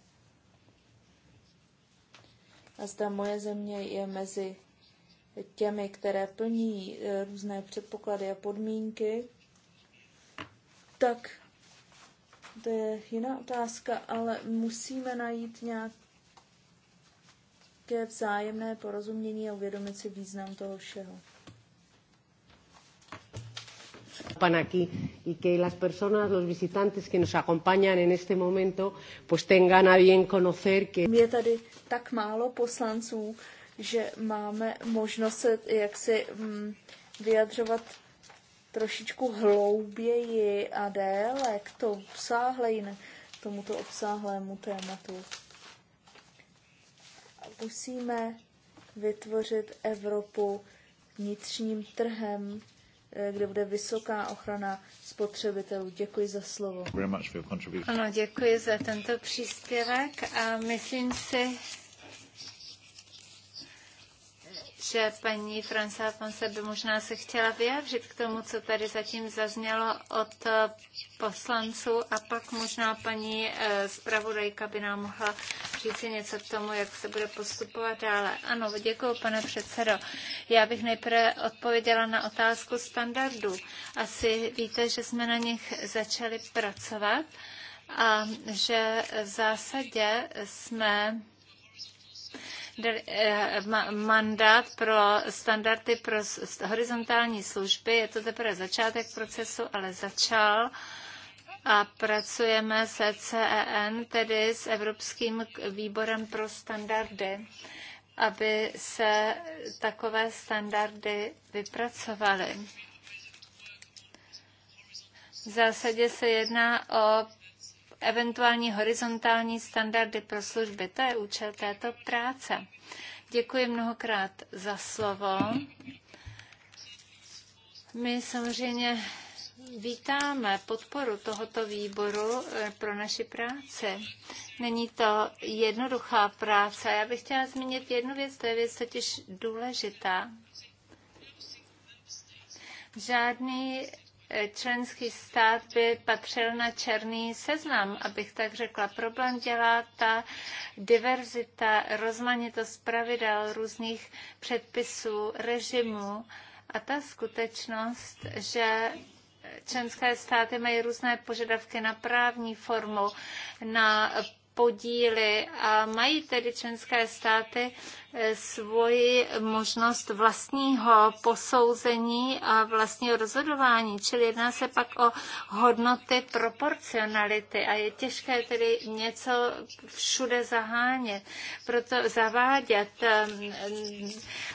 A zda moje země je mezi těmi, které plní eh, různé předpoklady a podmínky, tak to je jiná otázka, ale musíme najít nějaké vzájemné porozumění a uvědomit si význam toho všeho. ocupan aquí y que las personas, los visitantes que nos acompañan en este momento, pues tengan a bien conocer que. Mě tady tak málo poslanců, že máme možnost se jaksi mm, vyjadřovat trošičku hlouběji a déle k to obsáhlej, ne, tomuto obsáhlému tématu. Musíme vytvořit Evropu vnitřním trhem, Eh, kde bude vysoká ochrana spotřebitelů. Děkuji za slovo. Ano, děkuji za tento příspěvek a myslím si, že paní Francá Ponce by možná se chtěla vyjádřit k tomu, co tady zatím zaznělo od poslanců a pak možná paní eh, zpravodajka by nám mohla říct něco k tomu, jak se bude postupovat dále. Ano, děkuji, pane předsedo. Já bych nejprve odpověděla na otázku standardů. Asi víte, že jsme na nich začali pracovat a že v zásadě jsme Eh, mandát pro standardy pro horizontální služby. Je to teprve začátek procesu, ale začal a pracujeme se CEN, tedy s Evropským výborem pro standardy, aby se takové standardy vypracovaly. V zásadě se jedná o eventuální horizontální standardy pro služby. To je účel této práce. Děkuji mnohokrát za slovo. My samozřejmě vítáme podporu tohoto výboru eh, pro naši práci. Není to jednoduchá práce. Já bych chtěla zmínit jednu věc, to je věc totiž důležitá. Žádný členský stát by patřil na černý seznam, abych tak řekla. Problém dělá ta diverzita, rozmanitost pravidel různých předpisů, režimů a ta skutečnost, že členské státy mají různé požadavky na právní formu, na podíly a mají tedy členské státy eh, svoji možnost vlastního posouzení a vlastního rozhodování, čili jedná se pak o hodnoty proporcionality a je těžké tedy něco všude zahánět, proto zavádět. Ehm, ehm,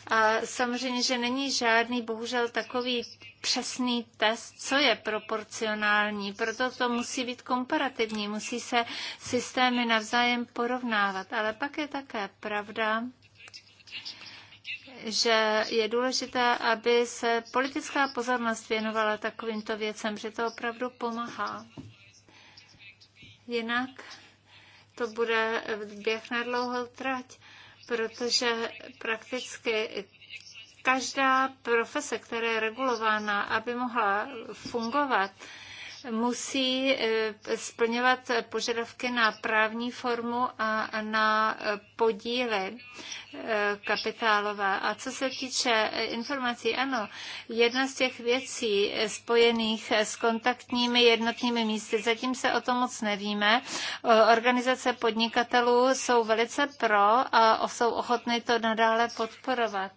a samozřejmě, že není žádný bohužel takový přesný test, co je proporcionální. Proto to musí být komparativní, musí se systémy navzájem porovnávat. Ale pak je také pravda, že je důležité, aby se politická pozornost věnovala takovýmto věcem, že to opravdu pomáhá. Jinak to bude běh na dlouhou trať, protože prakticky každá profese, která je regulována, aby mohla fungovat, musí eh, splňovat požadavky na právní formu a na podíly eh, kapitálové. A co se týče eh, informací, ano, jedna z těch věcí spojených s kontaktními jednotnými místy, zatím se o tom moc nevíme. Organizace podnikatelů jsou velice pro a jsou ochotny to nadále podporovat.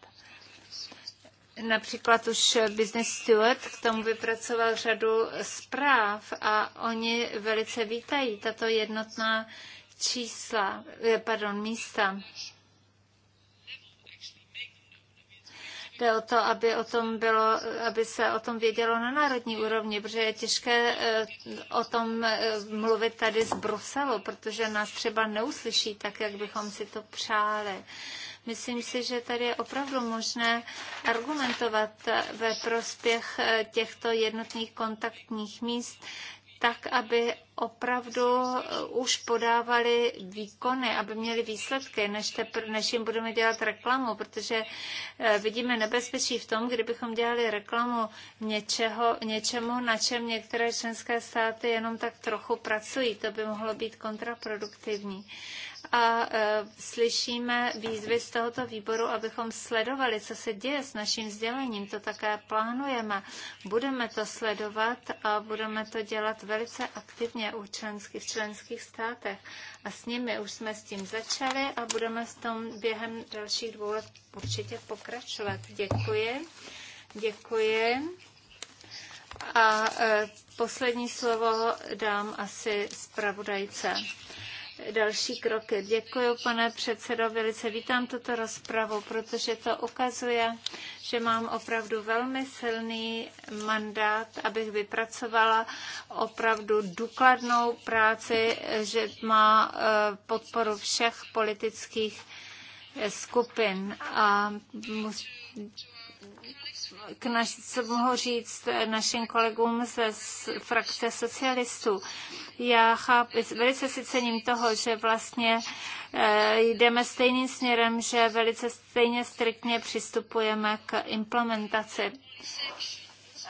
Například už Business Steward k tomu vypracoval řadu zpráv a oni velice vítají tato jednotná čísla, eh, pardon, místa. Jde o to, aby, o tom bylo, aby se o tom vědělo na národní úrovni, protože je těžké eh, o tom eh, mluvit tady z Bruselu, protože nás třeba neuslyší tak, jak bychom si to přáli. Myslím si, že tady je opravdu možné argumentovat ve prospěch eh, těchto jednotných kontaktních míst, tak, aby opravdu eh, už podávali výkony, aby měli výsledky, než, tepr, než jim budeme dělat reklamu, protože eh, vidíme nebezpečí v tom, kdybychom dělali reklamu něčeho, něčemu, na čem některé členské státy jenom tak trochu pracují. To by mohlo být kontraproduktivní a e, slyšíme výzvy z tohoto výboru, abychom sledovali, co se děje s naším vzděláním. To také plánujeme. Budeme to sledovat a budeme to dělat velice aktivně u členských, v členských státech. A s nimi už jsme s tím začali a budeme s tom během dalších dvou let určitě pokračovat. Děkuji. Děkuji. A e, poslední slovo dám asi zpravodajce další kroky. Děkuji, pane předsedo, velice vítám tuto rozpravu, protože to ukazuje, že mám opravdu velmi silný mandát, abych vypracovala opravdu důkladnou práci, že má eh, podporu všech politických eh, skupin. A k naš, co mohu říct eh, našim kolegům ze frakce socialistů. Já chápu, velice si cením toho, že vlastně eh, jdeme stejným směrem, že velice stejně striktně přistupujeme k implementaci.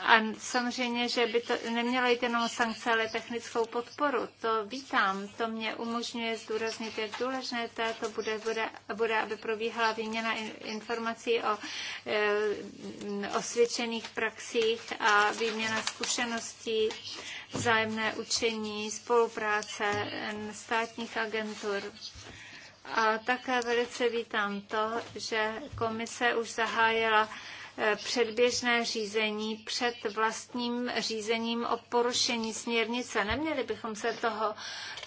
A samozřejmě, že by to nemělo jít jenom sankce, ale technickou podporu. To vítám, to mě umožňuje zdůraznit, jak důležité to bude, bude, bude aby probíhala výměna informací o e, osvědčených praxích a výměna zkušeností, vzájemné učení, spolupráce státních agentur. A také velice vítám to, že komise už zahájila Eh, předběžné řízení před vlastním řízením o porušení směrnice. Neměli bychom se toho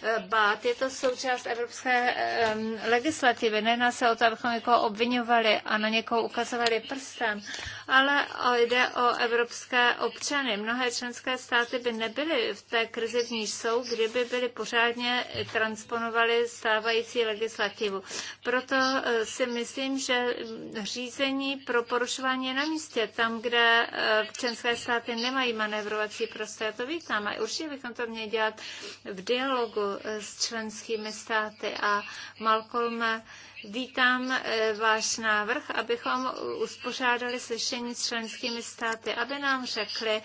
Eh, bát. Je to součást evropské um, legislativy. Nejedná se o to, abychom někoho obvinovali a na někoho ukazovali prstem, ale jde o evropské občany. Mnohé členské státy by nebyly v té krizi, v níž jsou, kdyby byly pořádně transponovaly stávající legislativu. Proto eh, si myslím, že řízení pro porušování je na místě, tam, kde eh, členské státy nemají manévrovací prostě, Já to vítám a určitě bychom to měli dělat v dialogu s členskými státy a Malcolm Vítám eh, váš návrh, abychom uspořádali slyšení s členskými státy, aby nám řekli,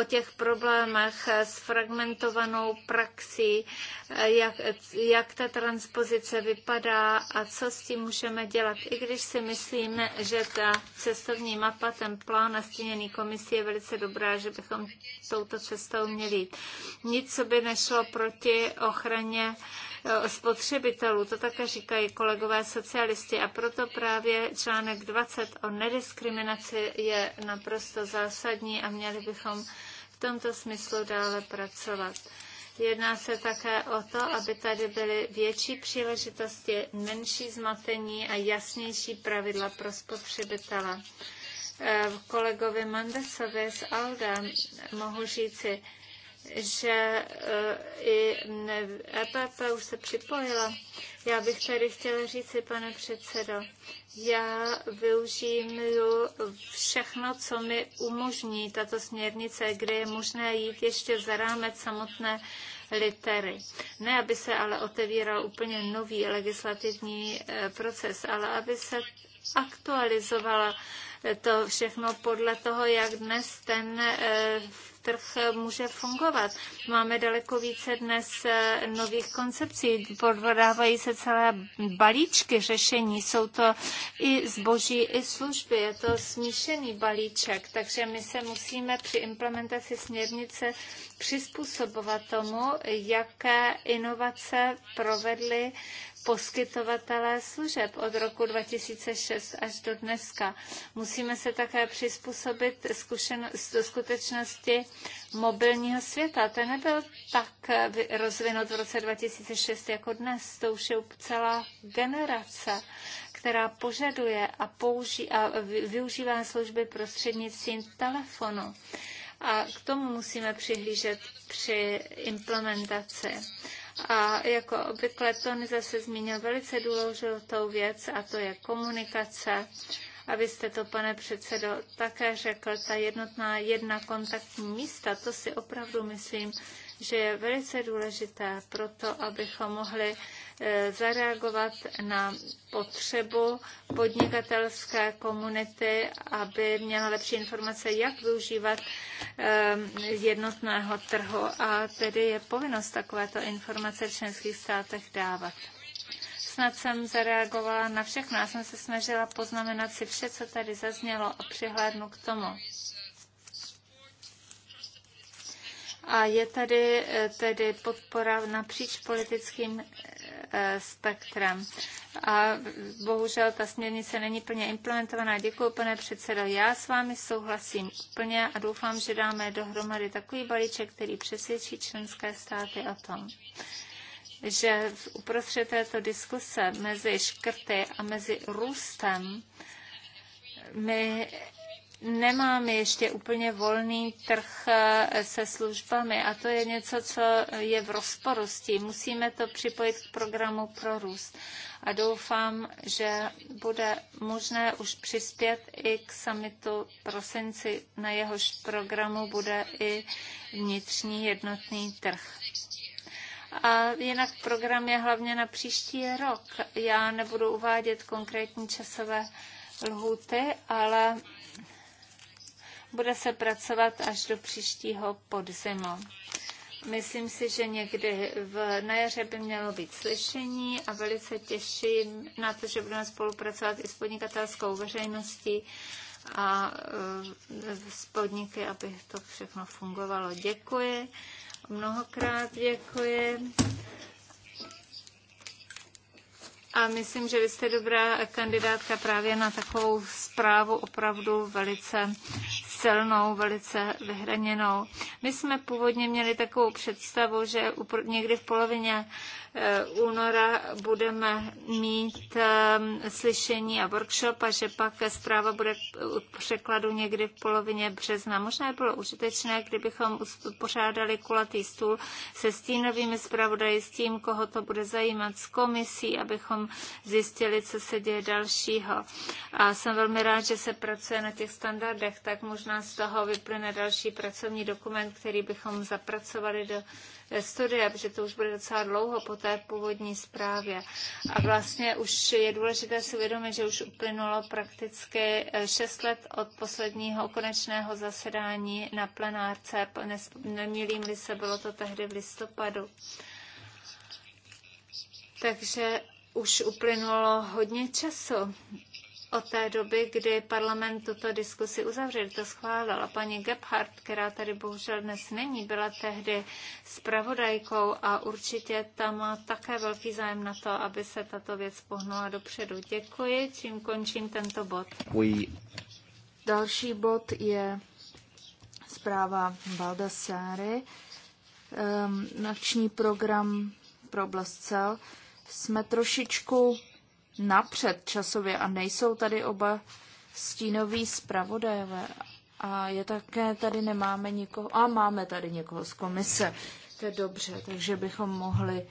o těch problémech s fragmentovanou praxí, eh, jak, jak ta transpozice vypadá a co s tím můžeme dělat. I když si myslím, že ta cestovní mapa, ten plán nastíněný komisí je velice dobrá, že bychom touto cestou měli jít. Nic, co by nešlo proti ochraně Eh, spotřebitelů. To také říkají kolegové socialisti a proto právě článek 20 o nediskriminaci je naprosto zásadní a měli bychom v tomto smyslu dále pracovat. Jedná se také o to, aby tady byly větší příležitosti, menší zmatení a jasnější pravidla pro spotřebitele. Eh, kolegovi Mandesovi z Alda mohu říci, že eh, i EPP už se připojila. Já bych tady chtěla říci, pane předsedo, já využiju všechno, co mi umožní tato směrnice, kde je možné jít ještě za rámec samotné litery. Ne, aby se ale otevíral úplně nový legislativní eh, proces, ale aby se aktualizovala to všechno podle toho, jak dnes ten eh, trh může fungovat. Máme daleko více dnes eh, nových koncepcí, podvodávají se celé balíčky řešení, jsou to i zboží, i služby, je to smíšený balíček, takže my se musíme při implementaci směrnice přizpůsobovat tomu, jaké inovace provedly poskytovatelé služeb od roku 2006 až do dneska. Musíme se také přizpůsobit do skutečnosti mobilního světa. Ten nebyl tak rozvinut v roce 2006 jako dnes. To už je celá generace která požaduje a, použí, a využívá služby prostřednictvím telefonu. A k tomu musíme přihlížet při implementaci. A jako obvykle Tony zase zmínil velice důležitou věc a to je komunikace. A vy jste to, pane předsedo, také řekl, ta jednotná jedna kontaktní místa, to si opravdu myslím, že je velice důležité pro to, abychom mohli eh, zareagovat na potřebu podnikatelské komunity, aby měla lepší informace, jak využívat eh, jednotného trhu a tedy je povinnost takovéto informace v členských státech dávat snad jsem zareagovala na všechno. Já jsem se snažila poznamenat si vše, co tady zaznělo a přihlédnu k tomu. A je tady eh, tedy podpora napříč politickým eh, spektrem. A bohužel ta směrnice není plně implementovaná. Děkuji, pane předsedo. Já s vámi souhlasím plně a doufám, že dáme dohromady takový balíček, který přesvědčí členské státy o tom, že v uprostřed této diskuse mezi škrty a mezi růstem my nemáme ještě úplně volný trh eh, se službami a to je něco, co je v rozporu s tím. Musíme to připojit k programu pro růst a doufám, že bude možné už přispět i k samitu prosinci, na jehož programu bude i vnitřní jednotný trh. A jinak program je hlavně na příští rok. Já nebudu uvádět konkrétní časové lhuty, ale bude se pracovat až do příštího podzimu. Myslím si, že někdy v, na jaře by mělo být slyšení a velice těším na to, že budeme spolupracovat i s podnikatelskou veřejností a e, s podniky, aby to všechno fungovalo. Děkuji, mnohokrát děkuji. A myslím, že vy jste dobrá kandidátka právě na takovou zprávu opravdu velice silnou, velice vyhraněnou. My jsme původně měli takovou představu, že někdy v polovině Eh, února budeme mít eh, slyšení a workshop a že pak zpráva bude překladu někdy v polovině března. Možná by bylo užitečné, kdybychom pořádali kulatý stůl se stínovými zpravodaji, s tím, koho to bude zajímat, s komisí, abychom zjistili, co se děje dalšího. A jsem velmi rád, že se pracuje na těch standardech, tak možná z toho vyplyne další pracovní dokument, který bychom zapracovali do studie, protože to už bude docela dlouho po té původní zprávě. A vlastně už je důležité si uvědomit, že už uplynulo prakticky 6 eh, let od posledního konečného zasedání na plenárce. Nemělím, li se, bylo to tehdy v listopadu. Takže už uplynulo hodně času od té doby, kdy parlament tuto diskusi uzavřel, to schválil. A paní Gebhardt, která tady bohužel dnes není, byla tehdy spravodajkou a určitě tam má také velký zájem na to, aby se tato věc pohnula dopředu. Děkuji, čím končím tento bod. Oui. Další bod je zpráva Baldassare, um, ehm, akční program pro oblast cel. Jsme trošičku napřed časově a nejsou tady oba stínoví zpravodajové. A je také, tady nemáme nikoho, a máme tady někoho z komise. To je dobře, takže bychom mohli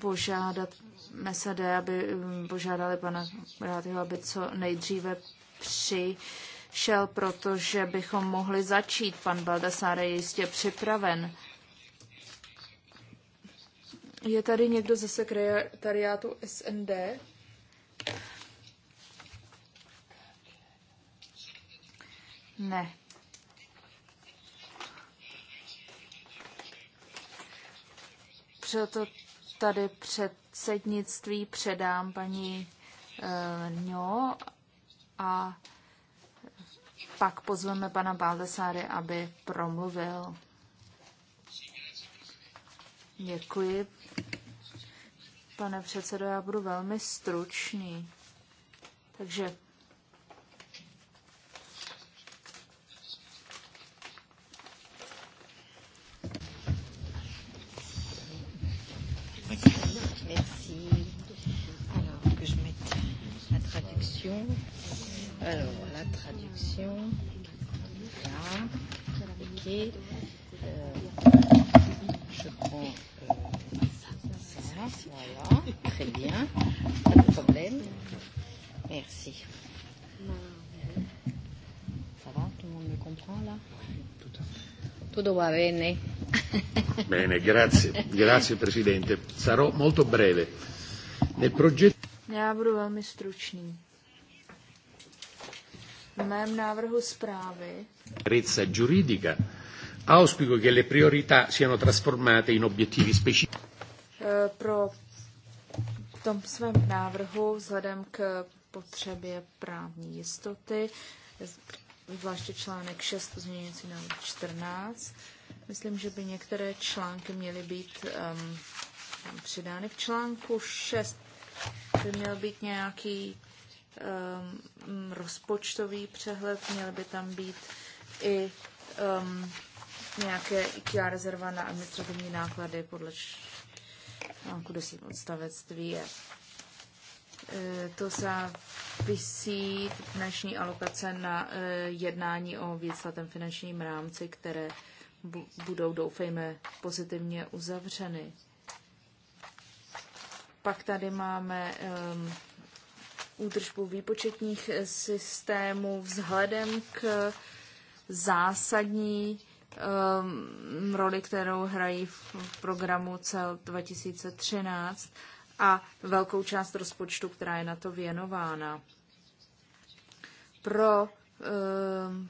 požádat MSD, aby mm, požádali pana Rádyho, aby co nejdříve přišel, protože bychom mohli začít. Pan Baldassare je jistě připraven. Je tady někdo ze sekretariátu SND? Ne. Proto tady předsednictví předám paní e, Njo a pak pozveme pana Baldesáry, aby promluvil. Děkuji, pane předsedo, já budu velmi stručný. Takže Alors, la traduction. Là. Ok. Euh, je prends. Voilà, très bien. Pas de problème. Merci. Ça va Tout le monde me comprend là Tutto va bene. Bene, grazie. Grazie Presidente. Sarò molto breve. Nel progetto... Já budu velmi stručný. V mém návrhu zprávy. Rezza giuridica. Auspico che le priorità siano trasformate in obiettivi specifici. Eh, pro tom svém návrhu vzhledem k potřebě právní jistoty, zvláště článek 6 pozměňující na 14. Myslím, že by některé články měly být um, přidány. V článku 6 by měl být nějaký um, rozpočtový přehled, měl by tam být i um, nějaké IKEA rezerva na administrativní náklady podle kudy si odstavec dvě. E, to závisí dnešní alokace na e, jednání o výsledném finančním rámci, které budou, doufejme, pozitivně uzavřeny. Pak tady máme um, údržbu výpočetních systémů vzhledem k zásadní um, roli, kterou hrají v programu CEL 2013 a velkou část rozpočtu, která je na to věnována. Pro um,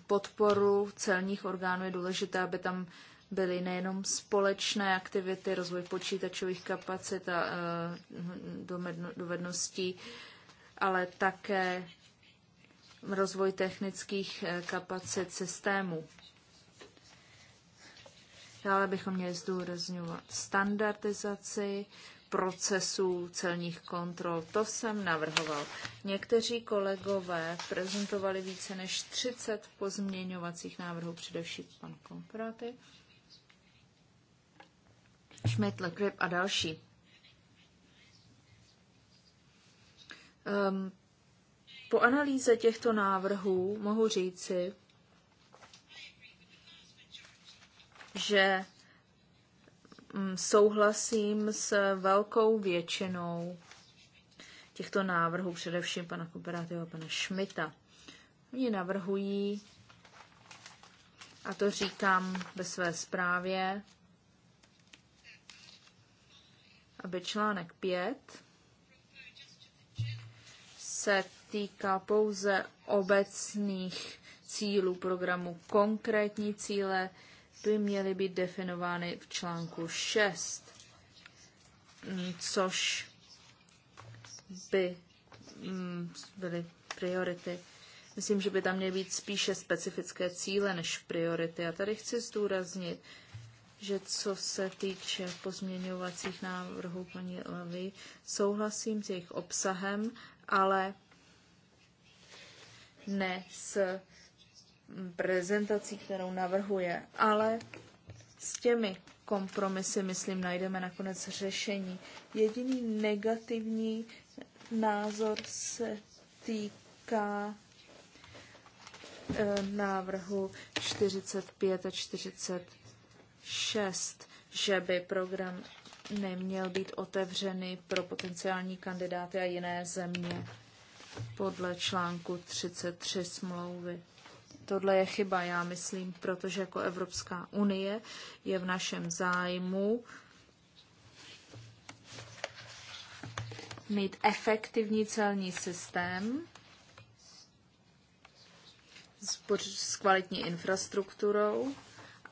podporu celních orgánů je důležité, aby tam byly nejenom společné aktivity, rozvoj počítačových kapacit a uh, dovedností, ale také rozvoj technických eh, kapacit systému. Dále bychom měli zdůrazňovat standardizaci procesů celních kontrol. To jsem navrhoval. Někteří kolegové prezentovali více než 30 pozměňovacích návrhů, především pan Kompraty, Schmidt, Legrip a další. Um, po analýze těchto návrhů mohu říci, že mm, souhlasím s velkou většinou těchto návrhů, především pana Kooperativa pana Šmita. Oni navrhují, a to říkám ve své zprávě, aby článek 5 se týká pouze obecných cílů programu, konkrétní cíle, by měly být definovány v článku 6, mm, což by mm, byly priority. Myslím, že by tam měly být spíše specifické cíle než priority. A tady chci zdůraznit, že co se týče pozměňovacích návrhů paní Levy, souhlasím s jejich obsahem, ale ne s prezentací, kterou navrhuje, ale s těmi kompromisy, myslím, najdeme nakonec řešení. Jediný negativní názor se týká eh, návrhu 45 a 46, že by program neměl být otevřený pro potenciální kandidáty a jiné země podle článku 33 smlouvy. Tohle je chyba, já myslím, protože jako Evropská unie je v našem zájmu mít efektivní celní systém s kvalitní infrastrukturou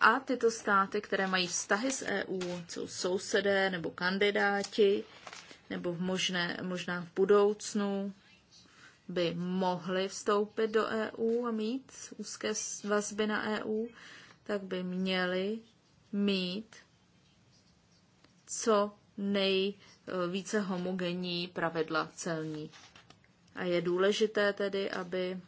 a tyto státy, které mají vztahy s EU, jsou sousedé nebo kandidáti, nebo v možné, možná v budoucnu, by mohly vstoupit do EU a mít úzké vazby na EU, tak by měly mít co nejvíce homogenní pravidla celní. A je důležité tedy, aby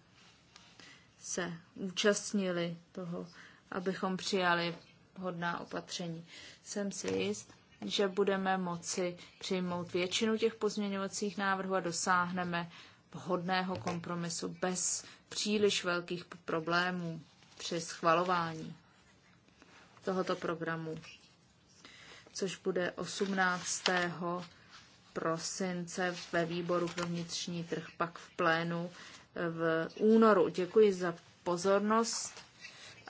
se účastnili toho, abychom přijali hodná opatření. Jsem si jist, že budeme moci přijmout většinu těch pozměňovacích návrhů a dosáhneme vhodného kompromisu bez příliš velkých problémů při schvalování tohoto programu, což bude 18. prosince ve výboru pro vnitřní trh, pak v plénu v únoru. Děkuji za pozornost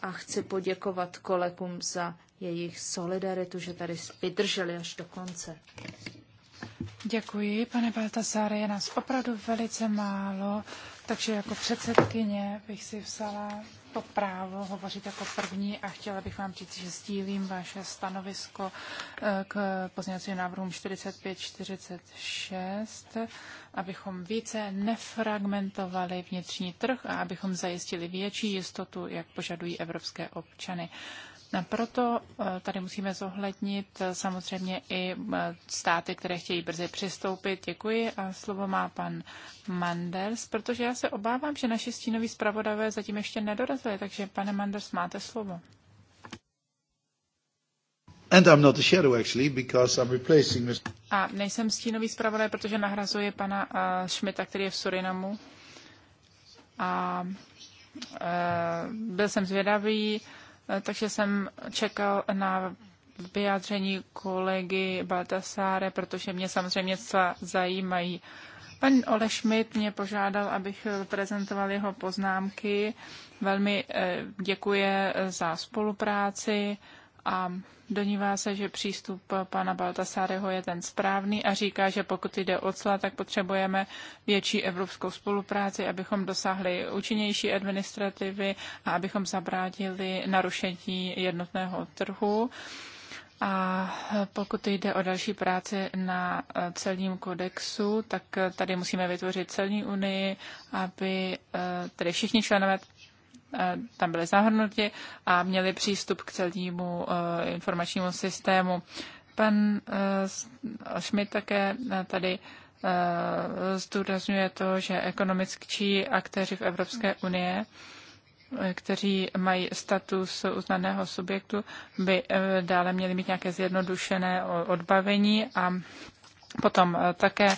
a chci poděkovat kolegům za jejich solidaritu, že tady vydrželi až do konce. Děkuji, pane Baltasáre, je nás opravdu velice málo, takže jako předsedkyně bych si vzala to právo hovořit jako první a chtěla bych vám říct, že sdílím vaše stanovisko eh, k pozměňovacím návrhům 45-46, abychom více nefragmentovali vnitřní trh a abychom zajistili větší jistotu, jak požadují evropské občany. Proto eh, tady musíme zohlednit eh, samozřejmě i eh, státy, které chtějí brzy přistoupit. Děkuji a slovo má pan Manders, protože já se obávám, že naši stínoví zpravodavé zatím ještě nedorazili, takže pane Manders, máte slovo. And I'm not a shadow actually, because I'm replacing Mr. A nejsem stínový zpravodaj, protože nahrazuje pana uh, Schmidta, který je v Surinamu. A uh, byl jsem zvědavý, uh, Eh, takže jsem čekal na vyjádření kolegy Baltasáre, protože mě samozřejmě cla zajímají. Pan Ole Schmidt mě požádal, abych prezentoval jeho poznámky. Velmi eh, děkuje za spolupráci a donívá se, že přístup pana Baltasáreho je ten správný a říká, že pokud jde o cla, tak potřebujeme větší evropskou spolupráci, abychom dosáhli účinnější administrativy a abychom zabránili narušení jednotného trhu. A pokud jde o další práci na celním kodexu, tak tady musíme vytvořit celní unii, aby eh, tedy všichni členové Eh, tam byli zahrnuti a měli přístup k celému eh, informačnímu systému. Pan eh, Schmidt také tady zdůrazňuje to, že ekonomickí aktéři v Evropské unie kteří mají status uznaného subjektu, by dále měli mít nějaké zjednodušené odbavení a potom také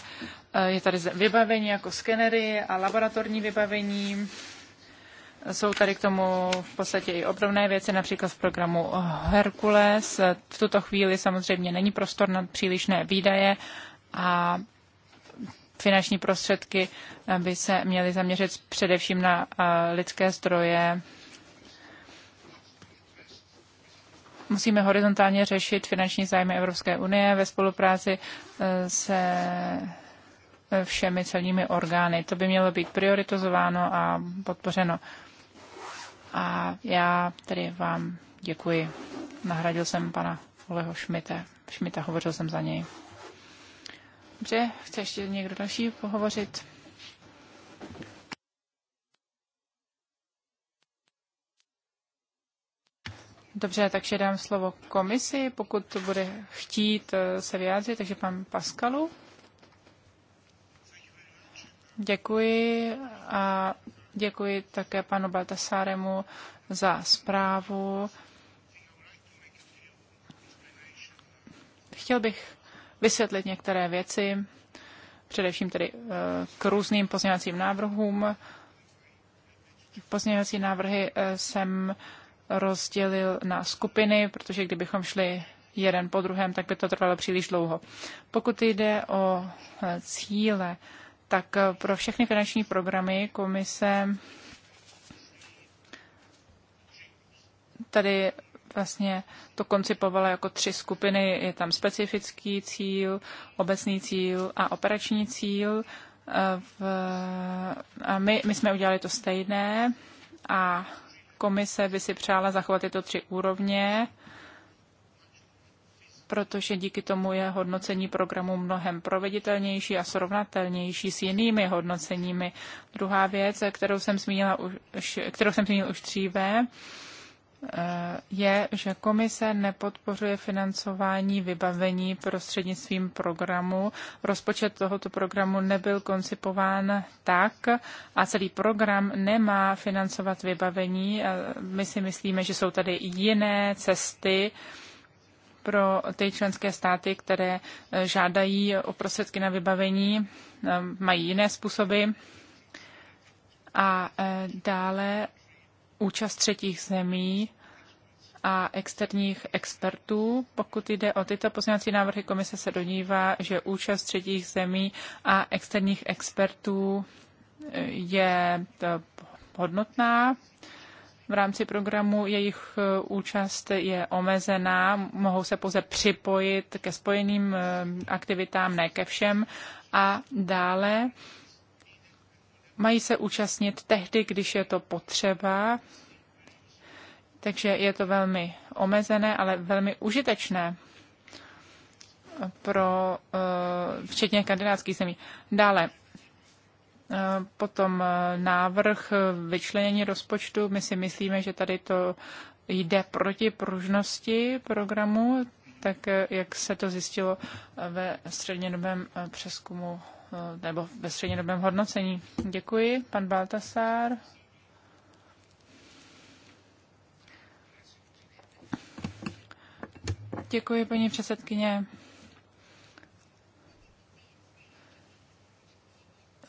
je tady vybavení jako skenery a laboratorní vybavení jsou tady k tomu v podstatě i obrovné věci, například v programu Herkules. V tuto chvíli samozřejmě není prostor na přílišné výdaje a finanční prostředky by se měly zaměřit především na eh, lidské zdroje. Musíme horizontálně řešit finanční zájmy Evropské unie ve spolupráci eh, se všemi celními orgány. To by mělo být prioritizováno a podpořeno. A já tedy vám děkuji. Nahradil jsem pana Oleho Šmita. Šmita, hovořil jsem za něj. Dobře, chce ještě někdo další pohovořit? Dobře, takže dám slovo komisi, pokud to bude chtít eh, se vyjádřit, takže pan Paskalu. Děkuji a Děkuji také panu Baltasáremu za zprávu. Chtěl bych vysvětlit některé věci, především tedy eh, k různým pozměňovacím návrhům. Pozměňovací návrhy eh, jsem rozdělil na skupiny, protože kdybychom šli jeden po druhém, tak by to trvalo příliš dlouho. Pokud jde o eh, cíle, tak eh, pro všechny finanční programy komise tady vlastně to koncipovala jako tři skupiny. Je tam specifický cíl, obecný cíl a operační cíl. Eh, v, a my, my jsme udělali to stejné a komise by si přála zachovat tyto tři úrovně protože díky tomu je hodnocení programu mnohem proveditelnější a srovnatelnější s jinými hodnoceními. Druhá věc, kterou jsem zmínila už, kterou jsem zmínila už dříve, eh, je, že komise nepodpořuje financování vybavení prostřednictvím programu. Rozpočet tohoto programu nebyl koncipován tak a celý program nemá financovat vybavení. Eh, my si myslíme, že jsou tady jiné cesty, pro ty členské státy, které eh, žádají o prostředky na vybavení, eh, mají jiné způsoby. A eh, dále účast třetích zemí a externích expertů. Pokud jde o tyto pozměňovací návrhy, komise se donívá, že účast třetích zemí a externích expertů je hodnotná v rámci programu jejich eh, účast je omezená, mohou se pouze připojit ke spojeným eh, aktivitám, ne ke všem. A dále mají se účastnit tehdy, když je to potřeba, takže je to velmi omezené, ale velmi užitečné pro eh, včetně kandidátských zemí. Dále Potom eh, návrh vyčlenění rozpočtu. My si myslíme, že tady to jde proti pružnosti programu, tak eh, jak se to zjistilo eh, ve střednědobém přeskumu nebo ve střednědobém hodnocení. Děkuji, pan Baltasár. Děkuji, paní předsedkyně.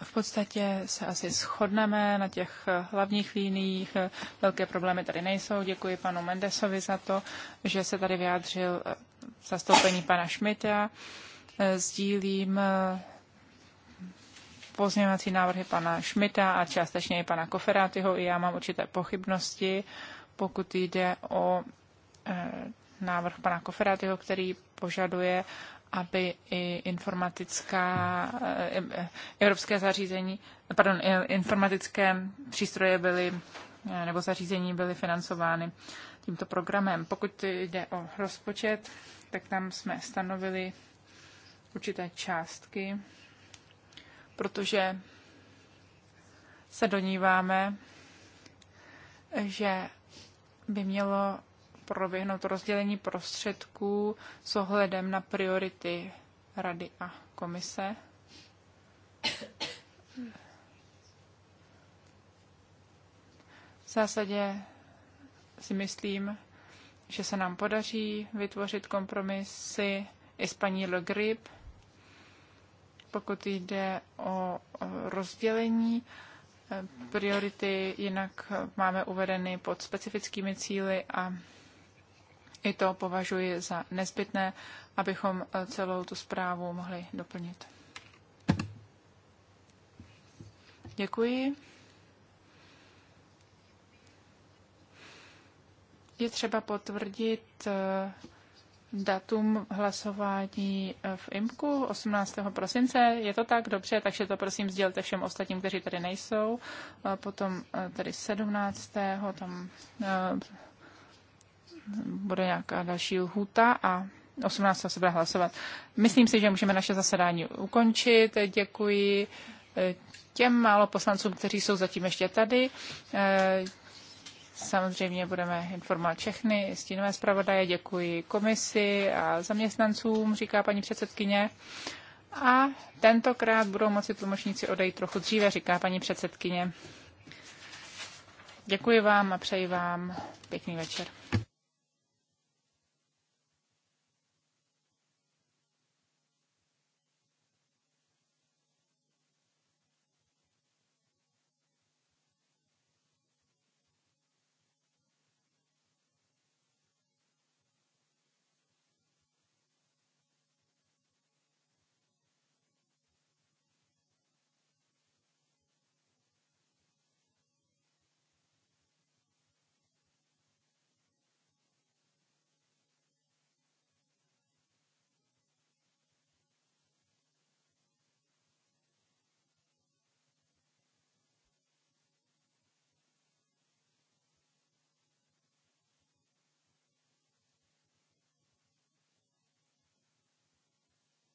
V podstatě se asi shodneme na těch hlavních líních. Velké problémy tady nejsou. Děkuji panu Mendesovi za to, že se tady vyjádřil eh, zastoupení pana Šmita. Eh, sdílím eh, pozměňovací návrhy pana Šmita a částečně i pana Koferátyho. I já mám určité pochybnosti, pokud jde o návrh pana Koferátyho, který požaduje, aby i informatická, eh, evropské zařízení, pardon, informatické přístroje byly eh, nebo zařízení byly financovány tímto programem. Pokud jde o rozpočet, tak tam jsme stanovili určité částky, protože se doníváme, že by mělo proběhnout rozdělení prostředků s ohledem na priority Rady a komise. V zásadě si myslím, že se nám podaří vytvořit kompromisy i s paní Le Grip, pokud jde o rozdělení priority, jinak máme uvedeny pod specifickými cíly a i to považuji za nezbytné, abychom eh, celou tu zprávu mohli doplnit. Děkuji. Je třeba potvrdit eh, datum hlasování eh, v IMKU 18. prosince. Je to tak? Dobře, takže to prosím sdělte všem ostatním, kteří tady nejsou. Potom tady 17. tam bude nějaká další lhůta a 18. se bude hlasovat. Myslím si, že můžeme naše zasedání ukončit. Děkuji eh, těm málo poslancům, kteří jsou zatím ještě tady. Eh, samozřejmě budeme informovat všechny stínové zpravodaje. Děkuji komisi a zaměstnancům, říká paní předsedkyně. A tentokrát budou moci tlumočníci odejít trochu dříve, říká paní předsedkyně. Děkuji vám a přeji vám pěkný večer.